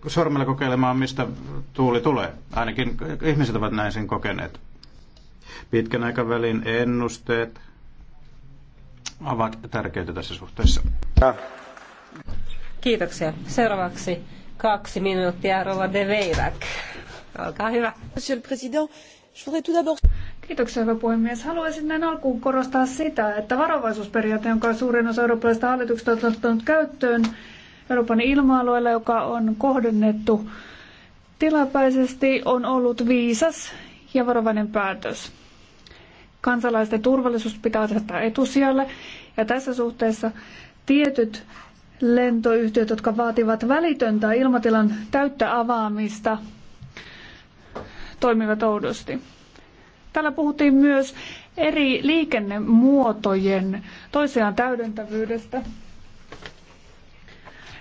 sormella kokeilemaan, mistä tuuli tulee. Ainakin ihmiset ovat näin sen kokeneet. Pitkän aikavälin ennusteet, ovat tärkeitä tässä suhteessa. Kiitoksia. Seuraavaksi kaksi minuuttia Rova de Veirak. Olkaa hyvä. Monsieur le Président, je voudrais tout d'abord... Kiitoksia, hyvä puhemies. Haluaisin näin alkuun korostaa sitä, että varovaisuusperiaate, jonka suurin osa eurooppalaisista hallituksista on ottanut käyttöön Euroopan ilma-alueella, joka on kohdennettu tilapäisesti, on ollut viisas ja varovainen päätös. Kansalaisten turvallisuus pitää asettaa etusijalle ja tässä suhteessa tietyt lentoyhtiöt, jotka vaativat välitöntä ilmatilan täyttä avaamista, toimivat oudosti. Täällä puhuttiin myös eri liikennemuotojen toisiaan täydentävyydestä.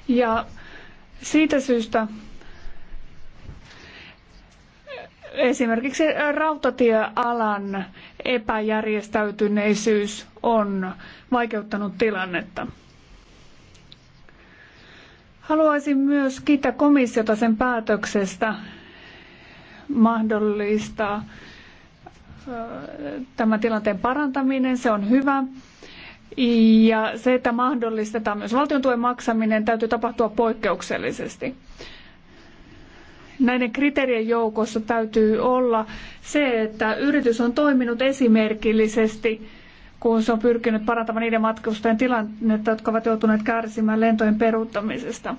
Ja siitä syystä esimerkiksi rautatiealan epäjärjestäytyneisyys on vaikeuttanut tilannetta. Haluaisin myös kiittää komissiota sen päätöksestä mahdollistaa tämän tilanteen parantaminen. Se on hyvä. Ja se, että mahdollistetaan myös valtion tuen maksaminen, täytyy tapahtua poikkeuksellisesti näiden kriteerien joukossa täytyy olla se, että yritys on toiminut esimerkillisesti, kun se on pyrkinyt parantamaan niiden matkustajien tilannetta, jotka ovat joutuneet kärsimään lentojen peruuttamisesta.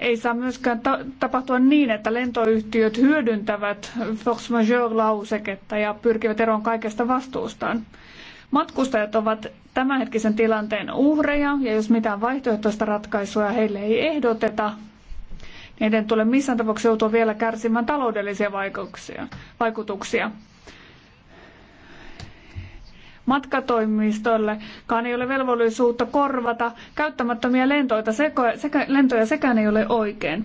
Ei saa myöskään ta- tapahtua niin, että lentoyhtiöt hyödyntävät force majeure-lauseketta ja pyrkivät eroon kaikesta vastuustaan. Matkustajat ovat tämänhetkisen tilanteen uhreja ja jos mitään vaihtoehtoista ratkaisua heille ei ehdoteta, niiden tulee tule missään tapauksessa joutua vielä kärsimään taloudellisia vaikutuksia. Matkatoimistoillekaan ei ole velvollisuutta korvata käyttämättömiä lentoita, sekä, sekä, lentoja sekään ei ole oikein.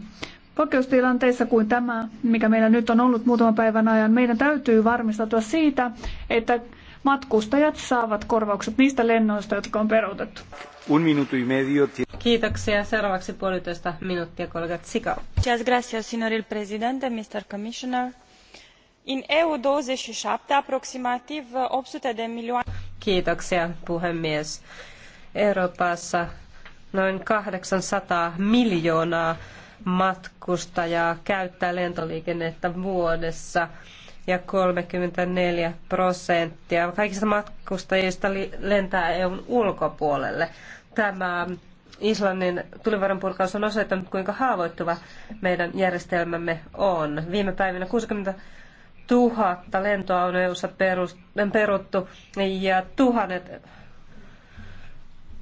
Poikkeustilanteissa kuin tämä, mikä meillä nyt on ollut muutaman päivän ajan, meidän täytyy varmistautua siitä, että matkustajat saavat korvaukset niistä lennoista, jotka on peruutettu. Un minuto y medio. Kiitoksia. Seuraavaksi puolitoista minuuttia kollega Tsikau. Muchas gracias, señor presidente, Mr. Commissioner. In EU27 aproximativ 800 de Kiitoksia, puhemies. Euroopassa noin 800 miljoonaa matkustajaa käyttää lentoliikennettä vuodessa ja 34 prosenttia kaikista matkustajista lentää EUn ulkopuolelle. Tämä Islannin tulivuoren purkaus on osoittanut, kuinka haavoittuva meidän järjestelmämme on. Viime päivinä 60 tuhatta lentoa on EU-ssa peruttu ja tuhannet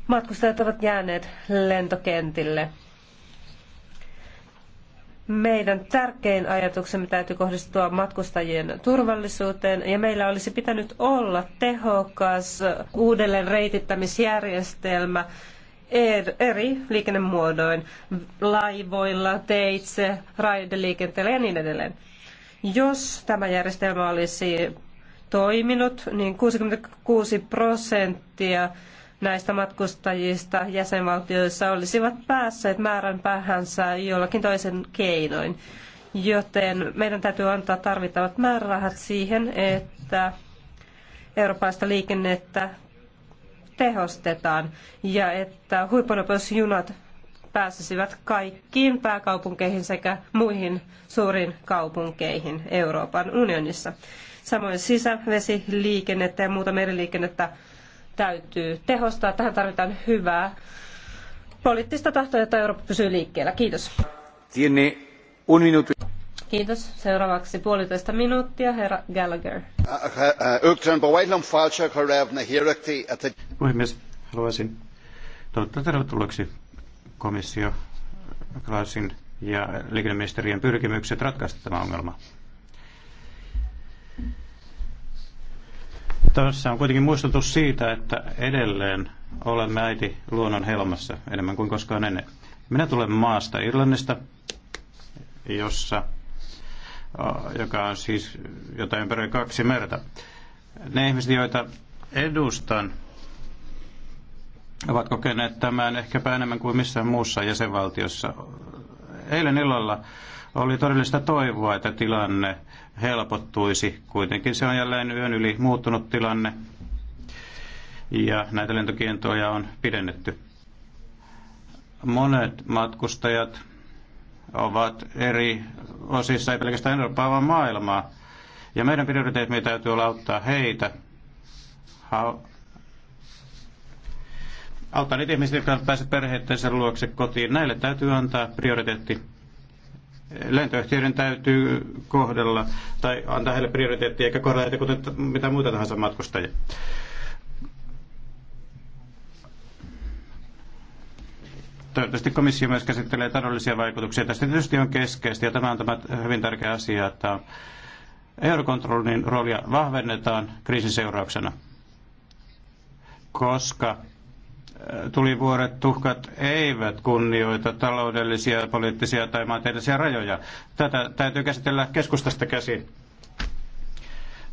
matkustajat ovat jääneet lentokentille meidän tärkein ajatuksemme täytyy kohdistua matkustajien turvallisuuteen ja meillä olisi pitänyt olla tehokas uudelleen reitittämisjärjestelmä er- eri liikennemuodoin, laivoilla, teitse, raideliikenteellä ja niin edelleen. Jos tämä järjestelmä olisi toiminut, niin 66 prosenttia näistä matkustajista jäsenvaltioissa olisivat päässeet määränpäähänsä jollakin toisen keinoin. Joten meidän täytyy antaa tarvittavat määrärahat siihen, että eurooppalaista liikennettä tehostetaan ja että huippunopeusjunat pääsisivät kaikkiin pääkaupunkeihin sekä muihin suuriin kaupunkeihin Euroopan unionissa. Samoin sisävesiliikennettä ja muuta meriliikennettä täytyy tehostaa. Tähän tarvitaan hyvää poliittista tahtoa, jotta Eurooppa pysyy liikkeellä. Kiitos. Kiitos. Seuraavaksi puolitoista minuuttia, herra Gallagher. Puhemies, haluaisin toivottaa tervetulleeksi komissio Klausin ja liikenneministeriön pyrkimykset ratkaista tämä ongelma. Tässä on kuitenkin muistutus siitä, että edelleen olemme äiti luonnon helmassa enemmän kuin koskaan ennen. Minä tulen maasta Irlannista, jossa, äh, joka on siis, jotain ympäröi kaksi merta. Ne ihmiset, joita edustan, ovat kokeneet tämän ehkäpä enemmän kuin missään muussa jäsenvaltiossa. Eilen illalla oli todellista toivoa, että tilanne helpottuisi. Kuitenkin se on jälleen yön yli muuttunut tilanne ja näitä lentokientoja on pidennetty. Monet matkustajat ovat eri osissa, ei pelkästään Eurooppaa, vaan maailmaa. Ja meidän prioriteetimme täytyy olla auttaa heitä, auttaa niitä ihmisiä, jotka pääsevät perheittensä luokse kotiin. Näille täytyy antaa prioriteetti lentoyhtiöiden täytyy kohdella tai antaa heille prioriteetti eikä kohdella heitä kuten mitä muuta tahansa matkustajia. Toivottavasti komissio myös käsittelee taloudellisia vaikutuksia. Tästä tietysti on keskeistä ja tämä on tämä hyvin tärkeä asia, että eurokontrollin roolia vahvennetaan kriisin seurauksena, koska Äh, tulivuoret tuhkat eivät kunnioita taloudellisia, poliittisia tai maantieteellisiä rajoja. Tätä täytyy käsitellä keskustasta käsin.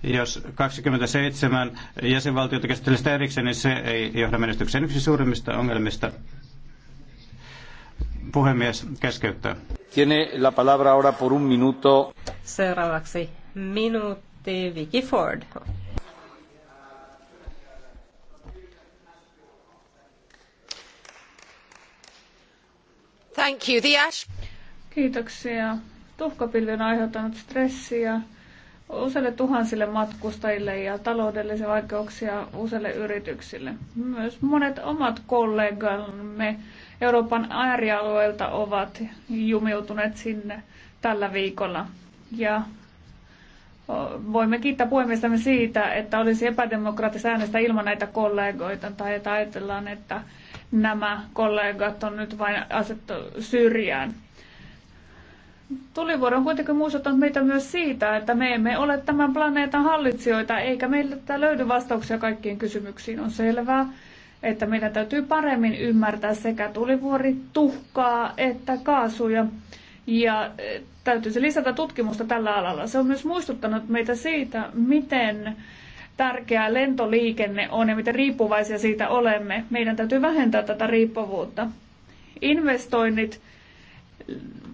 Jos 27 jäsenvaltiota käsittelee sitä erikseen, niin se ei johda menestykseen. Yksi suurimmista ongelmista puhemies keskeyttää. Tiene la palabra ahora por un minuto. Seuraavaksi minuutti Vicky Ford. Thank you. The ash... Kiitoksia. Tuhkapilvi on aiheuttanut stressiä useille tuhansille matkustajille ja taloudellisia vaikeuksia useille yrityksille. Myös monet omat kollegamme Euroopan äärialueilta ovat jumiutuneet sinne tällä viikolla. Ja voimme kiittää puhemiestämme siitä, että olisi epädemokraattista äänestä ilman näitä kollegoita tai että ajatellaan, että nämä kollegat on nyt vain asettu syrjään. Tulivuoro on kuitenkin muistuttanut meitä myös siitä, että me emme ole tämän planeetan hallitsijoita, eikä meiltä löydy vastauksia kaikkiin kysymyksiin. On selvää, että meidän täytyy paremmin ymmärtää sekä tulivuori, tuhkaa että kaasuja. Ja e, täytyisi lisätä tutkimusta tällä alalla. Se on myös muistuttanut meitä siitä, miten tärkeää lentoliikenne on ja miten riippuvaisia siitä olemme. Meidän täytyy vähentää tätä riippuvuutta. Investoinnit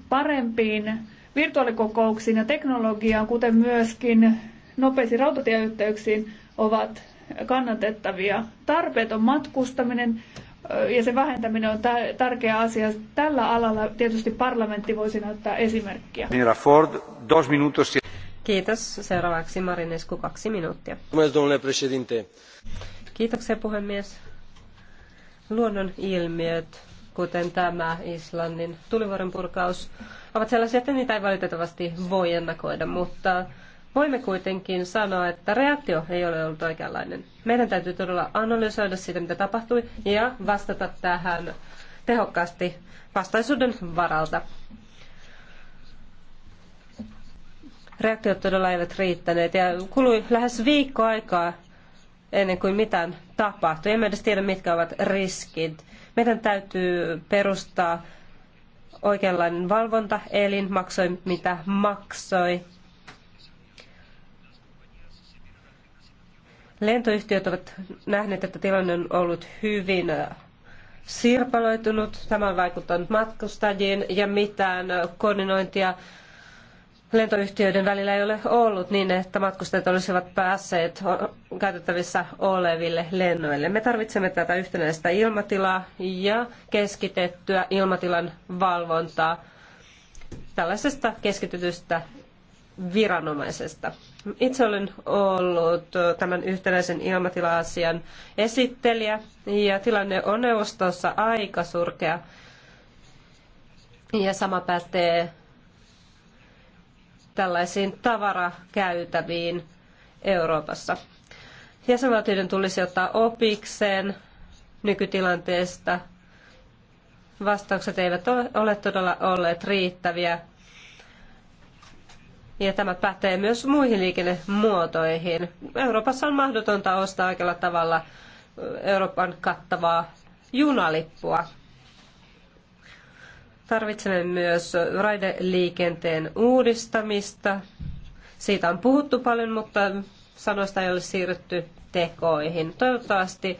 parempiin virtuaalikokouksiin ja teknologiaan, kuten myöskin nopeisiin rautatieyhteyksiin, ovat kannatettavia. Tarpeeton matkustaminen ja sen vähentäminen on tärkeä asia. Tällä alalla tietysti parlamentti voisi näyttää esimerkkiä. Ford, dos minutos. Kiitos. Seuraavaksi Marinesku kaksi minuuttia. Kiitoksia puhemies. Luonnon ilmiöt, kuten tämä Islannin tulivuoren purkaus, ovat sellaisia, että niitä ei valitettavasti voi ennakoida, mutta voimme kuitenkin sanoa, että reaktio ei ole ollut oikeanlainen. Meidän täytyy todella analysoida sitä, mitä tapahtui, ja vastata tähän tehokkaasti vastaisuuden varalta. Reaktiot todella eivät riittäneet ja kului lähes viikko aikaa ennen kuin mitään tapahtui. Emme edes tiedä, mitkä ovat riskit. Meidän täytyy perustaa oikeanlainen elin maksoi mitä maksoi. Lentoyhtiöt ovat nähneet, että tilanne on ollut hyvin sirpaloitunut. Tämä on vaikuttanut matkustajiin ja mitään koordinointia lentoyhtiöiden välillä ei ole ollut niin, että matkustajat olisivat päässeet käytettävissä oleville lennoille. Me tarvitsemme tätä yhtenäistä ilmatilaa ja keskitettyä ilmatilan valvontaa tällaisesta keskitytystä viranomaisesta. Itse olen ollut tämän yhtenäisen ilmatila-asian esittelijä ja tilanne on neuvostossa aika surkea. Ja sama pätee tällaisiin tavarakäytäviin Euroopassa. Jäsenvaltioiden tulisi ottaa opikseen nykytilanteesta. Vastaukset eivät ole todella olleet riittäviä. Ja tämä pätee myös muihin liikennemuotoihin. Euroopassa on mahdotonta ostaa oikealla tavalla Euroopan kattavaa junalippua. Tarvitsemme myös raideliikenteen uudistamista. Siitä on puhuttu paljon, mutta sanoista ei ole siirrytty tekoihin. Toivottavasti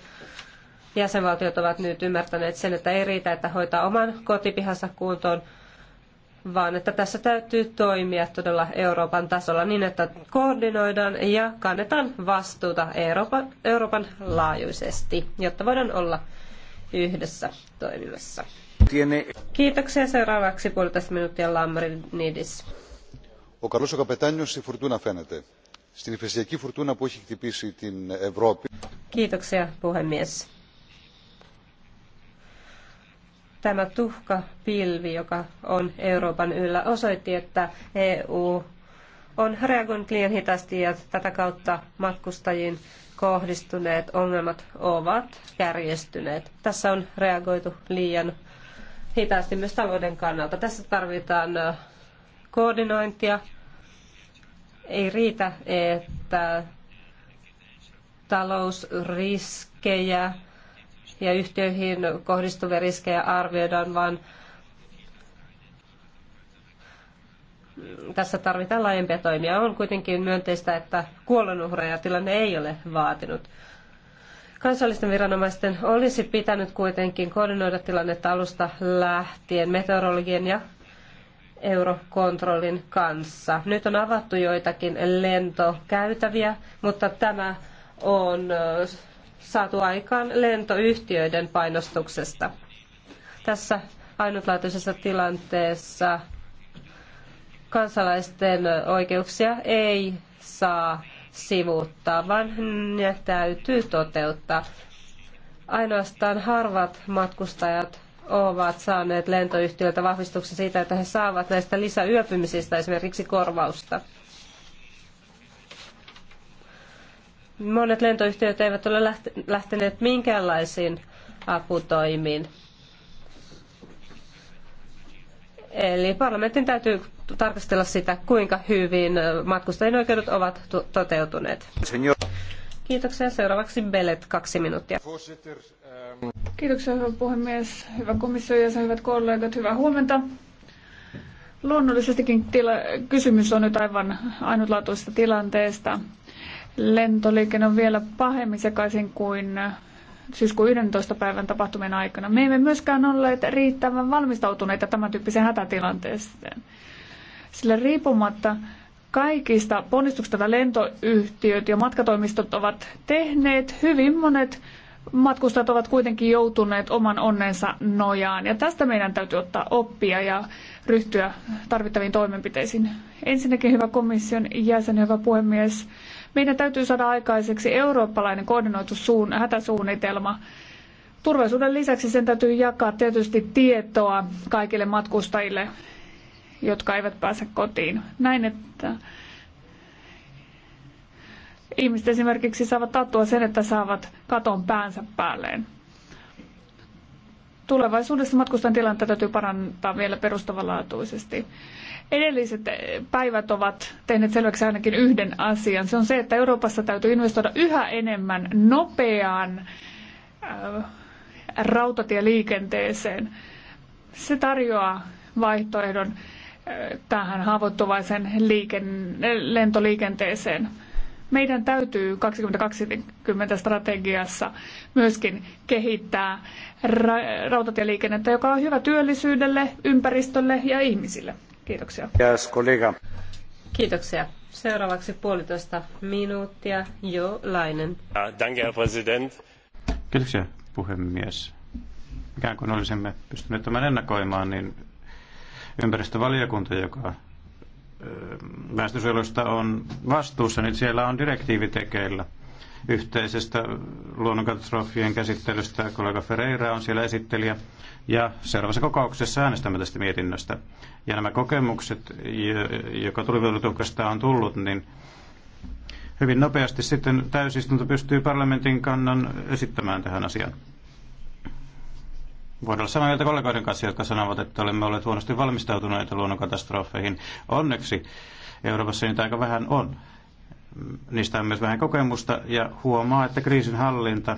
jäsenvaltiot ovat nyt ymmärtäneet sen, että ei riitä, että hoitaa oman kotipihansa kuntoon, vaan että tässä täytyy toimia todella Euroopan tasolla niin, että koordinoidaan ja kannetaan vastuuta Euroopan, Euroopan laajuisesti, jotta voidaan olla yhdessä toimimassa tiene... Kiitoksia. Seuraavaksi puolitoista minuuttia Lammarin Nidis. Ο καλός ο καπετάνιος στη φουρτούνα φαίνεται. Στην ηφαιστειακή φουρτούνα που έχει χτυπήσει την Ευρώπη... Kiitoksia, puhemies. Tämä tuhka pilvi, joka on Euroopan yllä, osoitti, että EU on reagoinut liian hitaasti ja tätä kautta matkustajiin kohdistuneet ongelmat ovat kärjestyneet. Tässä on reagoitu liian hitaasti myös talouden kannalta. Tässä tarvitaan koordinointia. Ei riitä, että talousriskejä ja yhtiöihin kohdistuvia riskejä arvioidaan, vaan tässä tarvitaan laajempia toimia. On kuitenkin myönteistä, että kuolonuhreja tilanne ei ole vaatinut. Kansallisten viranomaisten olisi pitänyt kuitenkin koordinoida tilannetta alusta lähtien meteorologien ja eurokontrollin kanssa. Nyt on avattu joitakin lentokäytäviä, mutta tämä on saatu aikaan lentoyhtiöiden painostuksesta. Tässä ainutlaatuisessa tilanteessa kansalaisten oikeuksia ei saa sivuuttaa, vaan ne täytyy toteuttaa. Ainoastaan harvat matkustajat ovat saaneet lentoyhtiöltä vahvistuksen siitä, että he saavat näistä lisäyöpymisistä esimerkiksi korvausta. Monet lentoyhtiöt eivät ole lähteneet minkäänlaisiin aputoimiin. Eli parlamentin täytyy tarkastella sitä, kuinka hyvin matkustajien oikeudet ovat toteutuneet. Kiitoksia. Seuraavaksi Belet, kaksi minuuttia. Kiitoksia, hyvä puhemies, hyvä komission jäsen, hyvät kollegat, hyvää huomenta. Luonnollisestikin tila- kysymys on nyt aivan ainutlaatuisesta tilanteesta. Lentoliikenne on vielä pahemmin sekaisin kuin syyskuun 11. päivän tapahtumien aikana. Me emme myöskään olleet riittävän valmistautuneita tämän tyyppiseen hätätilanteeseen sillä riippumatta kaikista ponnistuksista, joita lentoyhtiöt ja matkatoimistot ovat tehneet, hyvin monet matkustajat ovat kuitenkin joutuneet oman onnensa nojaan. Ja tästä meidän täytyy ottaa oppia ja ryhtyä tarvittaviin toimenpiteisiin. Ensinnäkin hyvä komission jäsen, hyvä puhemies, meidän täytyy saada aikaiseksi eurooppalainen koordinoitu suun, hätäsuunnitelma. Turvallisuuden lisäksi sen täytyy jakaa tietysti tietoa kaikille matkustajille jotka eivät pääse kotiin. Näin, että ihmiset esimerkiksi saavat tattua sen, että saavat katon päänsä päälleen. Tulevaisuudessa matkustajan tilannetta täytyy parantaa vielä perustavanlaatuisesti. Edelliset päivät ovat tehneet selväksi ainakin yhden asian. Se on se, että Euroopassa täytyy investoida yhä enemmän nopeaan äh, rautatieliikenteeseen. Se tarjoaa vaihtoehdon tähän haavoittuvaisen liiken, lentoliikenteeseen. Meidän täytyy 2020 strategiassa myöskin kehittää ra- rautatieliikennettä, joka on hyvä työllisyydelle, ympäristölle ja ihmisille. Kiitoksia. Yes, Kiitoksia. Seuraavaksi puolitoista minuuttia Jo Lainen. Danke, Herr Präsident. Kiitoksia, puhemies. Ikään kuin olisimme pystyneet tämän ennakoimaan, niin ympäristövaliokunta, joka väestönsuojelusta on vastuussa, niin siellä on direktiivi tekeillä yhteisestä luonnonkatastrofien käsittelystä. Kollega Ferreira on siellä esittelijä ja seuraavassa kokouksessa äänestämme tästä mietinnöstä. Ja nämä kokemukset, joka tulivuodotukasta on tullut, niin hyvin nopeasti sitten täysistunto pystyy parlamentin kannan esittämään tähän asiaan. Voin olla samaa mieltä kollegoiden kanssa, jotka sanovat, että olemme olleet huonosti valmistautuneita luonnonkatastrofeihin. Onneksi Euroopassa niitä aika vähän on. Niistä on myös vähän kokemusta ja huomaa, että kriisin hallinta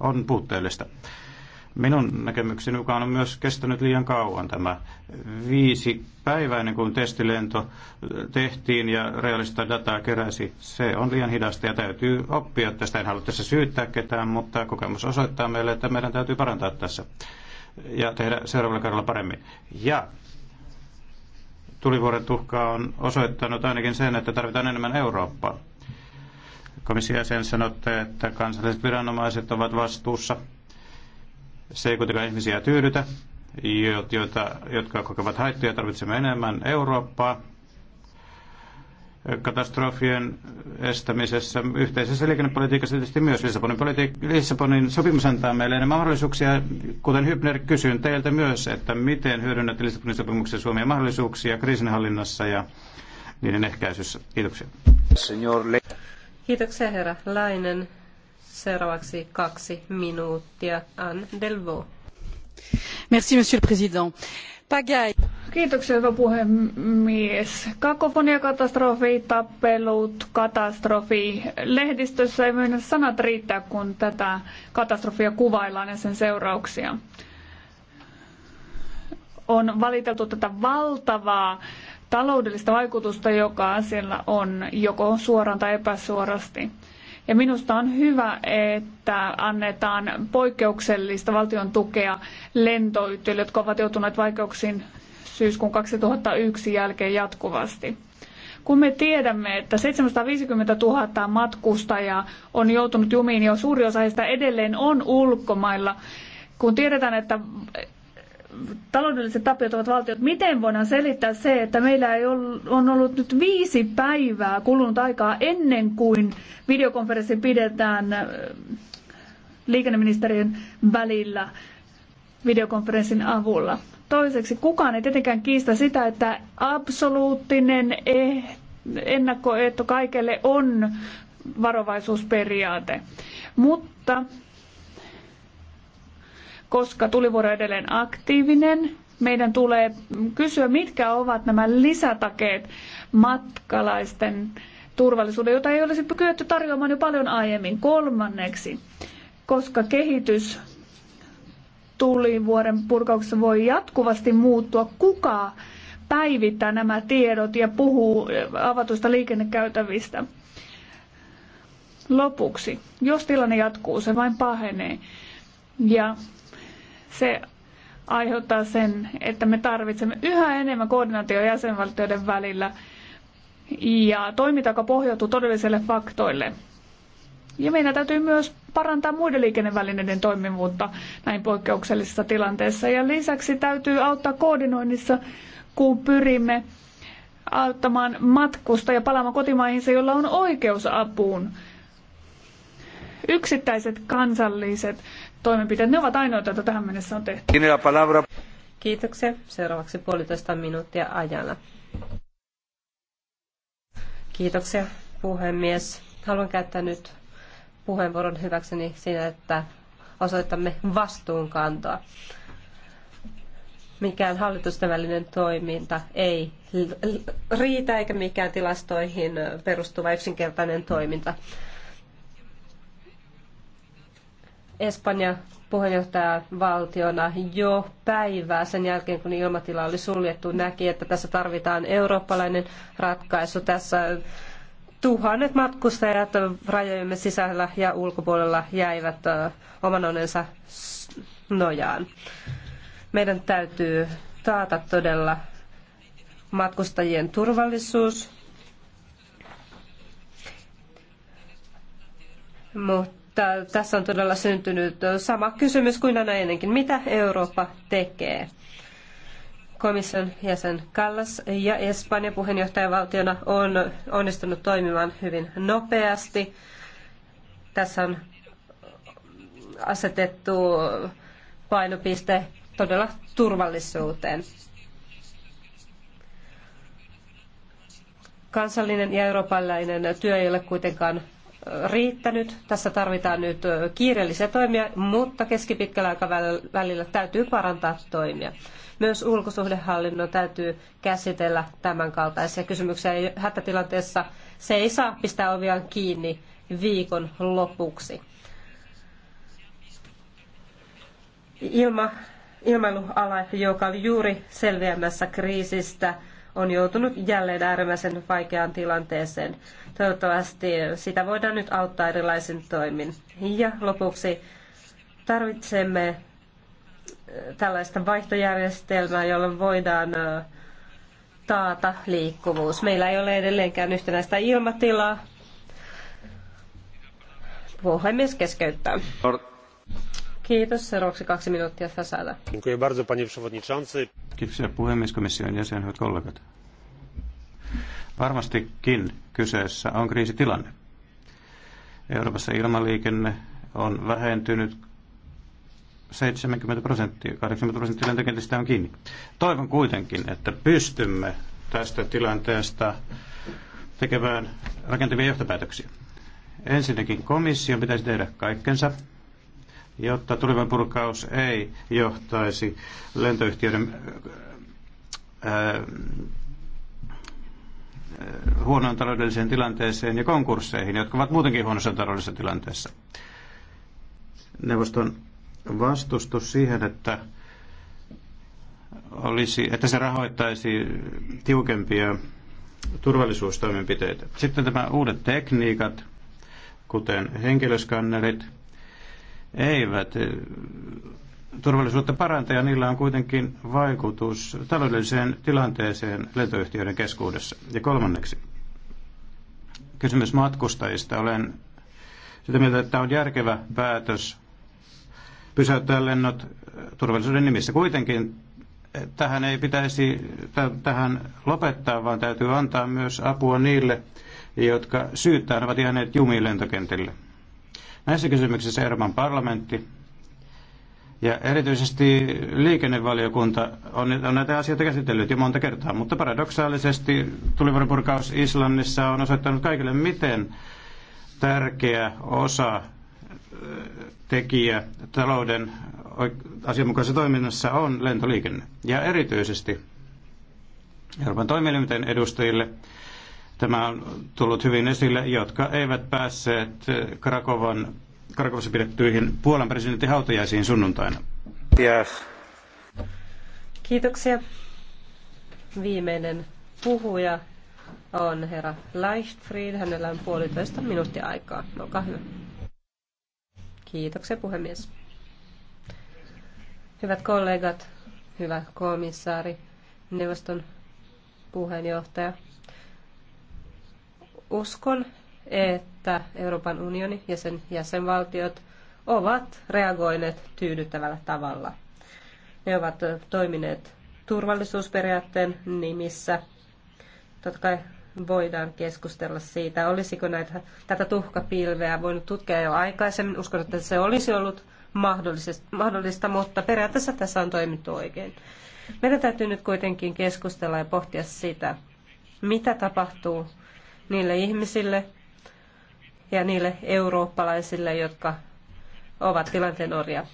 on puutteellista. Minun näkemykseni mukaan on myös kestänyt liian kauan tämä viisi päivää ennen kuin testilento tehtiin ja realista dataa keräsi. Se on liian hidasta ja täytyy oppia tästä. En halua tässä syyttää ketään, mutta kokemus osoittaa meille, että meidän täytyy parantaa tässä ja tehdä seuraavalla kerralla paremmin. Ja tulivuoren tuhka on osoittanut ainakin sen, että tarvitaan enemmän Eurooppaa. Komission jäsen sanotte, että kansalliset viranomaiset ovat vastuussa se ei kuitenkaan ihmisiä tyydytä, joita, jotka kokevat haittoja. Tarvitsemme enemmän Eurooppaa katastrofien estämisessä, yhteisessä liikennepolitiikassa tietysti myös Lissabonin, politi- Lissabonin sopimus antaa meille enemmän mahdollisuuksia. Kuten Hybner kysyn teiltä myös, että miten hyödynnät Lissabonin sopimuksen Suomen mahdollisuuksia kriisinhallinnassa ja niiden ehkäisyssä. Kiitoksia. Kiitoksia herra Lainen. Seuraavaksi kaksi minuuttia. Anne Delvaux. Merci, monsieur le président. Pagai. Kiitoksia, hyvä puhemies. Kakofoniakatastrofi, tappelut, katastrofi. Lehdistössä ei mennä sanat riittää, kun tätä katastrofia kuvaillaan ja sen seurauksia. On valiteltu tätä valtavaa taloudellista vaikutusta, joka siellä on, joko suoraan tai epäsuorasti. Ja minusta on hyvä, että annetaan poikkeuksellista valtion tukea lentoyhtiöille, jotka ovat joutuneet vaikeuksiin syyskuun 2001 jälkeen jatkuvasti. Kun me tiedämme, että 750 000 matkustajaa on joutunut jumiin ja suuri osa heistä edelleen on ulkomailla, kun tiedetään, että taloudelliset tapiot ovat valtiot. Miten voidaan selittää se, että meillä ei ollut, on ollut nyt viisi päivää kulunut aikaa ennen kuin videokonferenssi pidetään äh, liikenneministerien välillä videokonferenssin avulla? Toiseksi kukaan ei tietenkään kiistä sitä, että absoluuttinen eh- ennakkoehto kaikelle on varovaisuusperiaate. Mutta koska tulivuori on edelleen aktiivinen, meidän tulee kysyä, mitkä ovat nämä lisätakeet matkalaisten turvallisuuden, jota ei olisi kyetty tarjoamaan jo paljon aiemmin. Kolmanneksi, koska kehitys tulivuoren purkauksessa voi jatkuvasti muuttua, kuka päivittää nämä tiedot ja puhuu avatuista liikennekäytävistä. Lopuksi, jos tilanne jatkuu, se vain pahenee. Ja se aiheuttaa sen, että me tarvitsemme yhä enemmän koordinaatio jäsenvaltioiden välillä ja toiminta, joka pohjautuu todellisille faktoille. Ja meidän täytyy myös parantaa muiden liikennevälineiden toimivuutta näin poikkeuksellisissa tilanteissa. Ja lisäksi täytyy auttaa koordinoinnissa, kun pyrimme auttamaan matkusta ja palaamaan kotimaihinsa, jolla on oikeus apuun. Yksittäiset kansalliset toimenpiteet, ne ovat ainoita, joita tähän mennessä on tehty. Kiitoksia. Seuraavaksi puolitoista minuuttia ajalla. Kiitoksia puhemies. Haluan käyttää nyt puheenvuoron hyväkseni siinä, että osoitamme vastuunkantoa. Mikään hallitusten välinen toiminta ei riitä eikä mikään tilastoihin perustuva yksinkertainen toiminta. Espanja puheenjohtajavaltiona jo päivää sen jälkeen, kun ilmatila oli suljettu, näki, että tässä tarvitaan eurooppalainen ratkaisu. Tässä tuhannet matkustajat rajojemme sisällä ja ulkopuolella jäivät oman onensa nojaan. Meidän täytyy taata todella matkustajien turvallisuus, mutta että tässä on todella syntynyt sama kysymys kuin aina ennenkin. Mitä Eurooppa tekee? Komission jäsen Kallas ja Espanja puheenjohtajavaltiona on onnistunut toimimaan hyvin nopeasti. Tässä on asetettu painopiste todella turvallisuuteen. Kansallinen ja eurooppalainen työ ei ole kuitenkaan riittänyt. Tässä tarvitaan nyt kiireellisiä toimia, mutta keskipitkällä aikavälillä täytyy parantaa toimia. Myös ulkosuhdehallinnon täytyy käsitellä tämän kaltaisia kysymyksiä. Hätätilanteessa se ei saa pistää oviaan kiinni viikon lopuksi. Ilma, ilmailuala, joka oli juuri selviämässä kriisistä, on joutunut jälleen äärimmäisen vaikeaan tilanteeseen. Toivottavasti sitä voidaan nyt auttaa erilaisin toimin. Ja lopuksi tarvitsemme äh, tällaista vaihtojärjestelmää, jolla voidaan äh, taata liikkuvuus. Meillä ei ole edelleenkään yhtenäistä ilmatilaa. Puhemies keskeyttää. Kiitos. Seuraavaksi kaksi minuuttia Fasada. puhemies, komission jäsen, hyvät kollegat. Varmastikin kyseessä on kriisitilanne. Euroopassa ilmaliikenne on vähentynyt 70 prosenttia, 80 prosenttia lentokentistä on kiinni. Toivon kuitenkin, että pystymme tästä tilanteesta tekemään rakentavia johtopäätöksiä. Ensinnäkin komissio pitäisi tehdä kaikkensa, jotta tulivan purkaus ei johtaisi lentoyhtiöiden ää, huonoon taloudelliseen tilanteeseen ja konkursseihin, jotka ovat muutenkin huonossa taloudellisessa tilanteessa. Neuvoston vastustus siihen, että olisi, että se rahoittaisi tiukempia turvallisuustoimenpiteitä. Sitten tämä uudet tekniikat, kuten henkilöskannerit, eivät turvallisuutta parantaa ja niillä on kuitenkin vaikutus taloudelliseen tilanteeseen lentoyhtiöiden keskuudessa. Ja kolmanneksi, kysymys matkustajista. Olen sitä mieltä, että on järkevä päätös pysäyttää lennot eh, turvallisuuden nimissä. Kuitenkin eh, tähän ei pitäisi tähän lopettaa, vaan täytyy antaa myös apua niille, jotka syyttään ovat jääneet jumiin lentokentille. Näissä kysymyksissä Euroopan parlamentti ja erityisesti liikennevaliokunta on, on näitä asioita käsitellyt jo monta kertaa, mutta paradoksaalisesti tulivuorenpurkaus Islannissa on osoittanut kaikille, miten tärkeä osa tekijä talouden asianmukaisessa toiminnassa on lentoliikenne. Ja erityisesti Euroopan toimielimiten edustajille tämä on tullut hyvin esille, jotka eivät päässeet Krakovan Karkovassa pidettyihin Puolan presidentin hautajaisiin sunnuntaina. Yes. Kiitoksia. Viimeinen puhuja on herra Leichtfried. Hänellä on puolitoista minuuttia aikaa. Olkaa hyvä. Kiitoksia puhemies. Hyvät kollegat, hyvä komissaari, neuvoston puheenjohtaja. Uskon, että että Euroopan unioni ja sen jäsenvaltiot ovat reagoineet tyydyttävällä tavalla. Ne ovat toimineet turvallisuusperiaatteen nimissä. Totta kai voidaan keskustella siitä, olisiko näitä, tätä tuhkapilveä voinut tutkia jo aikaisemmin. Uskon, että se olisi ollut mahdollista, mutta periaatteessa tässä on toimittu oikein. Meidän täytyy nyt kuitenkin keskustella ja pohtia sitä, mitä tapahtuu niille ihmisille, ja niille eurooppalaisille, jotka ovat tilanteen orja.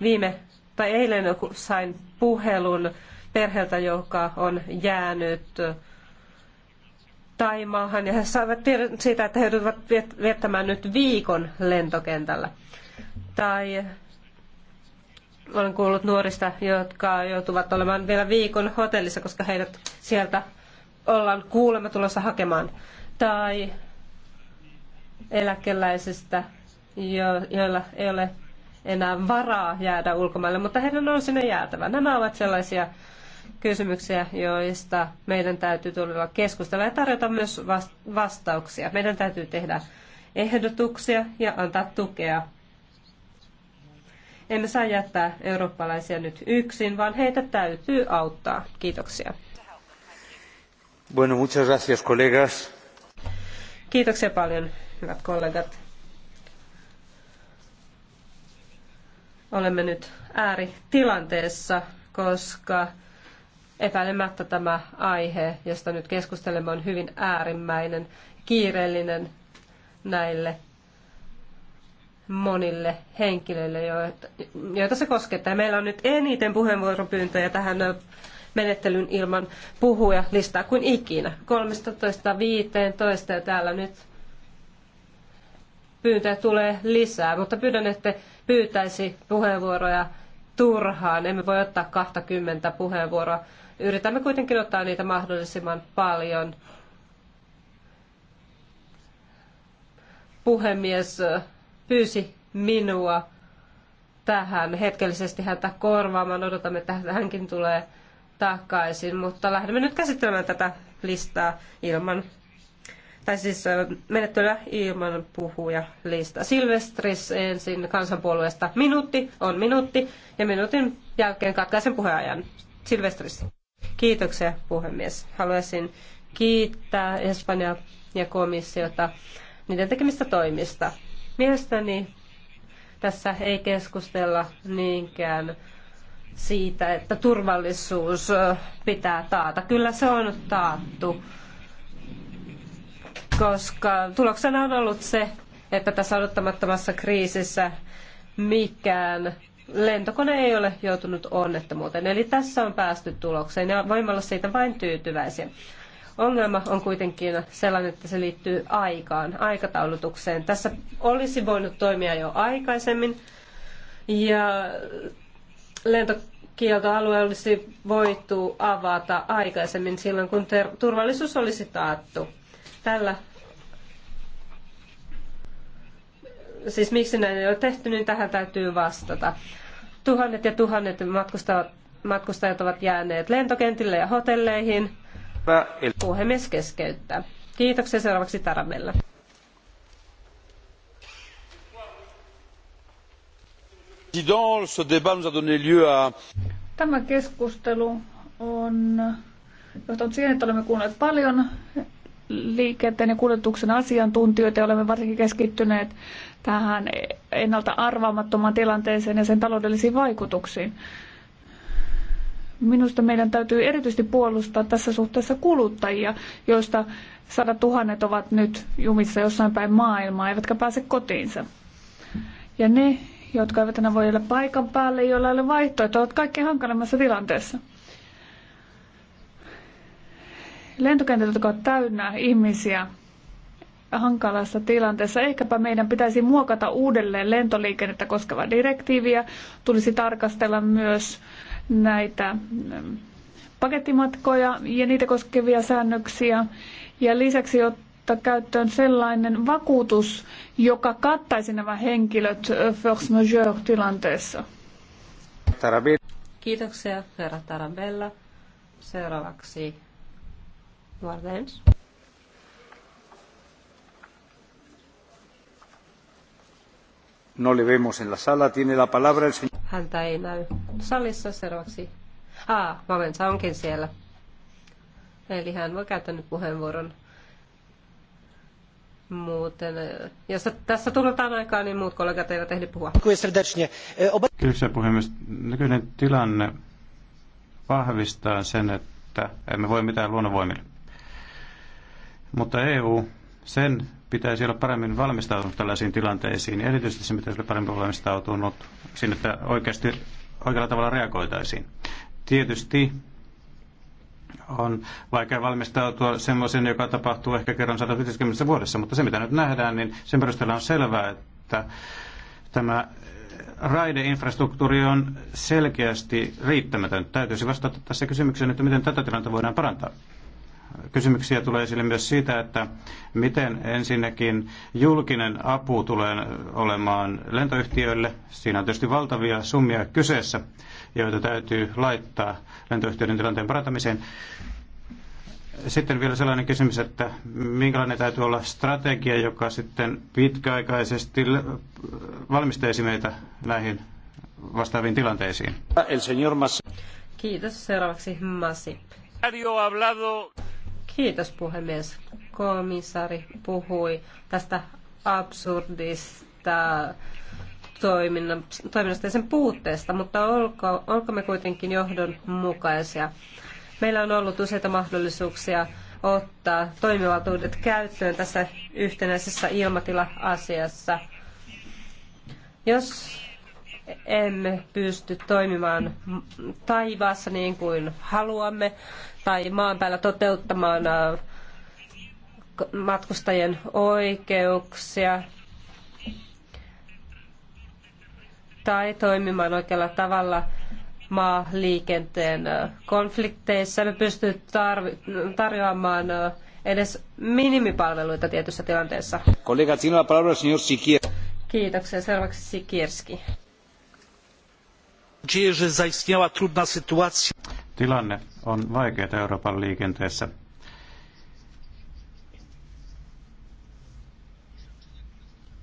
Viime tai eilen sain puhelun perheeltä, joka on jäänyt Taimaahan ja he saivat tiedon siitä, että he joutuvat viettämään nyt viikon lentokentällä. Tai olen kuullut nuorista, jotka joutuvat olemaan vielä viikon hotellissa, koska heidät sieltä ollaan kuulemma tulossa hakemaan. Tai eläkeläisistä, joilla ei ole enää varaa jäädä ulkomaille, mutta heidän on sinne jäätävä. Nämä ovat sellaisia kysymyksiä, joista meidän täytyy tulla keskustella ja tarjota myös vastauksia. Meidän täytyy tehdä ehdotuksia ja antaa tukea. Emme saa jättää eurooppalaisia nyt yksin, vaan heitä täytyy auttaa. Kiitoksia. Bueno, muchas gracias, colegas. Kiitoksia paljon hyvät kollegat. Olemme nyt ääritilanteessa, koska epäilemättä tämä aihe, josta nyt keskustelemme, on hyvin äärimmäinen, kiireellinen näille monille henkilöille, joita se koskettaa. Meillä on nyt eniten puheenvuoropyyntöjä tähän menettelyn ilman puhuja listaa kuin ikinä. 13.15 ja täällä nyt pyyntöjä tulee lisää, mutta pyydän, että pyytäisi puheenvuoroja turhaan. Emme voi ottaa 20 puheenvuoroa. Yritämme kuitenkin ottaa niitä mahdollisimman paljon. Puhemies pyysi minua tähän. Hetkellisesti häntä korvaamaan. Odotamme, että hänkin tulee takaisin, mutta lähdemme nyt käsittelemään tätä listaa ilman tai siis menettelyä ilman puhuja lista. Silvestris ensin kansanpuolueesta minuutti on minuutti ja minuutin jälkeen katkaisen puheajan. Silvestris. Kiitoksia puhemies. Haluaisin kiittää Espanja ja komissiota niiden tekemistä toimista. Mielestäni tässä ei keskustella niinkään siitä, että turvallisuus pitää taata. Kyllä se on taattu koska tuloksena on ollut se, että tässä odottamattomassa kriisissä mikään lentokone ei ole joutunut onnettomuuteen. Eli tässä on päästy tulokseen ja voimme olla siitä vain tyytyväisiä. Ongelma on kuitenkin sellainen, että se liittyy aikaan, aikataulutukseen. Tässä olisi voinut toimia jo aikaisemmin ja lentokieltoalue olisi voitu avata aikaisemmin silloin, kun turvallisuus olisi taattu. Tällä siis miksi näin ei ole tehty, niin tähän täytyy vastata. Tuhannet ja tuhannet matkustajat ovat jääneet lentokentille ja hotelleihin. Puhemies keskeyttää. Kiitoksia seuraavaksi Taramella. Tämä keskustelu on johtanut siihen, että olemme kuulleet paljon liikenteen ja kuljetuksen asiantuntijoita ja olemme varsinkin keskittyneet tähän ennalta arvaamattomaan tilanteeseen ja sen taloudellisiin vaikutuksiin. Minusta meidän täytyy erityisesti puolustaa tässä suhteessa kuluttajia, joista sadat tuhannet ovat nyt jumissa jossain päin maailmaa, eivätkä pääse kotiinsa. Ja ne, jotka eivät enää voi olla paikan päälle, joilla ei ole vaihtoehtoja, ovat kaikkein hankalimmassa tilanteessa. lentokentät, ovat täynnä ihmisiä hankalassa tilanteessa. Ehkäpä meidän pitäisi muokata uudelleen lentoliikennettä koskeva direktiiviä. Tulisi tarkastella myös näitä mm, pakettimatkoja ja niitä koskevia säännöksiä. Ja lisäksi ottaa käyttöön sellainen vakuutus, joka kattaisi nämä henkilöt force majeure-tilanteessa. Kiitoksia, herra Tarabella. Seuraavaksi Valdens. No le vemos en la sala. Tiene la palabra el señor. Häntä ei näy salissa seuraavaksi. Ah, Valensa onkin siellä. Eli hän voi käyttää nyt puheenvuoron. Muuten, eh, jos tässä tunnetaan aikaa, niin muut kollegat eivät ehdi puhua. Kyllä e, puhemies. Nykyinen tilanne vahvistaa sen, että emme voi mitään luonnonvoimille. Mutta EU, sen pitäisi olla paremmin valmistautunut tällaisiin tilanteisiin. Erityisesti se pitäisi olla paremmin valmistautunut sinne, että oikeasti oikealla tavalla reagoitaisiin. Tietysti on vaikea valmistautua semmoisen, joka tapahtuu ehkä kerran 150 vuodessa, mutta se mitä nyt nähdään, niin sen perusteella on selvää, että tämä raideinfrastruktuuri on selkeästi riittämätön. Täytyisi vastata tässä kysymykseen, että miten tätä tilannetta voidaan parantaa kysymyksiä tulee esille myös siitä, että miten ensinnäkin julkinen apu tulee olemaan lentoyhtiöille. Siinä on tietysti valtavia summia kyseessä, joita täytyy laittaa lentoyhtiöiden tilanteen parantamiseen. Sitten vielä sellainen kysymys, että minkälainen täytyy olla strategia, joka sitten pitkäaikaisesti valmistaisi meitä näihin vastaaviin tilanteisiin. Kiitos. Seuraavaksi Masi. Kiitos puhemies. Komissaari puhui tästä absurdista toiminnasta ja sen puutteesta, mutta olko, me kuitenkin johdonmukaisia. Meillä on ollut useita mahdollisuuksia ottaa toimivaltuudet käyttöön tässä yhtenäisessä ilmatila-asiassa. Jos emme pysty toimimaan taivaassa niin kuin haluamme tai maan päällä toteuttamaan äh, matkustajien oikeuksia tai toimimaan oikealla tavalla maaliikenteen äh, konflikteissa. Me pystyy tarjoamaan äh, edes minimipalveluita tietyssä tilanteessa. Kollega, sinulla palvelu, signor Sikir. Kiitoksia. Seuraavaksi Sikirski. Tilanne on vaikea Euroopan liikenteessä.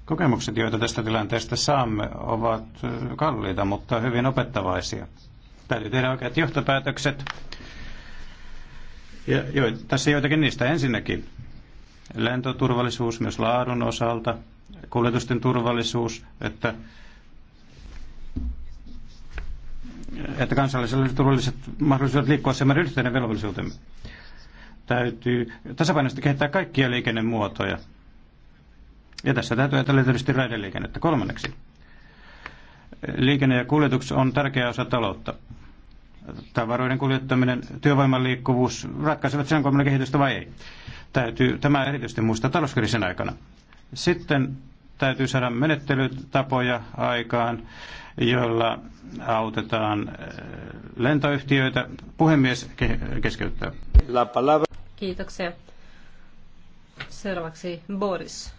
Kokemukset, joita tästä tilanteesta saamme, ovat kalliita, mutta hyvin opettavaisia. Täytyy tehdä oikeat johtopäätökset. Ja, jo, tässä joitakin niistä ensinnäkin. Lentoturvallisuus myös laadun osalta, kuljetusten turvallisuus, että että kansallisella on turvalliset mahdollisuudet liikkua se meidän yhteinen velvollisuutemme. Täytyy tasapainoisesti kehittää kaikkia liikennemuotoja. Ja tässä täytyy ajatella tietysti raideliikennettä. Kolmanneksi, liikenne ja kuljetus on tärkeä osa taloutta. Tavaroiden kuljettaminen, työvoiman liikkuvuus ratkaisevat sen, onko kehitystä vai ei. Täytyy tämä erityisesti muistaa talouskriisin aikana. Sitten täytyy saada menettelytapoja aikaan, joilla autetaan eh, lentoyhtiöitä. Puhemies keskeyttää. Kiitoksia. Seuraavaksi Boris.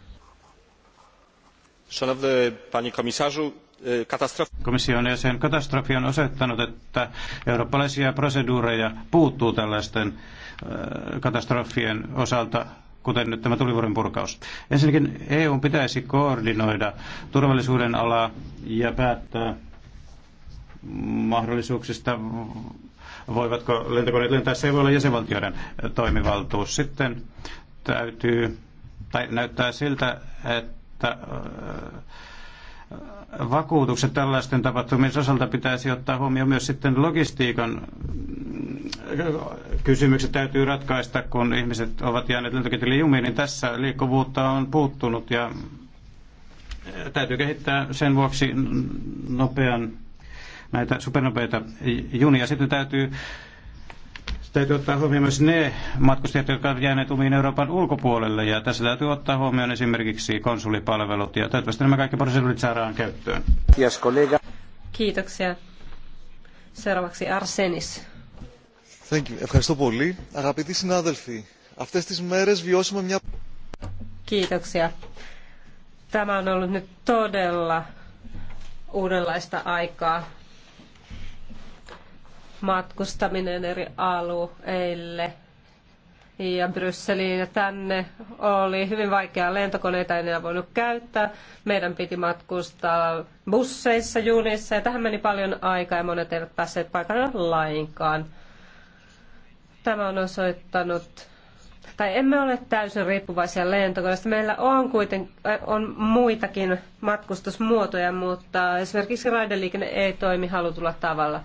Szanowny panie komisarzu, e, katastrofi... Komission jäsen katastrofi on osoittanut, että eurooppalaisia proseduureja puuttuu tällaisten e, katastrofien osalta kuten nyt tämä tulivuoren purkaus. Ensinnäkin EU pitäisi koordinoida turvallisuuden alaa ja päättää mahdollisuuksista, voivatko lentokoneet lentää, se ei voi olla jäsenvaltioiden toimivaltuus. Sitten täytyy, tai näyttää siltä, että äh, vakuutukset tällaisten tapahtumien osalta pitäisi ottaa huomioon myös sitten logistiikan kysymykset täytyy ratkaista, kun ihmiset ovat jääneet lentokentille jumiin, niin tässä liikkuvuutta on puuttunut ja eh, täytyy kehittää sen vuoksi nopean näitä supernopeita junia. Sitten täytyy, täytyy ottaa huomioon myös ne matkustajat, jotka ovat jääneet umiin Euroopan ulkopuolelle. Ja tässä täytyy ottaa huomioon esimerkiksi konsulipalvelut. Ja toivottavasti nämä kaikki prosessit saadaan käyttöön. Kiitoksia. Seuraavaksi Arsenis. Ευχαριστώ πολύ. Αγαπητοί συνάδελφοι, αυτές τις μέρες βιώσαμε μια... Kiitoksia. Tämä on ollut nyt todella uudenlaista aikaa. Matkustaminen eri alueille ja Brysseliin ja tänne oli hyvin vaikeaa. Lentokoneita ei enää voinut käyttää. Meidän piti matkustaa busseissa, junissa ja tähän meni paljon aikaa ja monet eivät päässeet paikalle lainkaan. Tämä on osoittanut, tai emme ole täysin riippuvaisia lentokoneista. Meillä on kuitenkin äh, on muitakin matkustusmuotoja, mutta esimerkiksi raideliikenne ei toimi halutulla tavalla.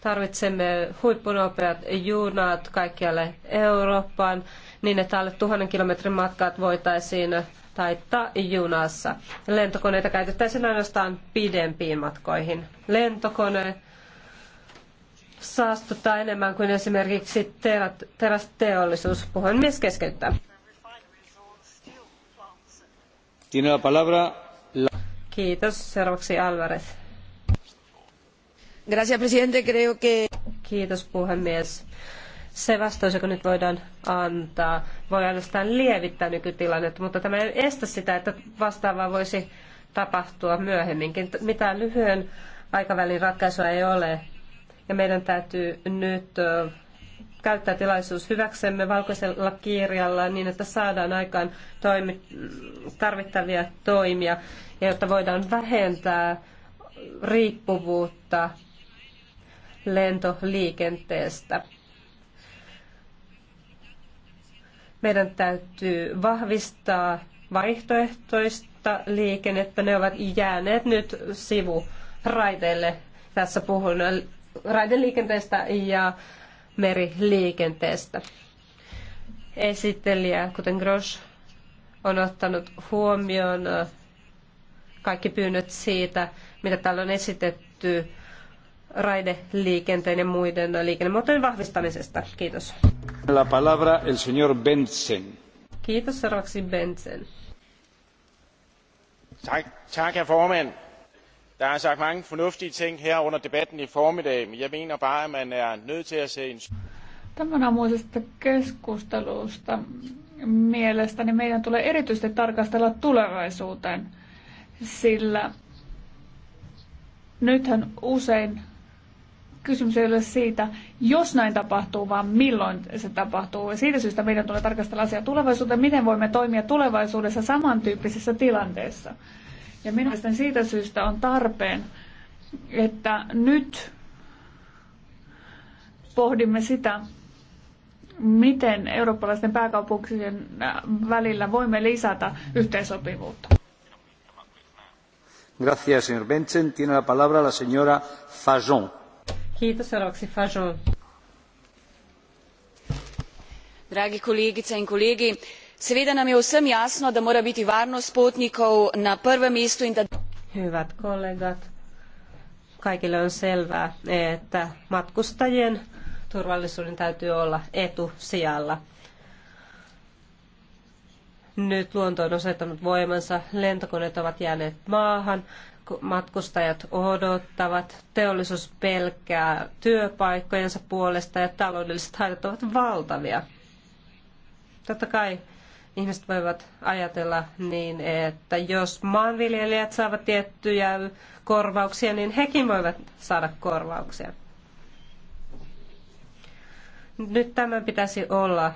Tarvitsemme huippunopeat junat kaikkialle Eurooppaan niin, että alle tuhannen kilometrin matkat voitaisiin taittaa junassa. Lentokoneita käytettäisiin ainoastaan pidempiin matkoihin. Lentokone saastuttaa enemmän kuin esimerkiksi terät, terästeollisuus. Puhemies keskeyttää. Kiitos. Seuraavaksi Alvarez. Gracias, presidente. Creo que... Kiitos, puhemies. Se vastaus, joka nyt voidaan antaa, voi ainoastaan lievittää nykytilannetta, mutta tämä ei estä sitä, että vastaavaa voisi tapahtua myöhemminkin. Mitään lyhyen aikavälin ratkaisua ei ole ja meidän täytyy nyt käyttää tilaisuus hyväksemme valkoisella kirjalla niin, että saadaan aikaan toimi, tarvittavia toimia ja jotta voidaan vähentää riippuvuutta lentoliikenteestä. Meidän täytyy vahvistaa vaihtoehtoista liikennettä. Ne ovat jääneet nyt sivuraiteille. Tässä puhun raideliikenteestä ja meriliikenteestä. Esittelijä, kuten Grosch, on ottanut huomioon kaikki pyynnöt siitä, mitä täällä on esitetty raideliikenteen ja muiden liikennemuotojen vahvistamisesta. Kiitos. La palabra el señor Benson. Kiitos seuraavaksi Benson. Tack, tack herr der er sagt mange fornuftige ting her under debatten i formiddag, men jeg mener bare, at man er nødt til at se en... Tämän aamuisesta keskustelusta mielestäni meidän tulee erityisesti tarkastella tulevaisuuteen, sillä nythän usein kysymys ei ole siitä, jos näin tapahtuu, vaan milloin se tapahtuu. Ja siitä syystä meidän tulee tarkastella asiaa tulevaisuuteen, miten voimme toimia tulevaisuudessa samantyyppisessä tilanteessa. Ja minusta siitä syystä on tarpeen, että nyt pohdimme sitä, miten eurooppalaisten pääkaupunkien äh, välillä voimme lisätä yhteensopivuutta. Gracias, señor Benchen. Tiene la palabra la señora Fajon. Kiitos, seuraavaksi Fajon. Dragi kollegi, sen kollegi seveda nam je vsem jasno da mora biti varnost potnikov na prvem mestu in da. on selvää että matkustajien turvallisuuden täytyy olla etusijalla. Nyt luonto on osoittanut voimansa, lentokoneet ovat jääneet maahan, matkustajat odottavat, teollisuus pelkää työpaikkojensa puolesta ja taloudelliset haitat ovat valtavia. Totta kai ihmiset voivat ajatella niin, että jos maanviljelijät saavat tiettyjä korvauksia, niin hekin voivat saada korvauksia. Nyt tämän pitäisi olla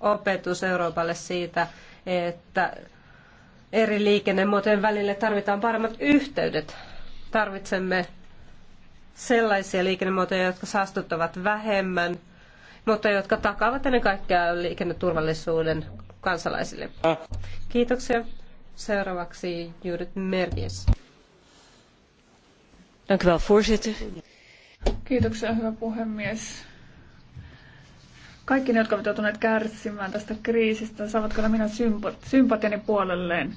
opetus Euroopalle siitä, että eri liikennemuotojen välille tarvitaan paremmat yhteydet. Tarvitsemme sellaisia liikennemuotoja, jotka saastuttavat vähemmän, mutta jotka takaavat ennen kaikkea liikenneturvallisuuden kansalaisille. Kiitoksia. Seuraavaksi Judith Merkies. Dank u wel, voorzitter. Kiitoksia, hyvä puhemies. Kaikki ne, jotka ovat joutuneet kärsimään tästä kriisistä, saavat kyllä minä sympatiani puolelleen.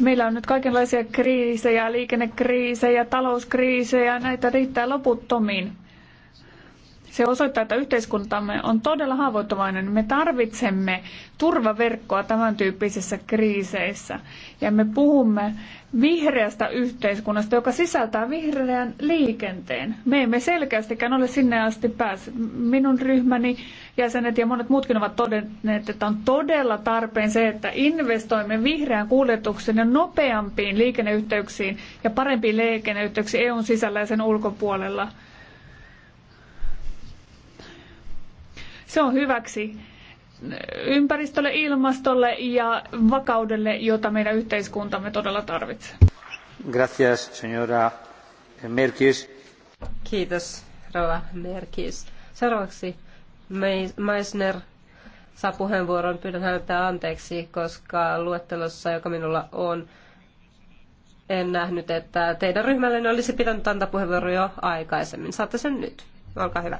Meillä on nyt kaikenlaisia kriisejä, liikennekriisejä, talouskriisejä, näitä riittää loputtomiin. Se osoittaa, että yhteiskuntamme on todella haavoittuvainen. Me tarvitsemme turvaverkkoa tämän tyyppisissä kriiseissä. Ja me puhumme vihreästä yhteiskunnasta, joka sisältää vihreän liikenteen. Me emme selkeästikään ole sinne asti päässeet. Minun ryhmäni jäsenet ja monet muutkin ovat todenneet, että on todella tarpeen se, että investoimme vihreään kuljetuksen ja nopeampiin liikenneyhteyksiin ja parempiin liikenneyhteyksiin EUn sisällä ja sen ulkopuolella – Se on hyväksi ympäristölle, ilmastolle ja vakaudelle, jota meidän yhteiskuntamme todella tarvitsee. Gracias, señora Merkis. Kiitos, rouva Merkis. Seuraavaksi Meisner saa puheenvuoron. Pyydän häntä anteeksi, koska luettelossa, joka minulla on, en nähnyt, että teidän ryhmällenne olisi pitänyt antaa puheenvuoro jo aikaisemmin. Saatte sen nyt. Olkaa hyvä.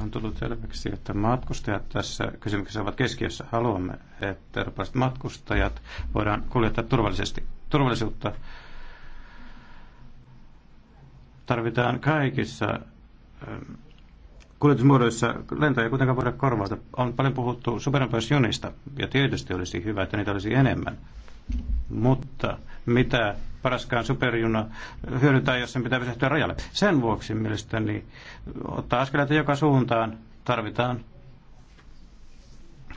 On tullut selväksi, että matkustajat tässä kysymyksessä ovat keskiössä. Haluamme, että eurooppalaiset matkustajat voidaan kuljettaa turvallisesti. Turvallisuutta tarvitaan kaikissa ähm, kuljetusmuodoissa lentoja kuitenkaan voida korvata. On paljon puhuttu supernopeusjunista, ja tietysti olisi hyvä, että niitä olisi enemmän. Mutta mitä paraskaan superjuna hyödyntää, jos sen pitää pysähtyä rajalle. Sen vuoksi mielestäni ottaa askeleita joka suuntaan tarvitaan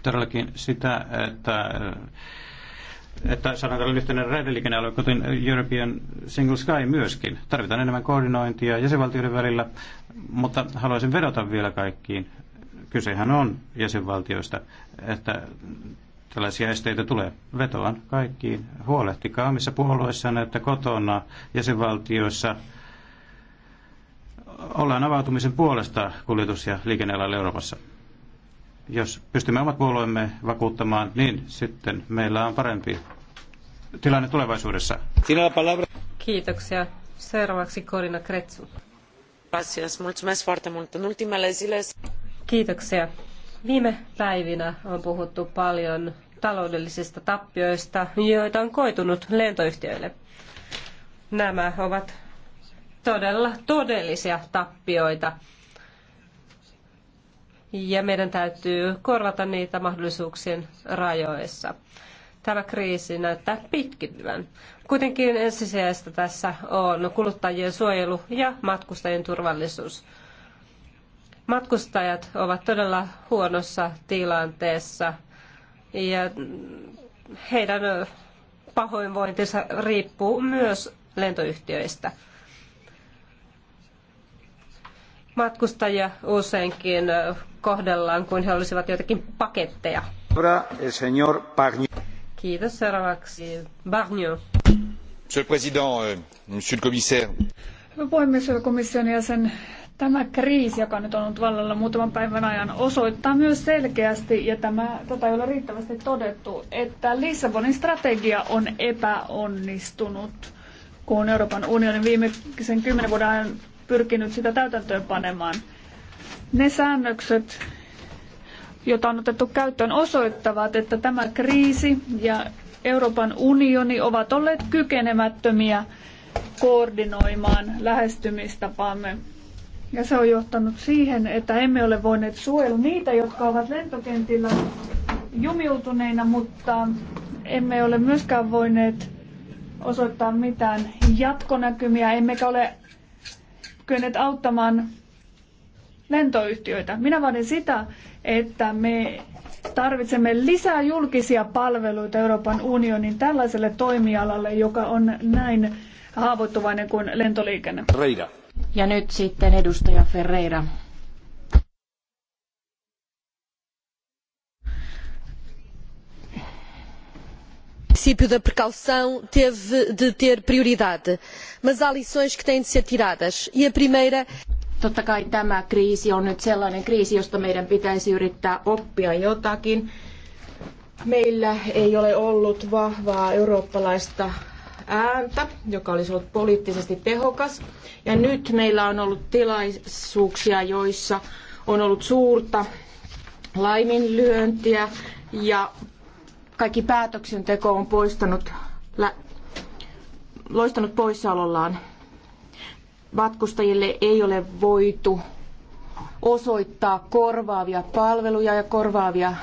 todellakin sitä, että että sanotaan tällainen yhteinen raideliikennealue, kuten European Single Sky myöskin. Tarvitaan enemmän koordinointia jäsenvaltioiden välillä, mutta haluaisin vedota vielä kaikkiin. Kysehän on jäsenvaltioista, että tällaisia esteitä tulee. Vetoan kaikkiin. Huolehtikaa omissa puolueissanne, että kotona jäsenvaltioissa ollaan avautumisen puolesta kuljetus- ja liikennealalla Euroopassa. Jos pystymme omat puolueemme vakuuttamaan, niin sitten meillä on parempi tilanne tulevaisuudessa. Kiitoksia. Seuraavaksi Korina Kretsu. Kiitoksia. Viime päivinä on puhuttu paljon taloudellisista tappioista, joita on koitunut lentoyhtiöille. Nämä ovat todella todellisia tappioita. Ja meidän täytyy korvata niitä mahdollisuuksien rajoissa. Tämä kriisi näyttää pitkittyvän. Kuitenkin ensisijaista tässä on kuluttajien suojelu ja matkustajien turvallisuus matkustajat ovat todella huonossa tilanteessa ja heidän pahoinvointinsa riippuu myös lentoyhtiöistä. Matkustajia useinkin kohdellaan kuin he olisivat jotakin paketteja. Kiitos seuraavaksi. Barnier. Monsieur le Président, euh, Monsieur le Commissaire. Puhemies, komission jäsen, Tämä kriisi, joka nyt on ollut vallalla muutaman päivän ajan, osoittaa myös selkeästi, ja tämä, tätä ei ole riittävästi todettu, että Lissabonin strategia on epäonnistunut, kun Euroopan unionin viimeisen kymmenen vuoden ajan pyrkinyt sitä täytäntöön panemaan. Ne säännökset, joita on otettu käyttöön, osoittavat, että tämä kriisi ja Euroopan unioni ovat olleet kykenemättömiä koordinoimaan lähestymistapaamme ja se on johtanut siihen, että emme ole voineet suojella niitä, jotka ovat lentokentillä jumiutuneina, mutta emme ole myöskään voineet osoittaa mitään jatkonäkymiä, emmekä ole kyenneet auttamaan lentoyhtiöitä. Minä vaadin sitä, että me tarvitsemme lisää julkisia palveluita Euroopan unionin tällaiselle toimialalle, joka on näin haavoittuvainen kuin lentoliikenne. Reida. Ja nyt sitten edustaja Ferreira. princípio da precaução teve de ter prioridade, mas há lições que têm de ser tiradas. E a primeira Totta kai tämä kriisi on nyt sellainen kriisi, josta meidän pitäisi yrittää oppia jotakin. Meillä ei ole ollut vahvaa eurooppalaista ääntä, joka olisi ollut poliittisesti tehokas. Ja nyt meillä on ollut tilaisuuksia, joissa on ollut suurta laiminlyöntiä ja kaikki päätöksenteko on poistanut, lä- loistanut poissaolollaan. Matkustajille ei ole voitu osoittaa korvaavia palveluja ja korvaavia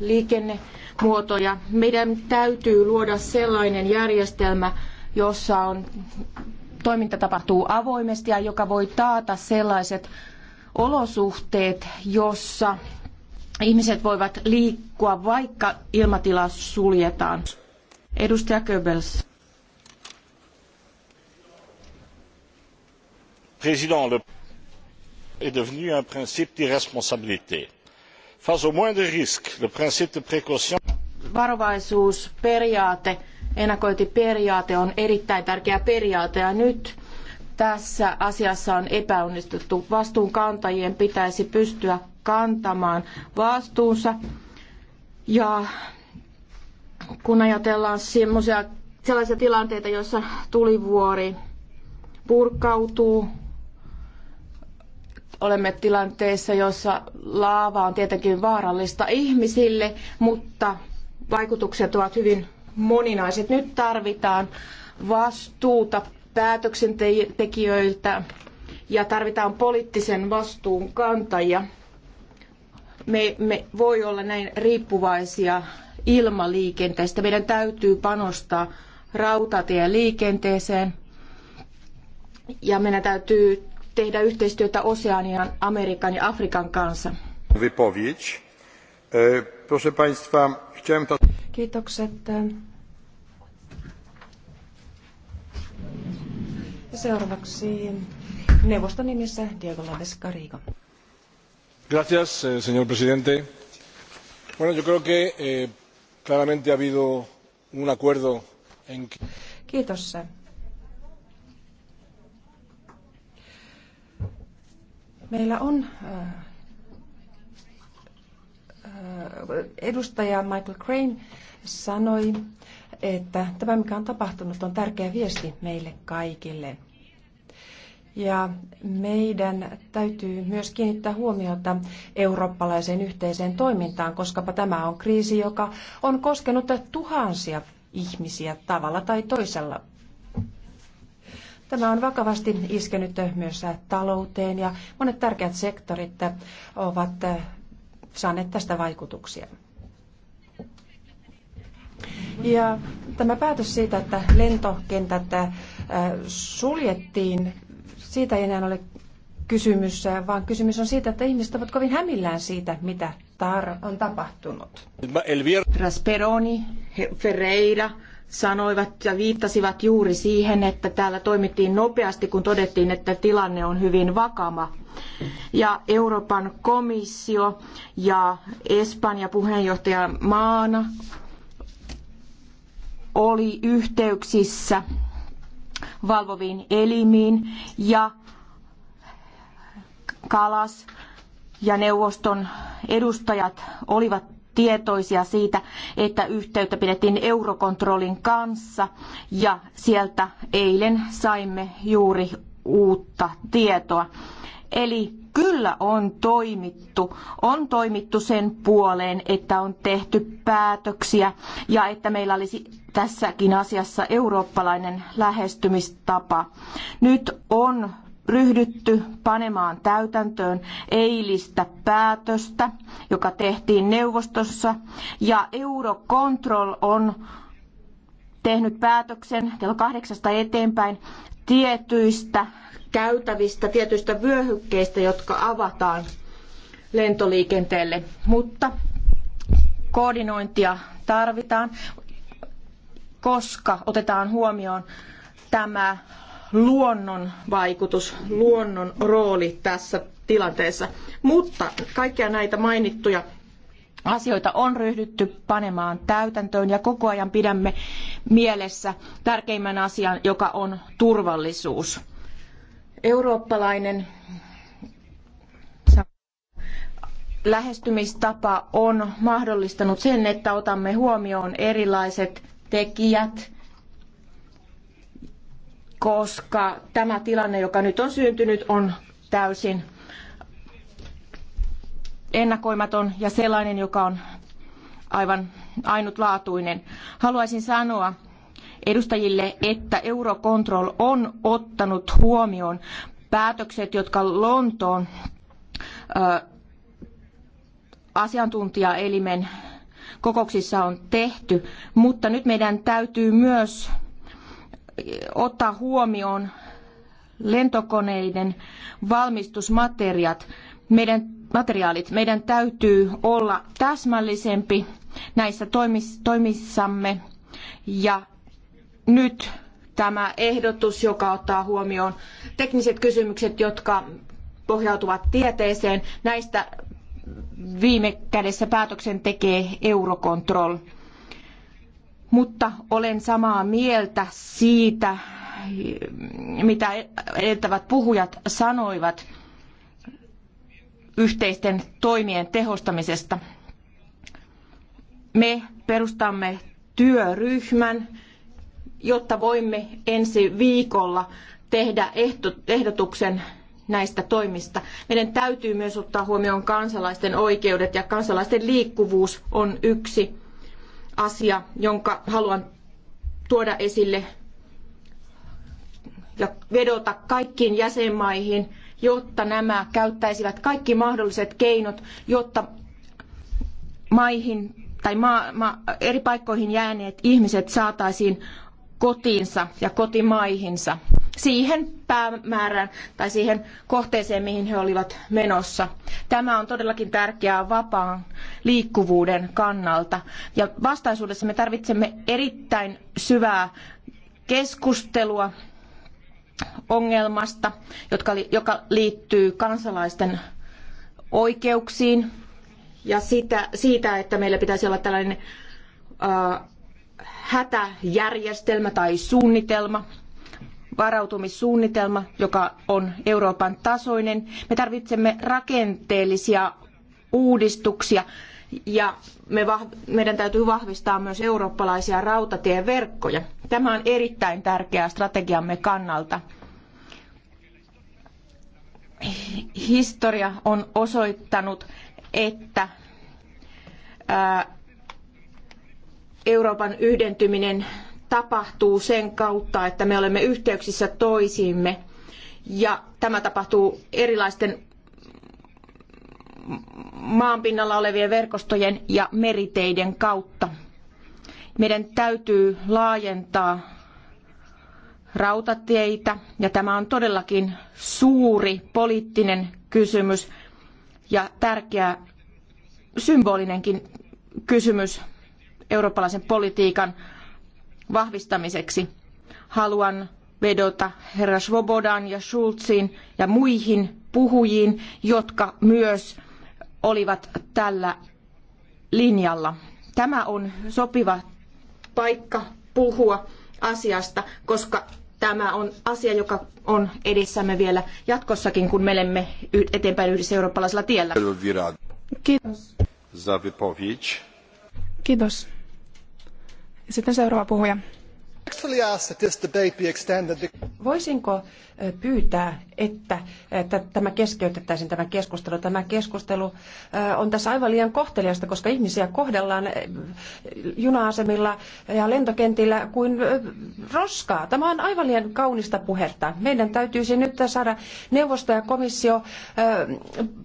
liikenne- muotoja. Meidän täytyy luoda sellainen järjestelmä, jossa on, toiminta tapahtuu avoimesti ja joka voi taata sellaiset olosuhteet, jossa ihmiset voivat liikkua, vaikka ilmatila suljetaan. Edustaja Goebbels. President, le est devenu un principe d'irresponsabilité. Face au moindre risque, le principe de précaution varovaisuusperiaate, ennakointiperiaate on erittäin tärkeä periaate ja nyt tässä asiassa on epäonnistuttu. Vastuunkantajien pitäisi pystyä kantamaan vastuunsa ja kun ajatellaan sellaisia tilanteita, joissa tulivuori purkautuu, olemme tilanteessa, jossa laava on tietenkin vaarallista ihmisille, mutta vaikutukset ovat hyvin moninaiset. Nyt tarvitaan vastuuta päätöksentekijöiltä ja tarvitaan poliittisen vastuun kantajia. Me, me voi olla näin riippuvaisia ilmaliikenteestä. Meidän täytyy panostaa rautatieliikenteeseen ja meidän täytyy tehdä yhteistyötä Oseanian, Amerikan ja Afrikan kanssa. Proszę Państwa, chciałem to... Kiitokset. Seuraavaksi neuvoston nimissä Diego López Garrigo. Gracias, eh, señor presidente. Bueno, yo creo que eh, claramente ha habido un acuerdo en... Kiitos. Meillä on äh, edustaja Michael Crane sanoi, että tämä mikä on tapahtunut on tärkeä viesti meille kaikille. Ja meidän täytyy myös kiinnittää huomiota eurooppalaiseen yhteiseen toimintaan, koska tämä on kriisi, joka on koskenut tuhansia ihmisiä tavalla tai toisella. Tämä on vakavasti iskenyt myös talouteen ja monet tärkeät sektorit ovat saaneet tästä vaikutuksia. Ja tämä päätös siitä, että lentokentät äh, suljettiin, siitä ei enää ole kysymys, vaan kysymys on siitä, että ihmiset ovat kovin hämillään siitä, mitä tar on tapahtunut. Rasperoni, Ferreira, sanoivat ja viittasivat juuri siihen, että täällä toimittiin nopeasti, kun todettiin, että tilanne on hyvin vakava. Ja Euroopan komissio ja Espanja puheenjohtaja maana oli yhteyksissä valvoviin elimiin ja Kalas ja neuvoston edustajat olivat tietoisia siitä, että yhteyttä pidettiin Eurokontrollin kanssa ja sieltä eilen saimme juuri uutta tietoa. Eli kyllä on toimittu. On toimittu sen puoleen, että on tehty päätöksiä ja että meillä olisi tässäkin asiassa eurooppalainen lähestymistapa. Nyt on ryhdytty panemaan täytäntöön eilistä päätöstä, joka tehtiin neuvostossa, ja Eurocontrol on tehnyt päätöksen kello kahdeksasta eteenpäin tietyistä käytävistä, tietyistä vyöhykkeistä, jotka avataan lentoliikenteelle, mutta koordinointia tarvitaan, koska otetaan huomioon tämä luonnon vaikutus, luonnon rooli tässä tilanteessa. Mutta kaikkia näitä mainittuja asioita on ryhdytty panemaan täytäntöön ja koko ajan pidämme mielessä tärkeimmän asian, joka on turvallisuus. Eurooppalainen lähestymistapa on mahdollistanut sen, että otamme huomioon erilaiset tekijät, koska tämä tilanne, joka nyt on syntynyt, on täysin ennakoimaton ja sellainen, joka on aivan ainutlaatuinen. Haluaisin sanoa edustajille, että Eurocontrol on ottanut huomioon päätökset, jotka Lontoon ö, asiantuntijaelimen kokouksissa on tehty, mutta nyt meidän täytyy myös ottaa huomioon lentokoneiden valmistusmateriaalit. Meidän, materiaalit. Meidän täytyy olla täsmällisempi näissä toimissamme ja nyt tämä ehdotus, joka ottaa huomioon tekniset kysymykset, jotka pohjautuvat tieteeseen. Näistä viime kädessä päätöksen tekee Eurocontrol mutta olen samaa mieltä siitä, mitä edeltävät puhujat sanoivat yhteisten toimien tehostamisesta. Me perustamme työryhmän, jotta voimme ensi viikolla tehdä ehdotuksen näistä toimista. Meidän täytyy myös ottaa huomioon kansalaisten oikeudet ja kansalaisten liikkuvuus on yksi asia, jonka haluan tuoda esille ja vedota kaikkiin jäsenmaihin, jotta nämä käyttäisivät kaikki mahdolliset keinot, jotta maihin tai maa, maa, eri paikkoihin jääneet ihmiset saataisiin kotiinsa ja kotimaihinsa siihen päämäärään tai siihen kohteeseen, mihin he olivat menossa. Tämä on todellakin tärkeää vapaan liikkuvuuden kannalta. Ja vastaisuudessa me tarvitsemme erittäin syvää keskustelua ongelmasta, joka liittyy kansalaisten oikeuksiin ja sitä, siitä, että meillä pitäisi olla tällainen äh, hätäjärjestelmä tai suunnitelma, varautumissuunnitelma, joka on Euroopan tasoinen. Me tarvitsemme rakenteellisia uudistuksia ja me meidän täytyy vahvistaa myös eurooppalaisia rautatieverkkoja. Tämä on erittäin tärkeää strategiamme kannalta. Historia on osoittanut, että Euroopan yhdentyminen tapahtuu sen kautta, että me olemme yhteyksissä toisiimme ja tämä tapahtuu erilaisten maanpinnalla olevien verkostojen ja meriteiden kautta. Meidän täytyy laajentaa rautateitä ja tämä on todellakin suuri poliittinen kysymys ja tärkeä symbolinenkin kysymys eurooppalaisen politiikan vahvistamiseksi. Haluan vedota herra Svobodan ja Schulzin ja muihin puhujiin, jotka myös olivat tällä linjalla. Tämä on sopiva paikka puhua asiasta, koska tämä on asia, joka on edessämme vielä jatkossakin, kun menemme eteenpäin yhdessä eurooppalaisella tiellä. Kiitos. Kiitos sitten seuraava puhuja. Voisinko pyytää, että, tämä keskeytettäisiin tämä keskustelu? Tämä keskustelu on tässä aivan liian kohteliasta, koska ihmisiä kohdellaan juna-asemilla ja lentokentillä kuin roskaa. Tämä on aivan liian kaunista puhetta. Meidän täytyisi nyt saada neuvosto ja komissio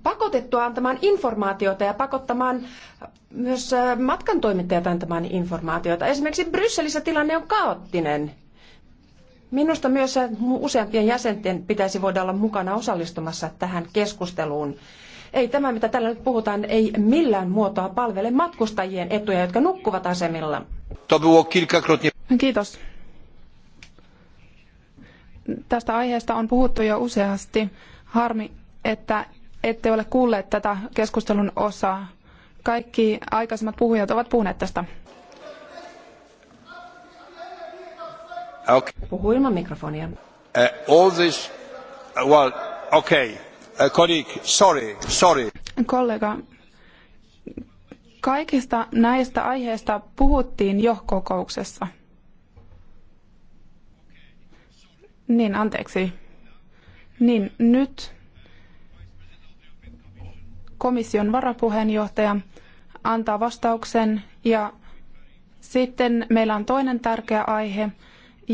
pakotettua antamaan informaatiota ja pakottamaan myös matkantoimittajat antamaan informaatiota. Esimerkiksi Brysselissä tilanne on kaoottinen Minusta myös äh, useampien jäsenten pitäisi voida olla mukana osallistumassa tähän keskusteluun. Ei tämä, mitä tällä nyt puhutaan, ei millään muotoa palvele matkustajien etuja, jotka nukkuvat asemilla. Kiitos. Tästä aiheesta on puhuttu jo useasti. Harmi, että ette ole kuulleet tätä keskustelun osaa. Kaikki aikaisemmat puhujat ovat puhuneet tästä. Okay. ilman mikrofonia. Uh, all this, uh, well, okay. Uh, colleague, sorry, sorry. Kollega, kaikista näistä aiheista puhuttiin jo kokouksessa. Niin, anteeksi. Niin, nyt komission varapuheenjohtaja antaa vastauksen ja sitten meillä on toinen tärkeä aihe,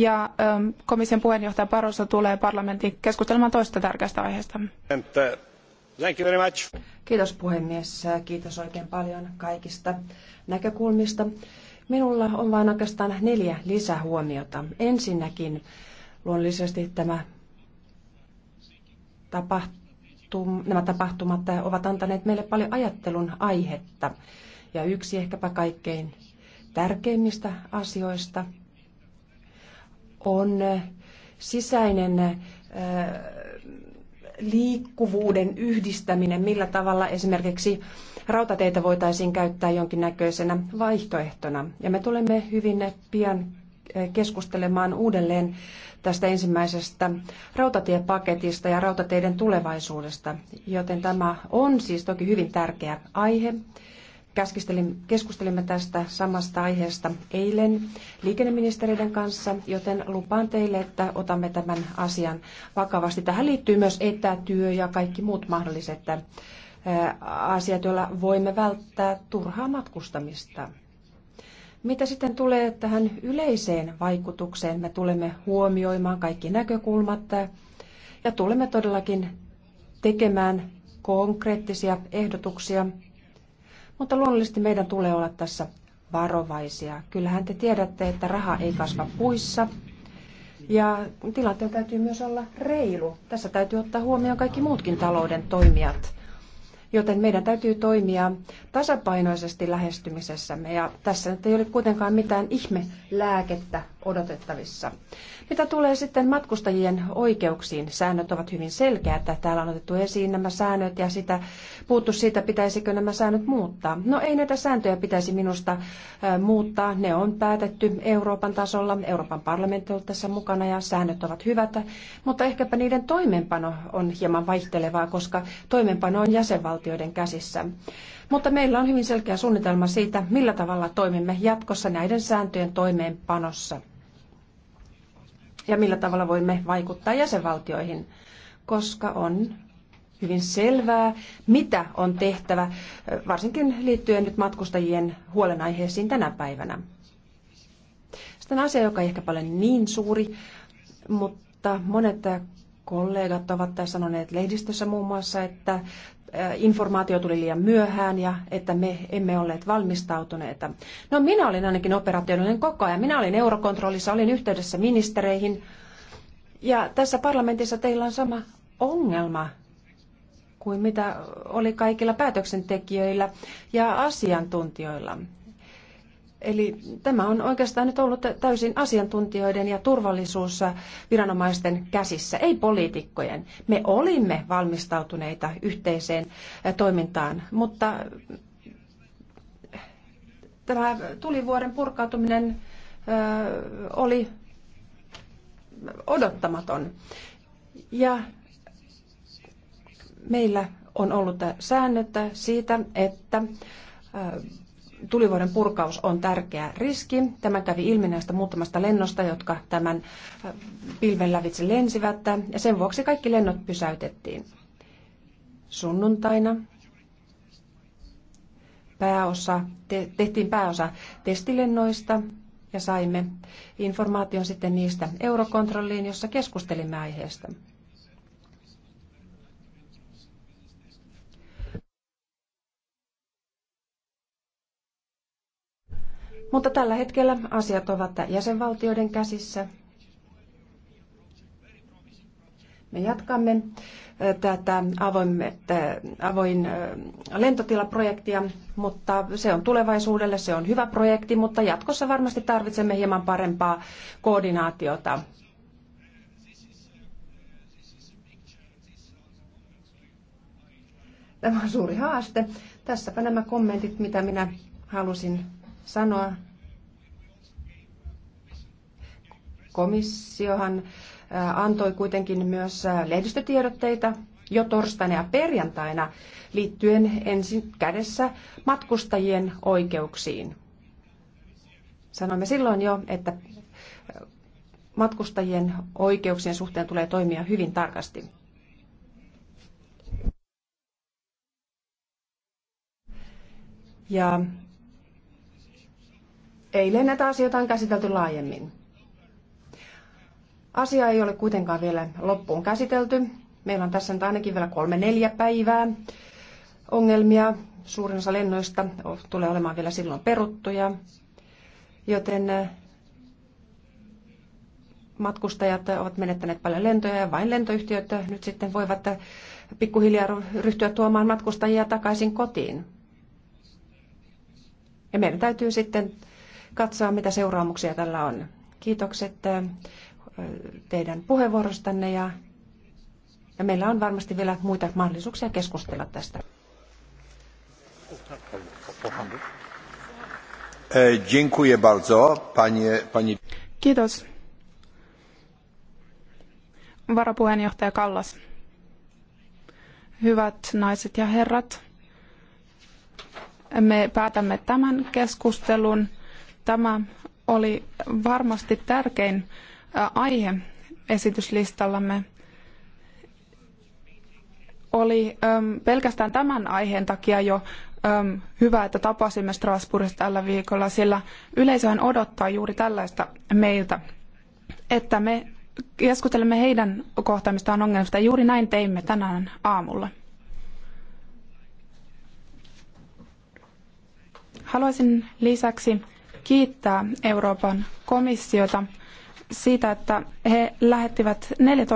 ja ähm, komission puheenjohtaja Barroso tulee parlamentin keskustelemaan toista tärkeästä aiheesta. Thank you very much. Kiitos puhemies. Kiitos oikein paljon kaikista näkökulmista. Minulla on vain oikeastaan neljä lisähuomiota. Ensinnäkin luonnollisesti tämä tapahtum, nämä tapahtumat ovat antaneet meille paljon ajattelun aihetta. Ja yksi ehkäpä kaikkein tärkeimmistä asioista – on sisäinen liikkuvuuden yhdistäminen, millä tavalla esimerkiksi rautateitä voitaisiin käyttää jonkinnäköisenä vaihtoehtona. Ja me tulemme hyvin pian keskustelemaan uudelleen tästä ensimmäisestä rautatiepaketista ja rautateiden tulevaisuudesta, joten tämä on siis toki hyvin tärkeä aihe keskustelimme tästä samasta aiheesta eilen liikenneministeriöiden kanssa, joten lupaan teille, että otamme tämän asian vakavasti. Tähän liittyy myös etätyö ja kaikki muut mahdolliset asiat, joilla voimme välttää turhaa matkustamista. Mitä sitten tulee tähän yleiseen vaikutukseen, me tulemme huomioimaan kaikki näkökulmat ja tulemme todellakin tekemään konkreettisia ehdotuksia mutta luonnollisesti meidän tulee olla tässä varovaisia. Kyllähän te tiedätte, että raha ei kasva puissa. Ja tilanteen täytyy myös olla reilu. Tässä täytyy ottaa huomioon kaikki muutkin talouden toimijat. Joten meidän täytyy toimia tasapainoisesti lähestymisessämme. Ja tässä nyt ei ole kuitenkaan mitään ihme lääkettä odotettavissa. Mitä tulee sitten matkustajien oikeuksiin, säännöt ovat hyvin selkeät. Täällä on otettu esiin nämä säännöt ja sitä puuttu siitä, pitäisikö nämä säännöt muuttaa. No ei näitä sääntöjä pitäisi minusta muuttaa. Ne on päätetty Euroopan tasolla. Euroopan parlamentti on tässä mukana ja säännöt ovat hyvät, mutta ehkäpä niiden toimeenpano on hieman vaihtelevaa, koska toimeenpano on jäsenvaltioiden käsissä. Mutta meillä on hyvin selkeä suunnitelma siitä, millä tavalla toimimme jatkossa näiden sääntöjen toimeenpanossa ja millä tavalla voimme vaikuttaa jäsenvaltioihin, koska on hyvin selvää, mitä on tehtävä, varsinkin liittyen nyt matkustajien huolenaiheisiin tänä päivänä. Sitten asia, joka ei ehkä paljon niin suuri, mutta monet kollegat ovat sanoneet lehdistössä muun muassa, että äh, informaatio tuli liian myöhään ja että me emme olleet valmistautuneita. No minä olin ainakin operationaalinen koko ajan. Minä olin eurokontrollissa, olin yhteydessä ministereihin. Ja tässä parlamentissa teillä on sama ongelma kuin mitä oli kaikilla päätöksentekijöillä ja asiantuntijoilla. Eli tämä on oikeastaan nyt ollut täysin asiantuntijoiden ja turvallisuusviranomaisten käsissä, ei poliitikkojen. Me olimme valmistautuneita yhteiseen toimintaan, mutta tämä tulivuoren purkautuminen oli odottamaton. Ja meillä on ollut säännöt siitä, että tulivuoren purkaus on tärkeä riski. Tämä kävi ilmi näistä muutamasta lennosta, jotka tämän pilven lävitse lensivät, ja sen vuoksi kaikki lennot pysäytettiin. Sunnuntaina pääosa, te, tehtiin pääosa testilennoista ja saimme informaation sitten niistä eurokontrolliin, jossa keskustelimme aiheesta. Mutta tällä hetkellä asiat ovat jäsenvaltioiden käsissä. Me jatkamme tätä avoimet, avoin lentotilaprojektia, mutta se on tulevaisuudelle, se on hyvä projekti, mutta jatkossa varmasti tarvitsemme hieman parempaa koordinaatiota. Tämä on suuri haaste. Tässäpä nämä kommentit, mitä minä halusin sanoa. Komissiohan äh, antoi kuitenkin myös äh, lehdistötiedotteita jo torstaina ja perjantaina liittyen ensin kädessä matkustajien oikeuksiin. Sanoimme silloin jo, että äh, matkustajien oikeuksien suhteen tulee toimia hyvin tarkasti. Ja Eilen näitä asioita on käsitelty laajemmin. Asia ei ole kuitenkaan vielä loppuun käsitelty. Meillä on tässä nyt ainakin vielä kolme neljä päivää ongelmia. Suurin osa lennoista tulee olemaan vielä silloin peruttuja, joten eh, matkustajat ovat menettäneet paljon lentoja ja vain lentoyhtiöt nyt sitten voivat eh, pikkuhiljaa ryhtyä tuomaan matkustajia takaisin kotiin. Ja meidän täytyy sitten katsoa, mitä seuraamuksia tällä on. Kiitokset teidän puheenvuorostanne ja, ja meillä on varmasti vielä muita mahdollisuuksia keskustella tästä. E, Kiitos. Varapuheenjohtaja Kallas. Hyvät naiset ja herrat, me päätämme tämän keskustelun. Tämä oli varmasti tärkein aihe esityslistallamme. Oli pelkästään tämän aiheen takia jo hyvä, että tapasimme Strasbourgissa tällä viikolla, sillä yleisöhän odottaa juuri tällaista meiltä, että me keskustelemme heidän kohtaamistaan ongelmista. Ja juuri näin teimme tänään aamulla. Haluaisin lisäksi kiittää Euroopan komissiota siitä, että he lähettivät 14